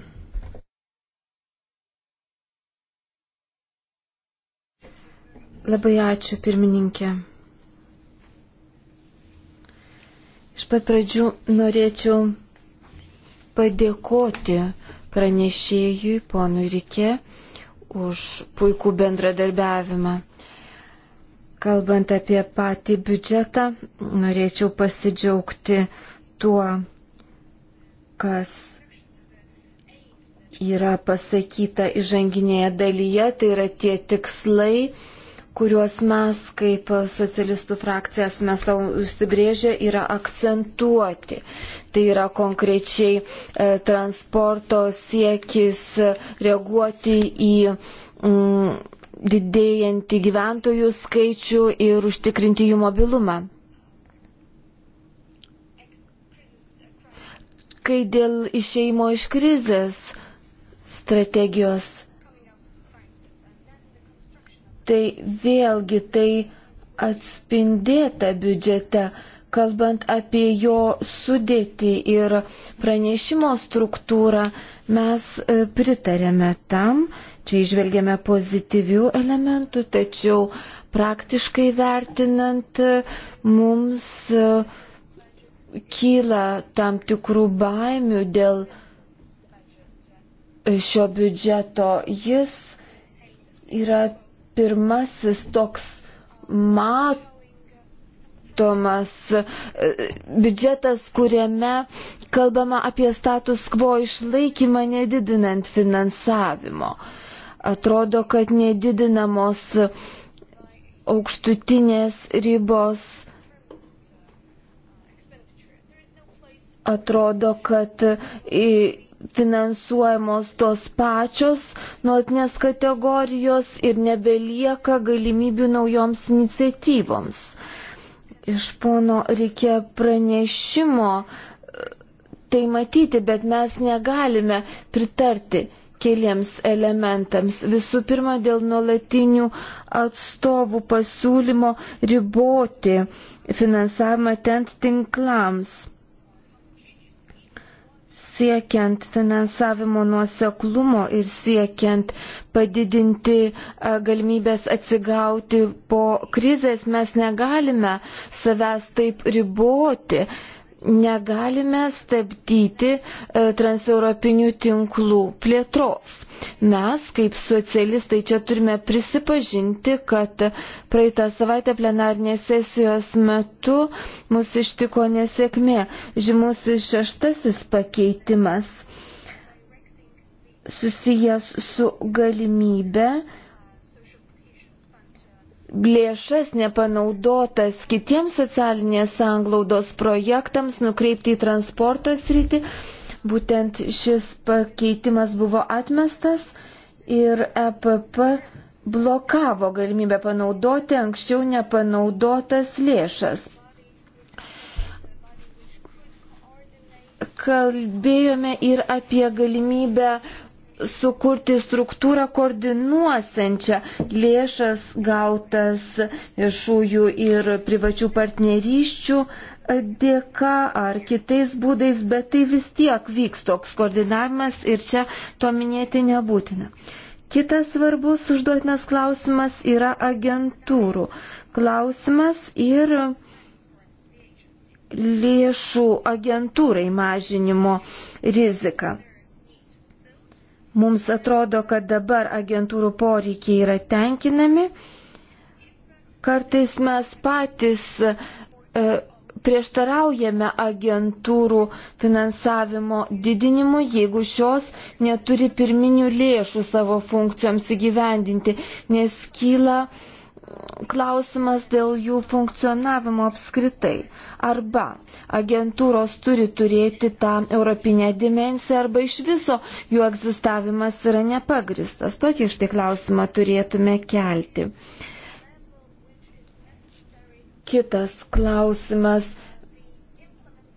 Labai ačiū, pirmininkė. Iš pat pradžių norėčiau padėkoti pranešėjui, ponui Rikė, už puikų bendradarbiavimą. Kalbant apie patį biudžetą, norėčiau pasidžiaugti tuo, kas yra pasakyta įžanginėje dalyje, tai yra tie tikslai, kuriuos mes kaip socialistų frakcijas mes savo užsibrėžę yra akcentuoti. Tai yra konkrečiai e, transporto siekis reaguoti į mm, didėjantį gyventojų skaičių ir užtikrinti jų mobilumą. Kai dėl išeimo iš krizės strategijos Tai vėlgi tai atspindėta biudžete, kalbant apie jo sudėtį ir pranešimo struktūrą, mes e, pritarėme tam, čia išvelgėme pozityvių elementų, tačiau praktiškai vertinant e, mums e, kyla tam tikrų baimių dėl šio biudžeto. Jis yra pirmasis toks matomas e, biudžetas, kuriame kalbama apie status quo išlaikymą nedidinant finansavimo. Atrodo, kad nedidinamos aukštutinės ribos. Atrodo, kad į finansuojamos tos pačios nuotinės kategorijos ir nebelieka galimybių naujoms iniciatyvoms. Iš pono reikia pranešimo tai matyti, bet mes negalime pritarti keliems elementams. Visų pirma, dėl nuolatinių atstovų pasiūlymo riboti finansavimą ten tinklams siekiant finansavimo nuoseklumo ir siekiant padidinti e, galimybės atsigauti po krizės, mes negalime savęs taip riboti negalime stabdyti e, transeuropinių tinklų plėtros. Mes, kaip socialistai, čia turime prisipažinti, kad praeitą savaitę plenarnės sesijos metu mus ištiko nesėkmė. Žymus šeštasis pakeitimas susijęs su galimybe lėšas nepanaudotas kitiems socialinės sanglaudos projektams nukreipti į transporto sritį. Būtent šis pakeitimas buvo atmestas ir EPP blokavo galimybę panaudoti anksčiau nepanaudotas lėšas. Kalbėjome ir apie galimybę sukurti struktūrą koordinuosančią lėšas gautas viešųjų ir privačių partnerysčių dėka ar kitais būdais, bet tai vis tiek vyks toks koordinavimas ir čia to minėti nebūtina. Kitas svarbus užduotinas klausimas yra agentūrų klausimas ir lėšų agentūrai mažinimo rizika. Mums atrodo, kad dabar agentūrų poreikiai yra tenkinami. Kartais mes patys e, prieštaraujame agentūrų finansavimo didinimu, jeigu šios neturi pirminių lėšų savo funkcijoms įgyvendinti, nes kyla e, klausimas dėl jų funkcionavimo apskritai. Arba agentūros turi turėti tą europinę dimensiją, arba iš viso jų egzistavimas yra nepagristas. Tokį štai klausimą turėtume kelti. Kitas klausimas.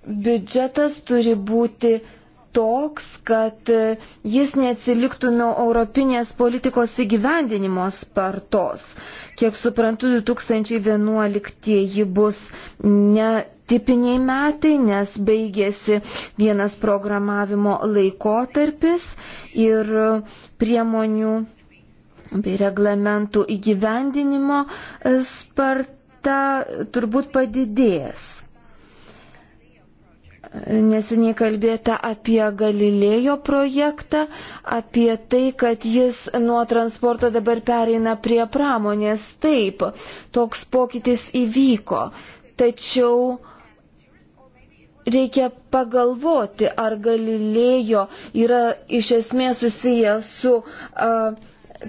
Biudžetas turi būti toks, kad jis neatsiliktų nuo europinės politikos įgyvendinimo spartos. Kiek suprantu, 2011 bus ne tipiniai metai, nes baigėsi vienas programavimo laikotarpis ir priemonių bei reglamentų įgyvendinimo sparta turbūt padidės. Neseniai kalbėta apie Galilėjo projektą, apie tai, kad jis nuo transporto dabar pereina prie pramonės. Taip, toks pokytis įvyko. Tačiau reikia pagalvoti, ar Galilėjo yra iš esmės susijęs su uh,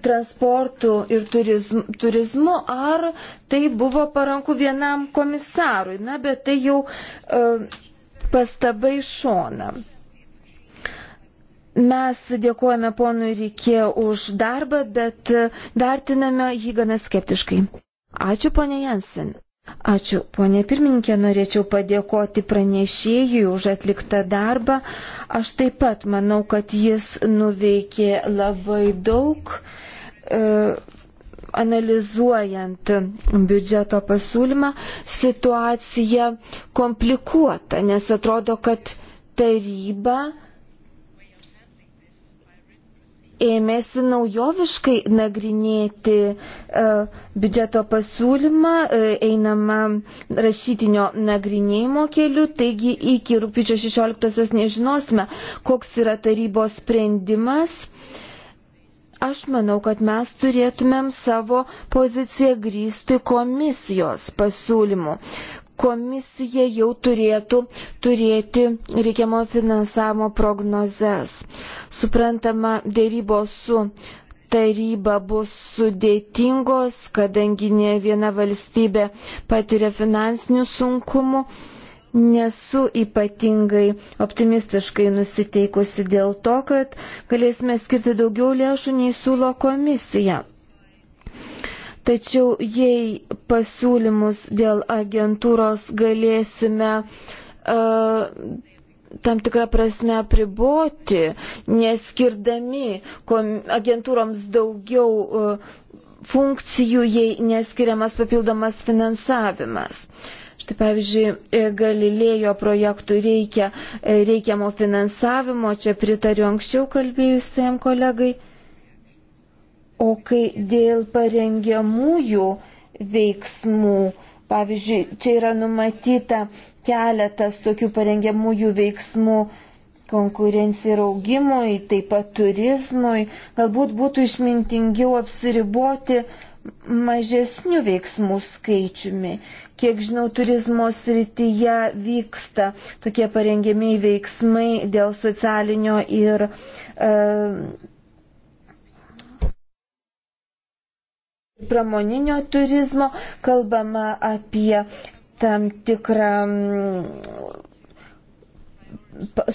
transportu ir turizmu, turizmu, ar tai buvo paranku vienam komisarui. Na, bet tai jau. Uh, Pastabai šona. Mes dėkojame ponui Rykė už darbą, bet vertiname jį gana skeptiškai. Ačiū, ponė Jansen. Ačiū, ponė pirmininkė, norėčiau padėkoti pranešėjui už atliktą darbą. Aš taip pat manau, kad jis nuveikė labai daug. E, analizuojant biudžeto pasiūlymą, situacija komplikuota, nes atrodo, kad taryba ėmėsi naujoviškai nagrinėti e, biudžeto pasiūlymą, e, einama rašytinio nagrinėjimo keliu, taigi iki rūpiučio 16-osios nežinosime, koks yra tarybos sprendimas. E, Aš manau, kad mes turėtumėm savo poziciją grįsti komisijos pasiūlymu. Komisija jau turėtų turėti reikiamo finansavimo prognozes. Suprantama, dėrybos su taryba bus sudėtingos, kadangi ne viena valstybė patiria finansinių sunkumų nesu ypatingai optimistiškai nusiteikusi dėl to, kad galėsime skirti daugiau lėšų nei siūlo komisija. Tačiau jei pasiūlymus dėl agentūros galėsime uh, tam tikrą prasme priboti, neskirdami agentūroms daugiau uh, funkcijų, jei neskiriamas papildomas finansavimas. Uh, Štai pavyzdžiui, e, Galilėjo projektų reikia e, reikiamo finansavimo, čia pritariu anksčiau kalbėjusiam kolegai. O kai dėl parengiamųjų veiksmų, pavyzdžiui, čia yra numatyta keletas tokių parengiamųjų veiksmų, konkurencijai ir augimui, taip pat turizmui, galbūt būtų išmintingiau apsiriboti mažesnių veiksmų skaičiumi. Kiek žinau, turizmo srityje vyksta tokie parengiamiai veiksmai dėl socialinio ir. E, Pramoninio turizmo kalbama apie tam tikrą mm,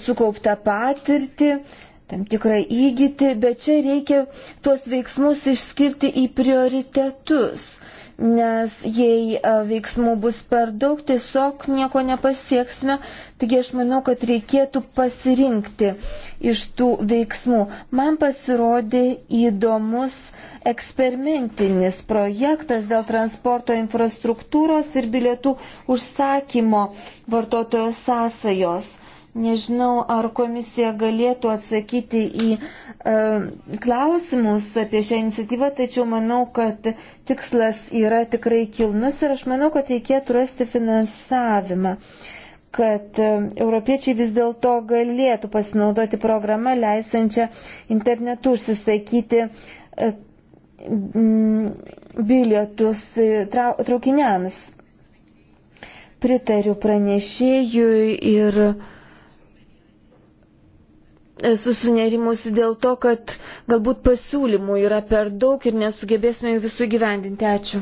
sukauptą patirtį, tam tikrą įgyti, bet čia reikia tuos veiksmus išskirti į prioritetus nes jei veiksmų bus per daug, tiesiog nieko nepasieksime. Taigi aš manau, kad reikėtų pasirinkti iš tų veiksmų. Man pasirodė įdomus eksperimentinis projektas dėl transporto infrastruktūros ir bilietų užsakymo vartotojo sąsajos. Nežinau, ar komisija galėtų atsakyti į e, klausimus apie šią iniciatyvą, tačiau manau, kad tikslas yra tikrai kilnus ir aš manau, kad reikėtų rasti finansavimą, kad e, europiečiai vis dėlto galėtų pasinaudoti programą leisančią internetu užsisakyti. E, bilietus e, traukiniams. Pritariu pranešėjui ir uh, esu sunerimusi dėl to, kad galbūt pasiūlymų yra per daug ir nesugebėsime jų visų gyvendinti. Ačiū.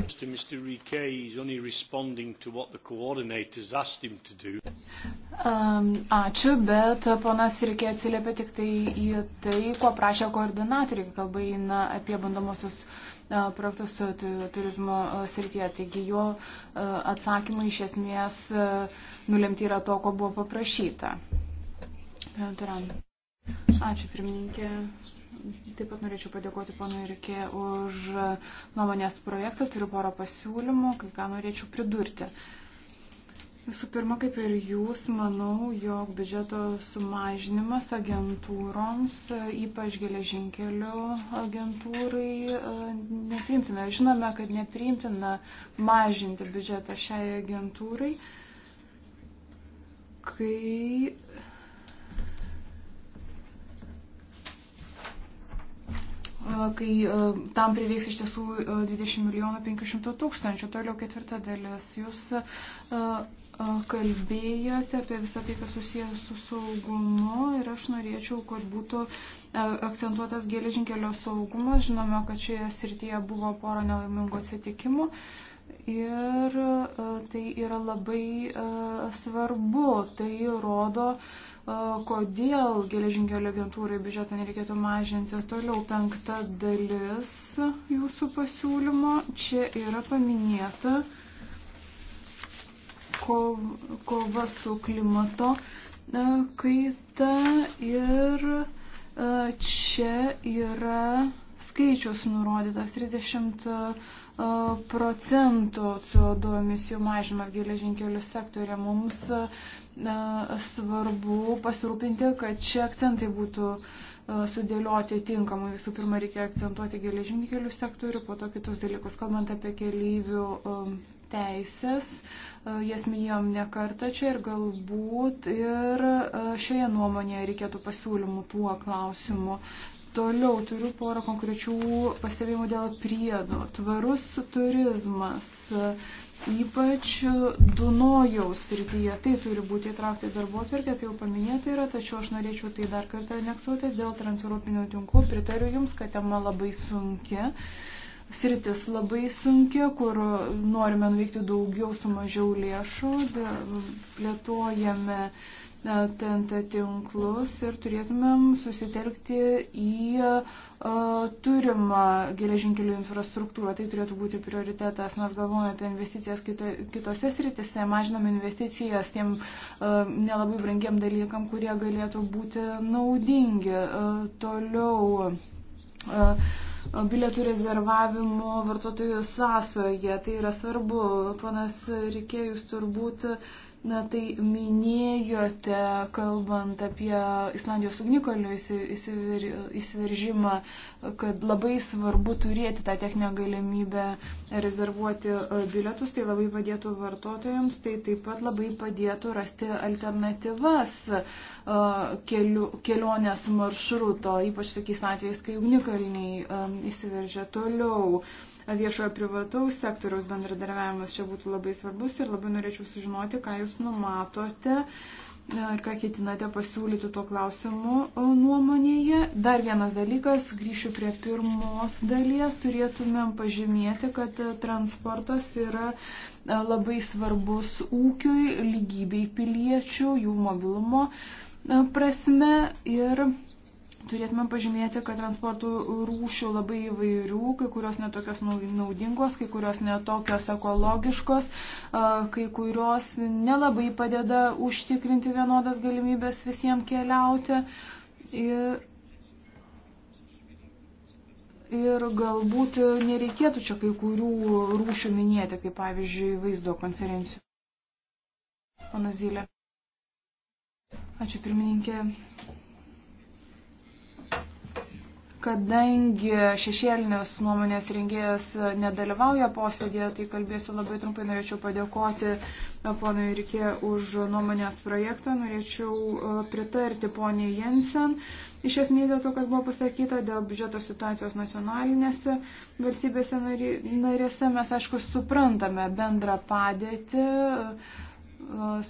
Um, ačiū, bet ponas Rikė atsiliepė tik tai į tai, ko prašė koordinatoriai, kalba eina apie bandomosius uh, projektus turizmo uh, srityje. Taigi jo uh, atsakymai iš esmės nulemti yra to, ko buvo paprašyta. Prantu. Ačiū, pirmininkė. Taip pat norėčiau padėkoti ponui Rikė už nuomonės projektą. Turiu porą pasiūlymų, kai ką norėčiau pridurti. Visų pirma, kaip ir jūs, manau, jog biudžeto sumažinimas agentūroms, ypač geležinkelių agentūrai, nepriimtina. Žinome, kad nepriimtina mažinti biudžetą šiai agentūrai, kai kai tam prireiks iš tiesų 20 milijonų 500 tūkstančių. Toliau ketvirta dalis. Jūs kalbėjote apie visą tai, kas susijęs su saugumu ir aš norėčiau, kad būtų akcentuotas geležinkelio saugumas. Žinome, kad šioje srityje buvo pora nelaimingų atsitikimų. Ir tai yra labai svarbu, tai rodo uh, kodėl geležinkelio agentūrai biudžetą nereikėtų mažinti. Toliau penkta dalis jūsų pasiūlymo. Čia yra paminėta kova su klimato e, kaita ir e, čia yra skaičius nurodytas 30 e, procentų CO2 emisijų mažymas geležinkelių sektorė. Mums svarbu pasirūpinti, kad šie akcentai būtų e, sudėlioti tinkamai. Visų pirma, reikia akcentuoti geležinkelių sektorių, po to kitus dalykus. Kalbant apie keleivių e, teisės, e, jas minėjom ne kartą čia ir galbūt ir šioje nuomonėje reikėtų pasiūlymų tuo klausimu. Toliau turiu porą konkrečių pastebėjimų dėl priedo. Tvarus turizmas. Uh, ypač Dunojaus srityje. Tai turi būti įtraukta į darbo atvirkę, tai jau paminėta yra, tačiau aš norėčiau tai dar kartą aneksuoti dėl transeuropinio tinklų. Pritariu Jums, kad tema labai sunkia. Sritis labai sunkia, kur norime nuveikti daugiau su mažiau lėšų, plėtojame uh, E, TNT tinklus ir turėtumėm susitelkti į e, turimą geležinkelių infrastruktūrą. Tai turėtų būti prioritetas. Mes galvojame apie investicijas kito, kitose sritise, mažinam investicijas tiem e, nelabai brangiam dalykam, kurie galėtų būti naudingi. Toliau bilietų rezervavimo vartotojų sąsoje. Tai yra svarbu. Panas Rikėjus turbūt Na tai minėjote, kalbant apie Islandijos ugnikalnių įsiveržimą, kad labai svarbu turėti tą techninę galimybę rezervuoti e, bilietus, tai labai padėtų vartotojams, tai taip pat labai padėtų rasti alternatyvas e, keliu, kelionės maršruto, ypač tokiais atvejais, kai ugnikalniai e, įsiveržia toliau viešojo privataus sektoriaus bendradarbiavimas čia būtų labai svarbus ir labai norėčiau sužinoti, ką jūs numatote ir ką ketinate pasiūlyti tuo klausimu e, nuomonėje. Dar vienas dalykas, grįšiu prie pirmos dalies, turėtumėm pažymėti, kad e, transportas yra e, labai svarbus ūkiui, lygybei piliečių, jų mobilumo prasme ir Turėtume pažymėti, kad transporto rūšių labai įvairių, kai kurios netokios naudingos, kai kurios netokios ekologiškos, kai kurios nelabai padeda užtikrinti vienodas galimybės visiems keliauti. Ir, ir galbūt nereikėtų čia kai kurių rūšių minėti, kaip pavyzdžiui vaizdo konferencijų. Pana Zylė. Ačiū pirmininkė. Kadangi šešėlinės nuomonės rengėjas nedalyvauja posėdėje, tai kalbėsiu labai trumpai. Norėčiau padėkoti e, ponui Rikė už nuomonės projektą. Norėčiau e, pritarti poniai Jensen. Iš esmės dėl to, kas buvo pasakyta dėl biudžeto situacijos nacionalinėse valstybėse narėse, mes aišku suprantame bendrą padėtį e,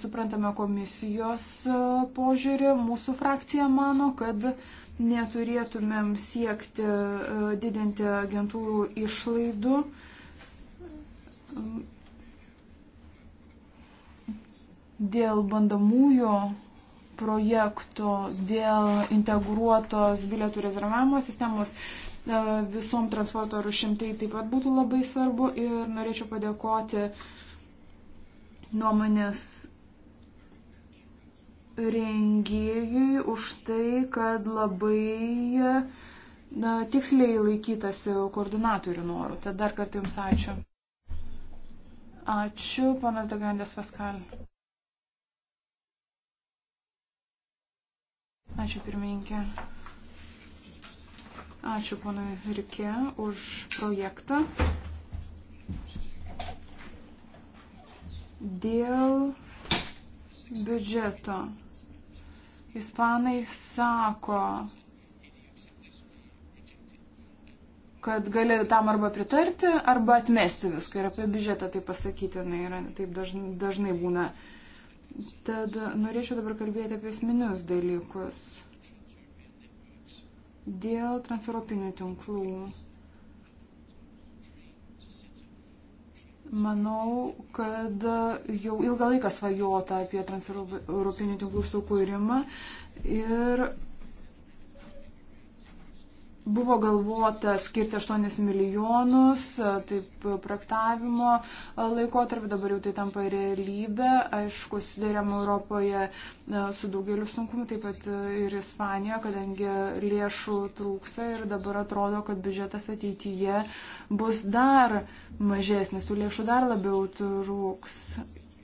suprantame komisijos požiūrį. Mūsų frakcija mano, kad neturėtumėm siekti e, didinti agentūrų išlaidų. Dėl bandamųjų projektų, dėl integruotos bilietų rezervavimo sistemos e, visom transporto rušimtai taip pat būtų labai svarbu ir norėčiau padėkoti nuomonės rengėjui už tai, kad labai na, tiksliai laikytasi koordinatorių norų. Tad dar kartą Jums ačiū. Ačiū, panas Dagandės Paskal. Ačiū, pirmininkė. Ačiū, ponui Rikė, už projektą. Dėl biudžeto. Ispanai sako, kad gali tam arba pritarti, arba atmesti viską. Ir apie biudžetą tai pasakyti, na, yra, taip dažnai, dažnai būna. Tad norėčiau dabar kalbėti apie esminius dalykus. Dėl transeuropinių tinklų. Manau, kad jau ilgą laiką svajota apie transeuropinių tinklų sukūrimą ir Buvo galvota skirti 8 milijonus, e, taip projektavimo e, laikotarpį, dabar jau tai tampa realybė. Aišku, sudarėm Europoje e, su daugeliu sunkumu, taip pat ir Ispanijoje, kadangi lėšų trūksta ir dabar atrodo, kad biudžetas ateityje bus dar mažesnis, tų lėšų dar labiau trūks.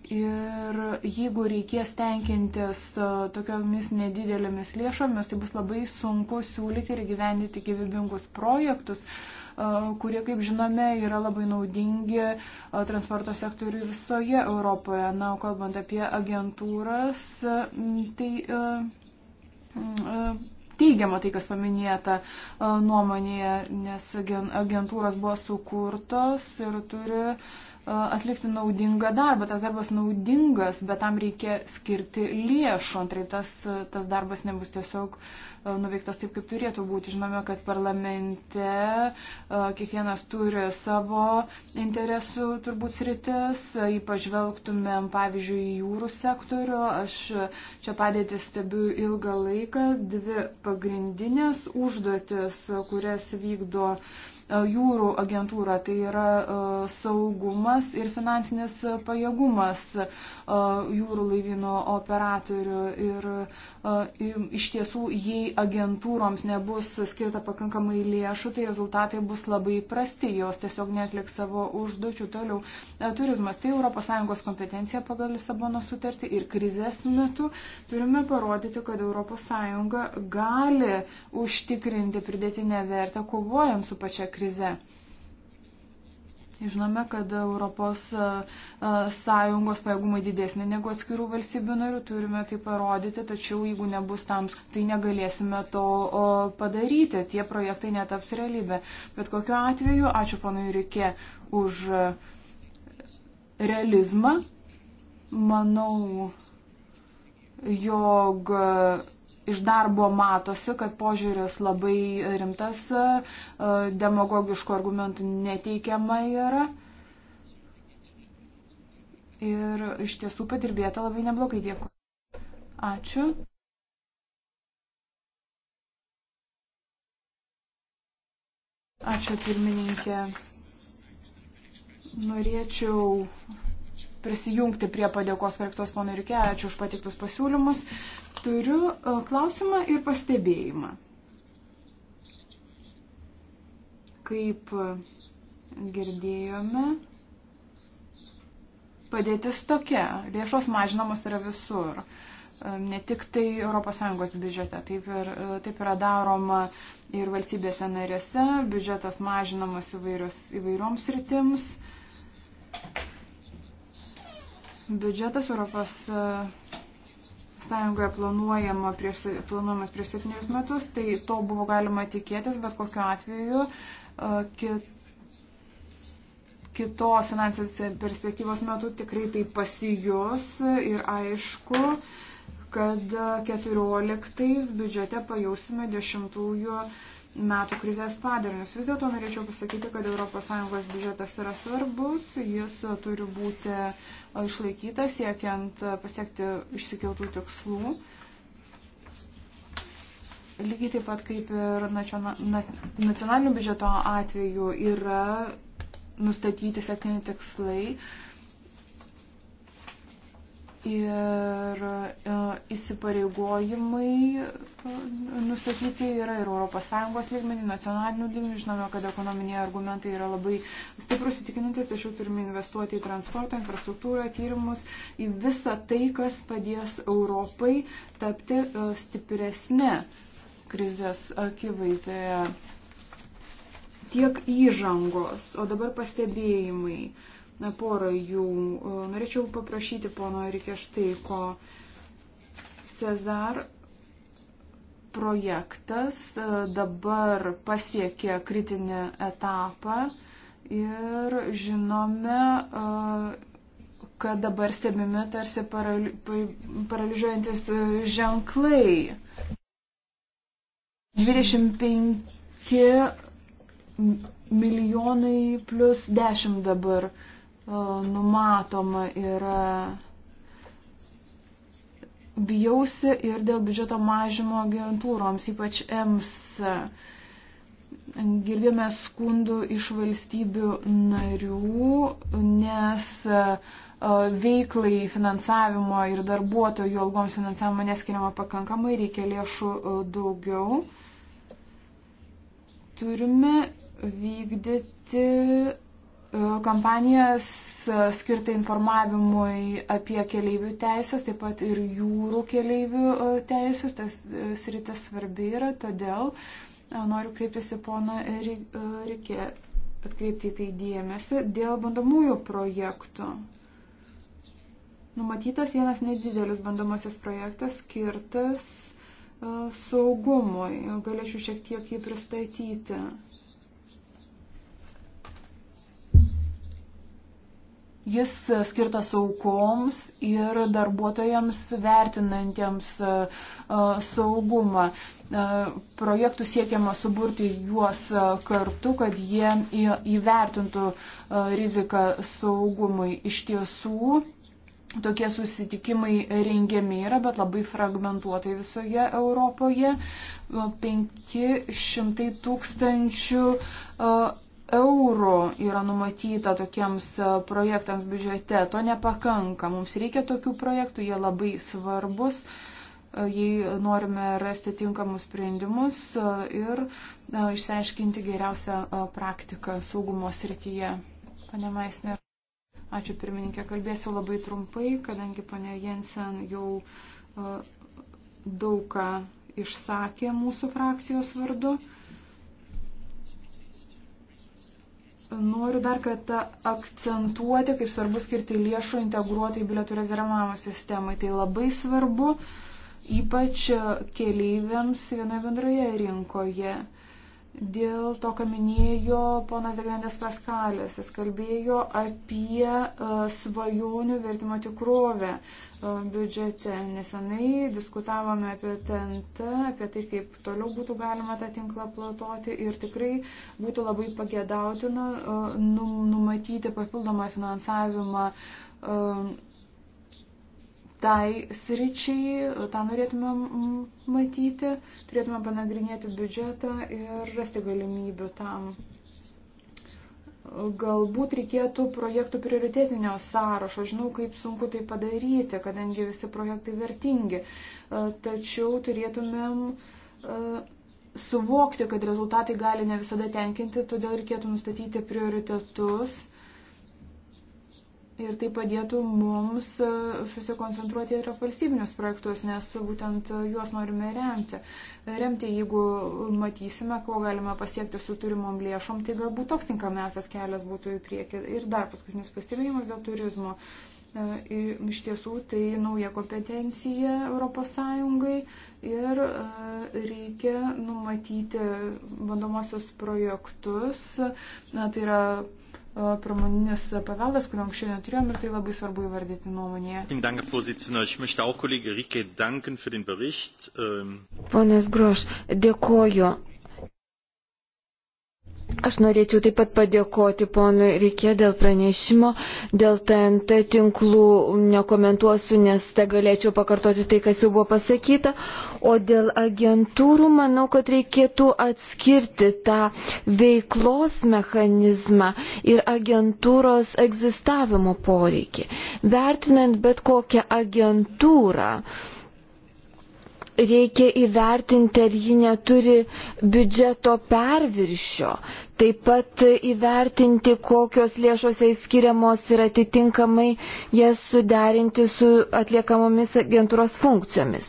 Ir jeigu reikės tenkintis e, tokiomis nedidelėmis lėšomis, tai bus labai sunku siūlyti ir gyvendyti gyvybingus projektus, e, kurie, kaip žinome, yra labai naudingi e, transporto sektoriui visoje Europoje. Na, kalbant apie agentūras, tai teigiama tai, kas paminėta nuomonėje, nes agentūros buvo sukurtos ir turi atlikti naudingą darbą. Tas darbas naudingas, bet tam reikia skirti lėšų, antrai tas, tas darbas nebus tiesiog nuveiktas taip, kaip turėtų būti. Žinome, kad parlamente kiekvienas turi savo interesų turbūt sritis, ypač žvelgtumėm, pavyzdžiui, į jūrų sektorių. Aš čia padėtį stebiu ilgą laiką. Dvi pagrindinės užduotis, kurias vykdo uh, E, jūrų agentūrą, tai yra e, saugumas ir finansinis pajėgumas e, jūrų laivyno operatorių ir iš tiesų, jei agentūroms nebus skirta pakankamai lėšų, tai rezultatai bus labai prasti, jos tiesiog netliks savo užduočių toliau. Turizmas tai ES kompetencija pagal Lisabono sutartį ir krizės metu turime parodyti, kad ES gali užtikrinti pridėtinę vertę kovojant su pačia krize. Žinome, kad Europos e, e, Sąjungos pajėgumai didesnė negu atskirų valstybių narių, turime tai parodyti, tačiau jeigu nebus tam, tai negalėsime to padaryti, tie projektai netaps realybė. Bet kokiu atveju, ačiū panui Rikė už realizmą. Manau, jog iš darbo matosi, kad požiūris labai rimtas, e, demagogiškų argumentų neteikiama yra. Ir iš tiesų padirbėta labai neblogai. Dėkui. Ačiū. Ačiū pirmininkė. Norėčiau prisijungti prie padėkos pareiktos ponui Rikė. Ačiū už patiktus pasiūlymus. Turiu e, klausimą ir pastebėjimą. Kaip e, girdėjome, padėtis tokia. Lėšos mažinamos yra visur. E, ne tik tai ES biudžete, taip, ir, taip yra daroma ir valstybėse narėse, biudžetas mažinamas įvairios, įvairioms rytims. Biudžetas Europos e, sąjungoje planuojama prieš, planuojamas prieš septynerius metus, tai to buvo galima tikėtis, bet kokiu atveju e, kit, kitos finansinės perspektyvos metu tikrai tai pasijus ir aišku, kad 14 biudžete pajausime 10 metų krizės padarinius. Vis dėlto norėčiau pasakyti, kad ES biudžetas yra svarbus, jis turi būti išlaikytas, siekiant pasiekti išsikeltų tikslų. Lygiai taip pat kaip ir nacionalinių biudžeto atveju yra nustatyti sėkmini tikslai, uh, Ir e, įsipareigojimai e, nustatyti yra ir ES lygmenį, nacionalinių lygmenį. Žinome, kad ekonominiai argumentai yra labai stiprus įtikinantis, tačiau turime investuoti į transportą, infrastruktūrą, tyrimus, į visą tai, kas padės Europai tapti e, stipresnė krizės akivaizdoje. Tiek įžangos, o dabar pastebėjimai. Uh, porą jų. Norėčiau paprašyti pono Rikė štai, ko Cezar projektas e, dabar pasiekė kritinį etapą ir žinome, e, kad dabar stebimi tarsi paralyžiuojantis e, ženklai. 25 milijonai plus 10 dabar uh, numatoma yra. Bijausi ir dėl biudžeto mažimo agentūroms, ypač EMS. Girdėjome skundų iš valstybių narių, nes veiklai finansavimo ir darbuotojų algoms finansavimo neskiriama pakankamai, reikia lėšų daugiau. Turime vykdyti E, kampanijas e, skirtą informavimui apie keleivių teisės, taip pat ir jūrų keleivių e, teisės. Tas sritis svarbi yra, todėl noriu kreiptis į poną Rikė, atkreipti į tai dėmesį dėl bandomųjų projektų. Numatytas vienas nedidelis bandomasis projektas skirtas saugumui. Galėčiau šiek tiek jį pristatyti. Jis e, skirtas aukoms ir darbuotojams vertinantiems e, e, saugumą. Projektų siekiama suburti juos kartu, kad jie įvertintų riziką saugumui. Iš tiesų, tokie susitikimai rengiami yra, bet labai fragmentuotai visoje Europoje. 500 tūkstančių eurų yra numatyta tokiems e, projektams biudžete. To nepakanka. Mums reikia tokių projektų, jie labai svarbus, e, jei norime rasti tinkamus sprendimus e, ir išsiaiškinti geriausią praktiką saugumo srityje. Pane Maisner. Ačiū pirmininkė, kalbėsiu labai trumpai, kadangi pane Jensen jau daug ką išsakė mūsų frakcijos vardu. Noriu dar kartą akcentuoti, kaip svarbu skirti lėšų integruotai bilietų rezervavimo sistemai. Tai labai svarbu, ypač keleiviams vienoje bendroje rinkoje dėl to, ką minėjo ponas Degrandės Paskalės. Jis kalbėjo apie uh, svajonių vertimo tikrovę uh, biudžete. Nesenai diskutavome apie TNT, apie tai, kaip toliau būtų galima tą tinklą platoti ir tikrai būtų labai pagėdautina e, uh, numatyti papildomą finansavimą. Uh, tai sričiai, tą norėtume matyti, turėtume panagrinėti biudžetą ir rasti galimybių tam. Galbūt reikėtų projektų prioritetinio sąrašo. Žinau, kaip sunku tai padaryti, kadangi visi projektai vertingi. Tačiau turėtumėm e, suvokti, kad rezultatai gali ne visada tenkinti, todėl reikėtų nustatyti prioritetus Ir tai padėtų mums e, susikoncentruoti ir valstybinius projektus, nes būtent e, juos norime remti. Remti, jeigu matysime, ko galime pasiekti su turimom lėšom, tai galbūt toks tinkamesas kelias būtų į priekį. Ir dar paskutinis pastebėjimas dėl turizmo. E, ir iš tiesų tai nauja kompetencija ES ir reikia numatyti bandomosios projektus. Na, tai yra pramoninis paveldas, kurio anksčiau neturėjom ir tai labai svarbu įvardyti nuomonėje. Ähm, Ponas Groš, dėkoju. Aš norėčiau taip pat padėkoti ponui Rikė dėl pranešimo, dėl TNT tinklų nekomentuosiu, nes te galėčiau pakartoti tai, kas jau buvo pasakyta. O dėl agentūrų manau, kad reikėtų atskirti tą veiklos mechanizmą ir agentūros egzistavimo poreikį. Vertinant bet kokią agentūrą, reikia įvertinti, ar ji neturi biudžeto perviršio, taip pat įvertinti, kokios lėšos jai skiriamos ir atitinkamai jas suderinti su atliekamomis agentūros funkcijomis.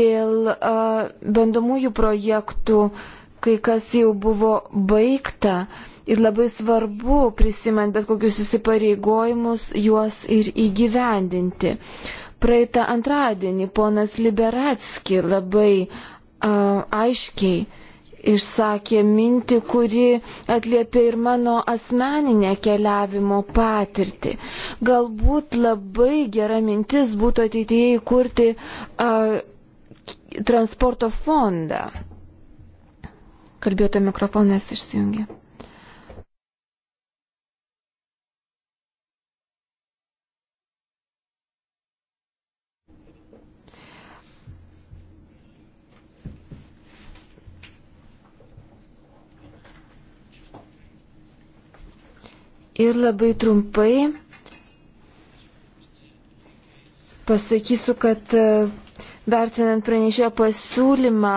Dėl uh, bandomųjų projektų kai kas jau buvo baigta ir labai svarbu prisimant bet kokius įsipareigojimus juos ir įgyvendinti. Praeitą antradienį ponas Liberatski labai a, aiškiai išsakė mintį, kuri atliepia ir mano asmeninę keliavimo patirtį. Galbūt labai gera mintis būtų ateityje įkurti a, transporto fondą. Kalbėto mikrofonas išsijungė. Ir labai trumpai pasakysiu, kad e, vertinant pranešėjo pasiūlymą,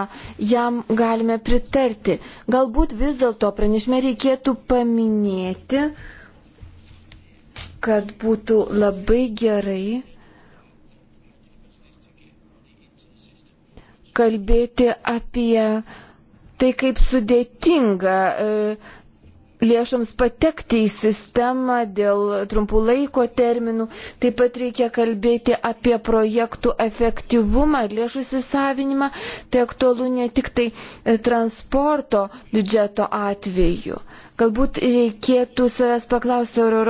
jam galime pritarti. Galbūt vis dėlto pranešime reikėtų paminėti, kad būtų labai gerai kalbėti apie tai, kaip sudėtinga e, lėšoms patekti į sistemą dėl trumpų laiko terminų. Taip pat reikia kalbėti apie projektų efektyvumą, lėšų įsisavinimą. Tai aktualu ne tik tai e, transporto biudžeto atveju. Galbūt reikėtų savęs paklausti, ar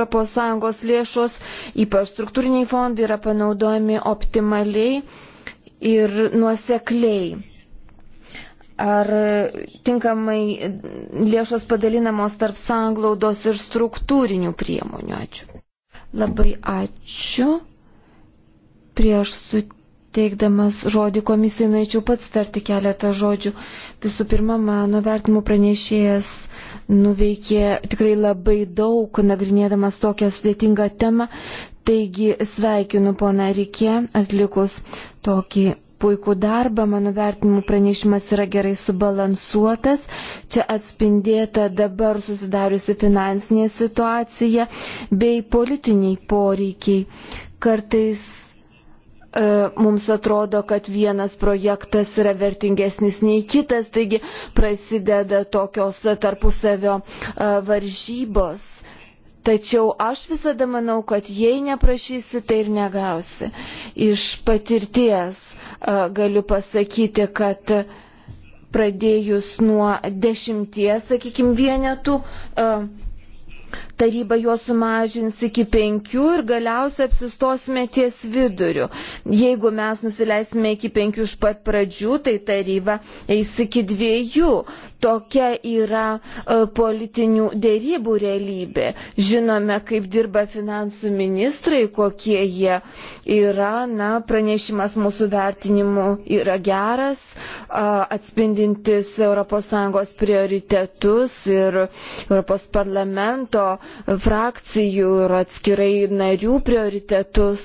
ES lėšos, ypač struktūriniai fondai, yra panaudojami optimaliai ir nuosekliai ar tinkamai lėšos padalinamos tarp sanglaudos ir struktūrinių priemonių. Ačiū. Labai ačiū. Prieš suteikdamas žodį komisijai norėčiau pats tarti keletą žodžių. Visų pirma, mano vertimų pranešėjas nuveikė tikrai labai daug, nagrinėdamas tokią sudėtingą temą. Taigi sveikinu poną Rikė atlikus tokį puikų darbą, mano vertinimu pranešimas yra gerai subalansuotas, čia atspindėta dabar susidariusi finansinė situacija bei politiniai poreikiai. Kartais e, mums atrodo, kad vienas projektas yra vertingesnis nei kitas, taigi prasideda tokios tarpusavio e, varžybos Tačiau aš visada manau, kad jei neprašysi, tai ir negausi. Iš patirties galiu pasakyti, kad pradėjus nuo dešimties, sakykime, vienetų, taryba juos sumažins iki penkių ir galiausiai apsistosime ties viduriu. Jeigu mes nusileisime iki penkių iš pat pradžių, tai taryba eis iki dviejų. Tokia yra e, politinių dėrybų realybė. Žinome, kaip dirba finansų ministrai, kokie jie yra. Na, pranešimas mūsų vertinimu yra geras, atspindintis ES prioritetus ir ES parlamento frakcijų ir atskirai narių prioritetus.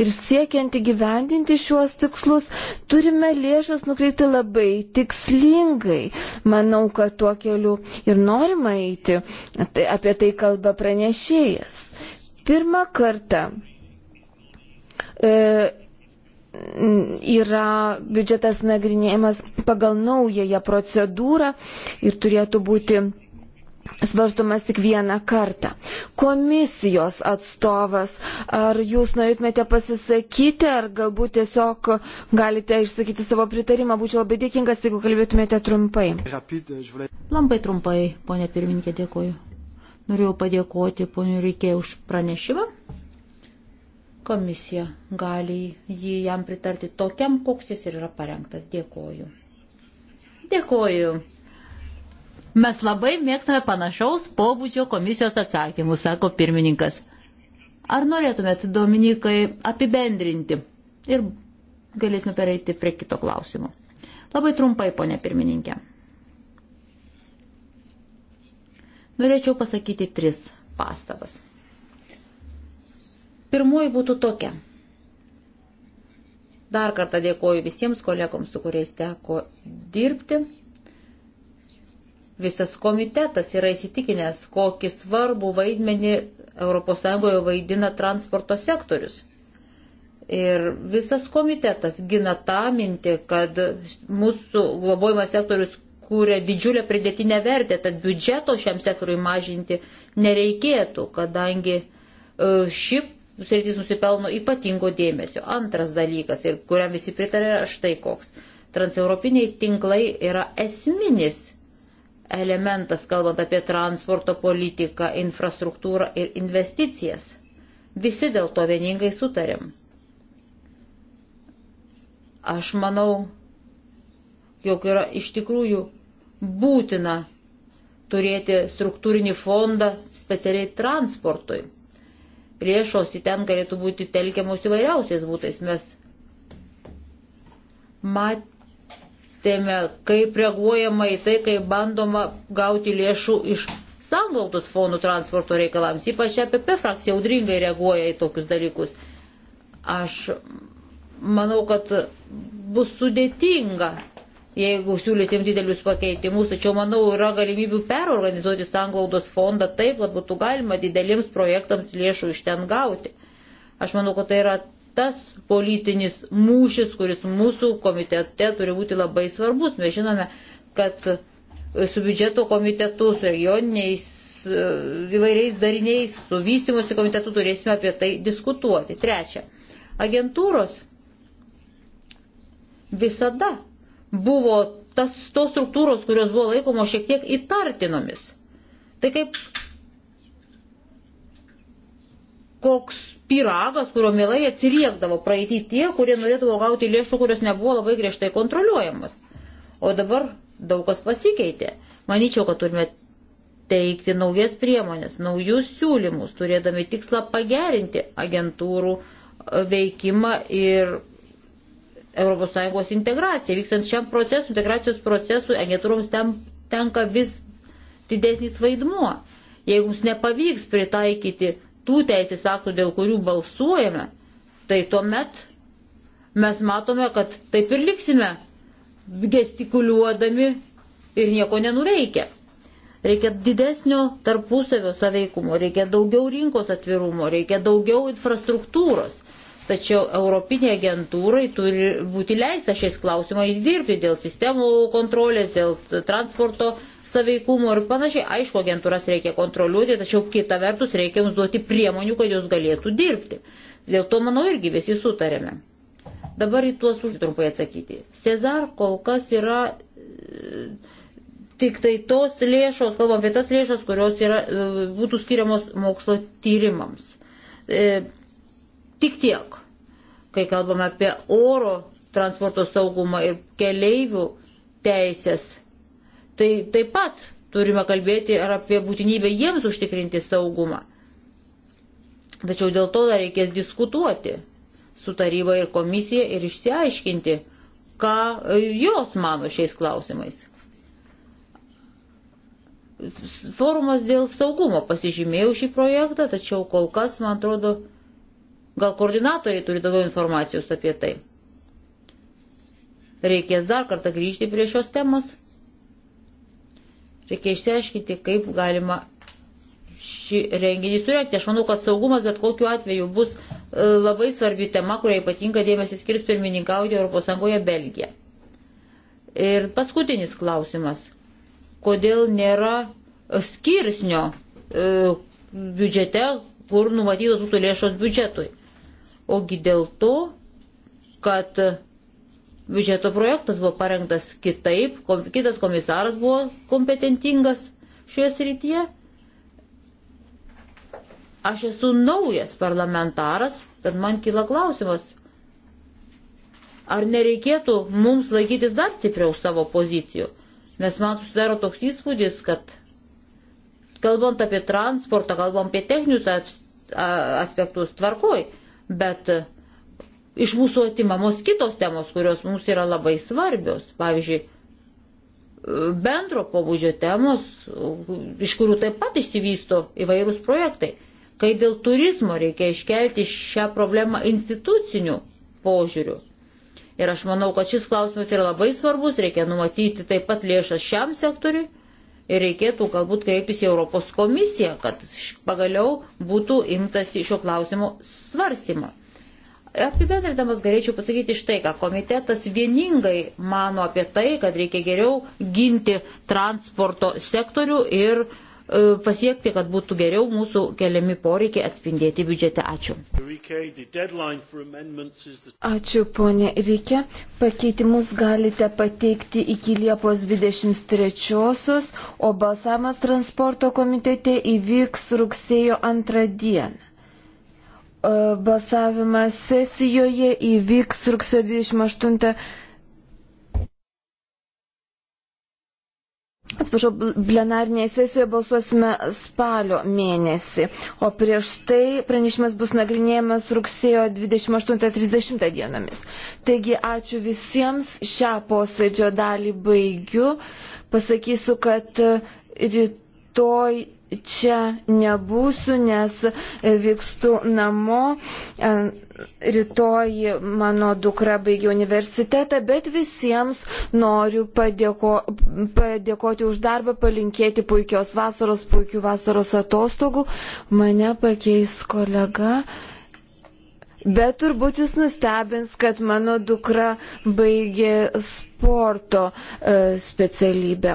Ir siekiant įgyvendinti šiuos tikslus, turime lėšas nukreipti labai tikslingai. Manau, kad tuo keliu ir norima eiti. Tai apie tai kalba pranešėjas. Pirmą kartą. E, yra biudžetas nagrinėjimas pagal naująją procedūrą ir turėtų būti svarstomas tik vieną kartą. Komisijos atstovas, ar jūs norėtumėte pasisakyti, ar galbūt tiesiog galite išsakyti savo pritarimą, būčiau labai dėkingas, jeigu kalbėtumėte trumpai. Labai trumpai, ponė pirmininkė, dėkoju. Norėjau padėkoti poniu Reikėjai už pranešimą. Komisija gali jį jam pritarti tokiam, koks jis ir yra parengtas. Dėkoju. Dėkoju. Mes labai mėgstame panašaus pobūdžio komisijos atsakymų, sako pirmininkas. Ar norėtumėt, Dominikai, apibendrinti? Ir galėsime pereiti prie kito klausimo. Labai trumpai, ponė pirmininkė. Norėčiau pasakyti tris pastabas. Pirmoji būtų tokia. Dar kartą dėkoju visiems kolegoms, su kuriais teko dirbti. Visas komitetas yra įsitikinęs, kokį svarbų vaidmenį ES vaidina transporto sektorius. Ir visas komitetas gina tą mintį, kad mūsų globojimas sektorius kūrė didžiulę pridėtinę vertę, tad biudžeto šiam sektoriui mažinti nereikėtų, kadangi e, ši sritis nusipelno ypatingo dėmesio. Antras dalykas, ir kuriam visi pritarė, štai koks. Transeuropiniai tinklai yra esminis elementas, kalbant apie transporto politiką, infrastruktūrą ir investicijas. Visi dėl to vieningai sutarėm. Aš manau, jog yra iš tikrųjų būtina turėti struktūrinį fondą specialiai transportui. Lėšos į ten galėtų būti telkiamos įvairiausiais būtais. Mes mat, matėme, kaip reaguojama į tai, kai bandoma gauti lėšų iš sanglautos fondų transporto reikalams. Ypač APP frakcija audringai reaguoja į tokius dalykus. Aš manau, kad bus sudėtinga, jeigu siūlysim didelius pakeitimus, tačiau manau, yra galimybių perorganizuoti sanglaudos fondą taip, kad būtų galima dideliems projektams lėšų iš ten gauti. Aš manau, kad tai yra tas politinis mūšis, kuris mūsų komitete turi būti labai svarbus. Mes žinome, kad su biudžeto komitetu, su regioniniais e, įvairiais dariniais, su vystimosi komitetu turėsime apie tai diskutuoti. Trečia, agentūros visada buvo tas, tos struktūros, kurios buvo laikomos šiek tiek įtartinomis. Tai kaip koks pyragas, kurio mielai atsiriekdavo praeitį tie, kurie norėdavo gauti lėšų, kurios nebuvo labai griežtai kontroliuojamas. O dabar daug kas pasikeitė. Manyčiau, kad turime teikti naujas priemonės, naujus siūlymus, turėdami tikslą pagerinti agentūrų e, veikimą ir ES integraciją. Vykstant šiam procesui, integracijos procesui, agentūroms ten, tenka vis didesnis vaidmuo. Jeigu mums nepavyks pritaikyti tų teisės aktų, dėl kurių balsuojame, tai tuomet mes matome, kad taip ir liksime gestikuliuodami ir nieko nenuveikia. Reikia didesnio tarpusavio saveikumo, reikia daugiau rinkos atvirumo, reikia daugiau infrastruktūros. Tačiau Europinė agentūrai turi būti leista šiais klausimais dirbti dėl sistemų kontrolės, dėl transporto saveikumo ir panašiai. Aišku, agentūras reikia kontroliuoti, tačiau kita vertus reikia jums duoti priemonių, kad jos galėtų dirbti. Dėl to, manau, irgi visi sutarėme. Dabar į tuos užtrumpai atsakyti. Cezar kol kas yra e, tik tai tos lėšos, kalbam apie tas lėšos, kurios yra, e, būtų skiriamos mokslo tyrimams. E, Tik tiek, kai kalbame apie oro transporto saugumą ir keleivių teisės, tai taip pat turime kalbėti ir apie būtinybę jiems užtikrinti saugumą. Tačiau dėl to dar reikės diskutuoti su taryba ir komisija ir išsiaiškinti, ką jos mano šiais klausimais. Forumas dėl saugumo pasižymėjau šį projektą, tačiau kol kas, man atrodo, Gal koordinatoriai turi daugiau informacijos apie tai. Reikės dar kartą grįžti prie šios temos. Reikia išsiaiškinti, kaip galima šį renginį surengti. Aš manau, kad saugumas bet kokiu atveju bus e, labai svarbi tema, kuriai ypatinga dėmesį skirs pirmininkauti ES Belgija. Ir paskutinis klausimas. Kodėl nėra skirsnio e, biudžete, kur numatytos mūsų lėšos biudžetui? ogi dėl to, kad biudžeto projektas buvo parengtas kitaip, kitas komisaras buvo kompetentingas šioje srityje. Aš esu naujas parlamentaras, tad man kyla klausimas, ar nereikėtų mums laikytis dar stipriau savo pozicijų, nes man susidaro toks įspūdis, kad kalbant apie transportą, kalbant apie techninius aspektus tvarkoj, bet e, iš mūsų atimamos kitos temos, kurios mums yra labai svarbios. Pavyzdžiui, e, bendro pobūdžio temos, e, iš kurių taip pat išsivysto įvairūs projektai. Kai dėl turizmo reikia iškelti šią problemą institucinių požiūrių. Ir aš manau, kad šis klausimas yra labai svarbus, reikia numatyti taip pat lėšas šiam sektoriui ir reikėtų galbūt kreiptis į Europos komisiją, kad pagaliau būtų imtas šio klausimo svarstymo. Apibendrindamas galėčiau pasakyti štai, ką komitetas vieningai mano apie tai, kad reikia geriau ginti transporto sektorių ir E, pasiekti, kad būtų geriau mūsų keliami poreikiai atspindėti biudžete. Ačiū. Ačiū, ponė Rikė. Pakeitimus galite pateikti iki Liepos 23-osios, o balsavimas transporto komitete įvyks rugsėjo antrą dieną. E, balsavimas sesijoje įvyks rugsėjo 28 dieną. Atsiprašau, plenarnėje sesijoje balsuosime spalio mėnesį, o prieš tai pranešimas bus nagrinėjamas rugsėjo 28-30 dienomis. Taigi ačiū visiems, šią posėdžio dalį baigiu. Pasakysiu, kad rytoj čia nebūsiu, nes e, vykstu namo. E, rytoj mano dukra baigia universitetą, bet visiems noriu padėko, padėkoti už darbą, palinkėti puikios vasaros, puikių vasaros atostogų. Mane pakeis kolega. Bet turbūt jūs nustebins, kad mano dukra baigė sporto e, specialybę,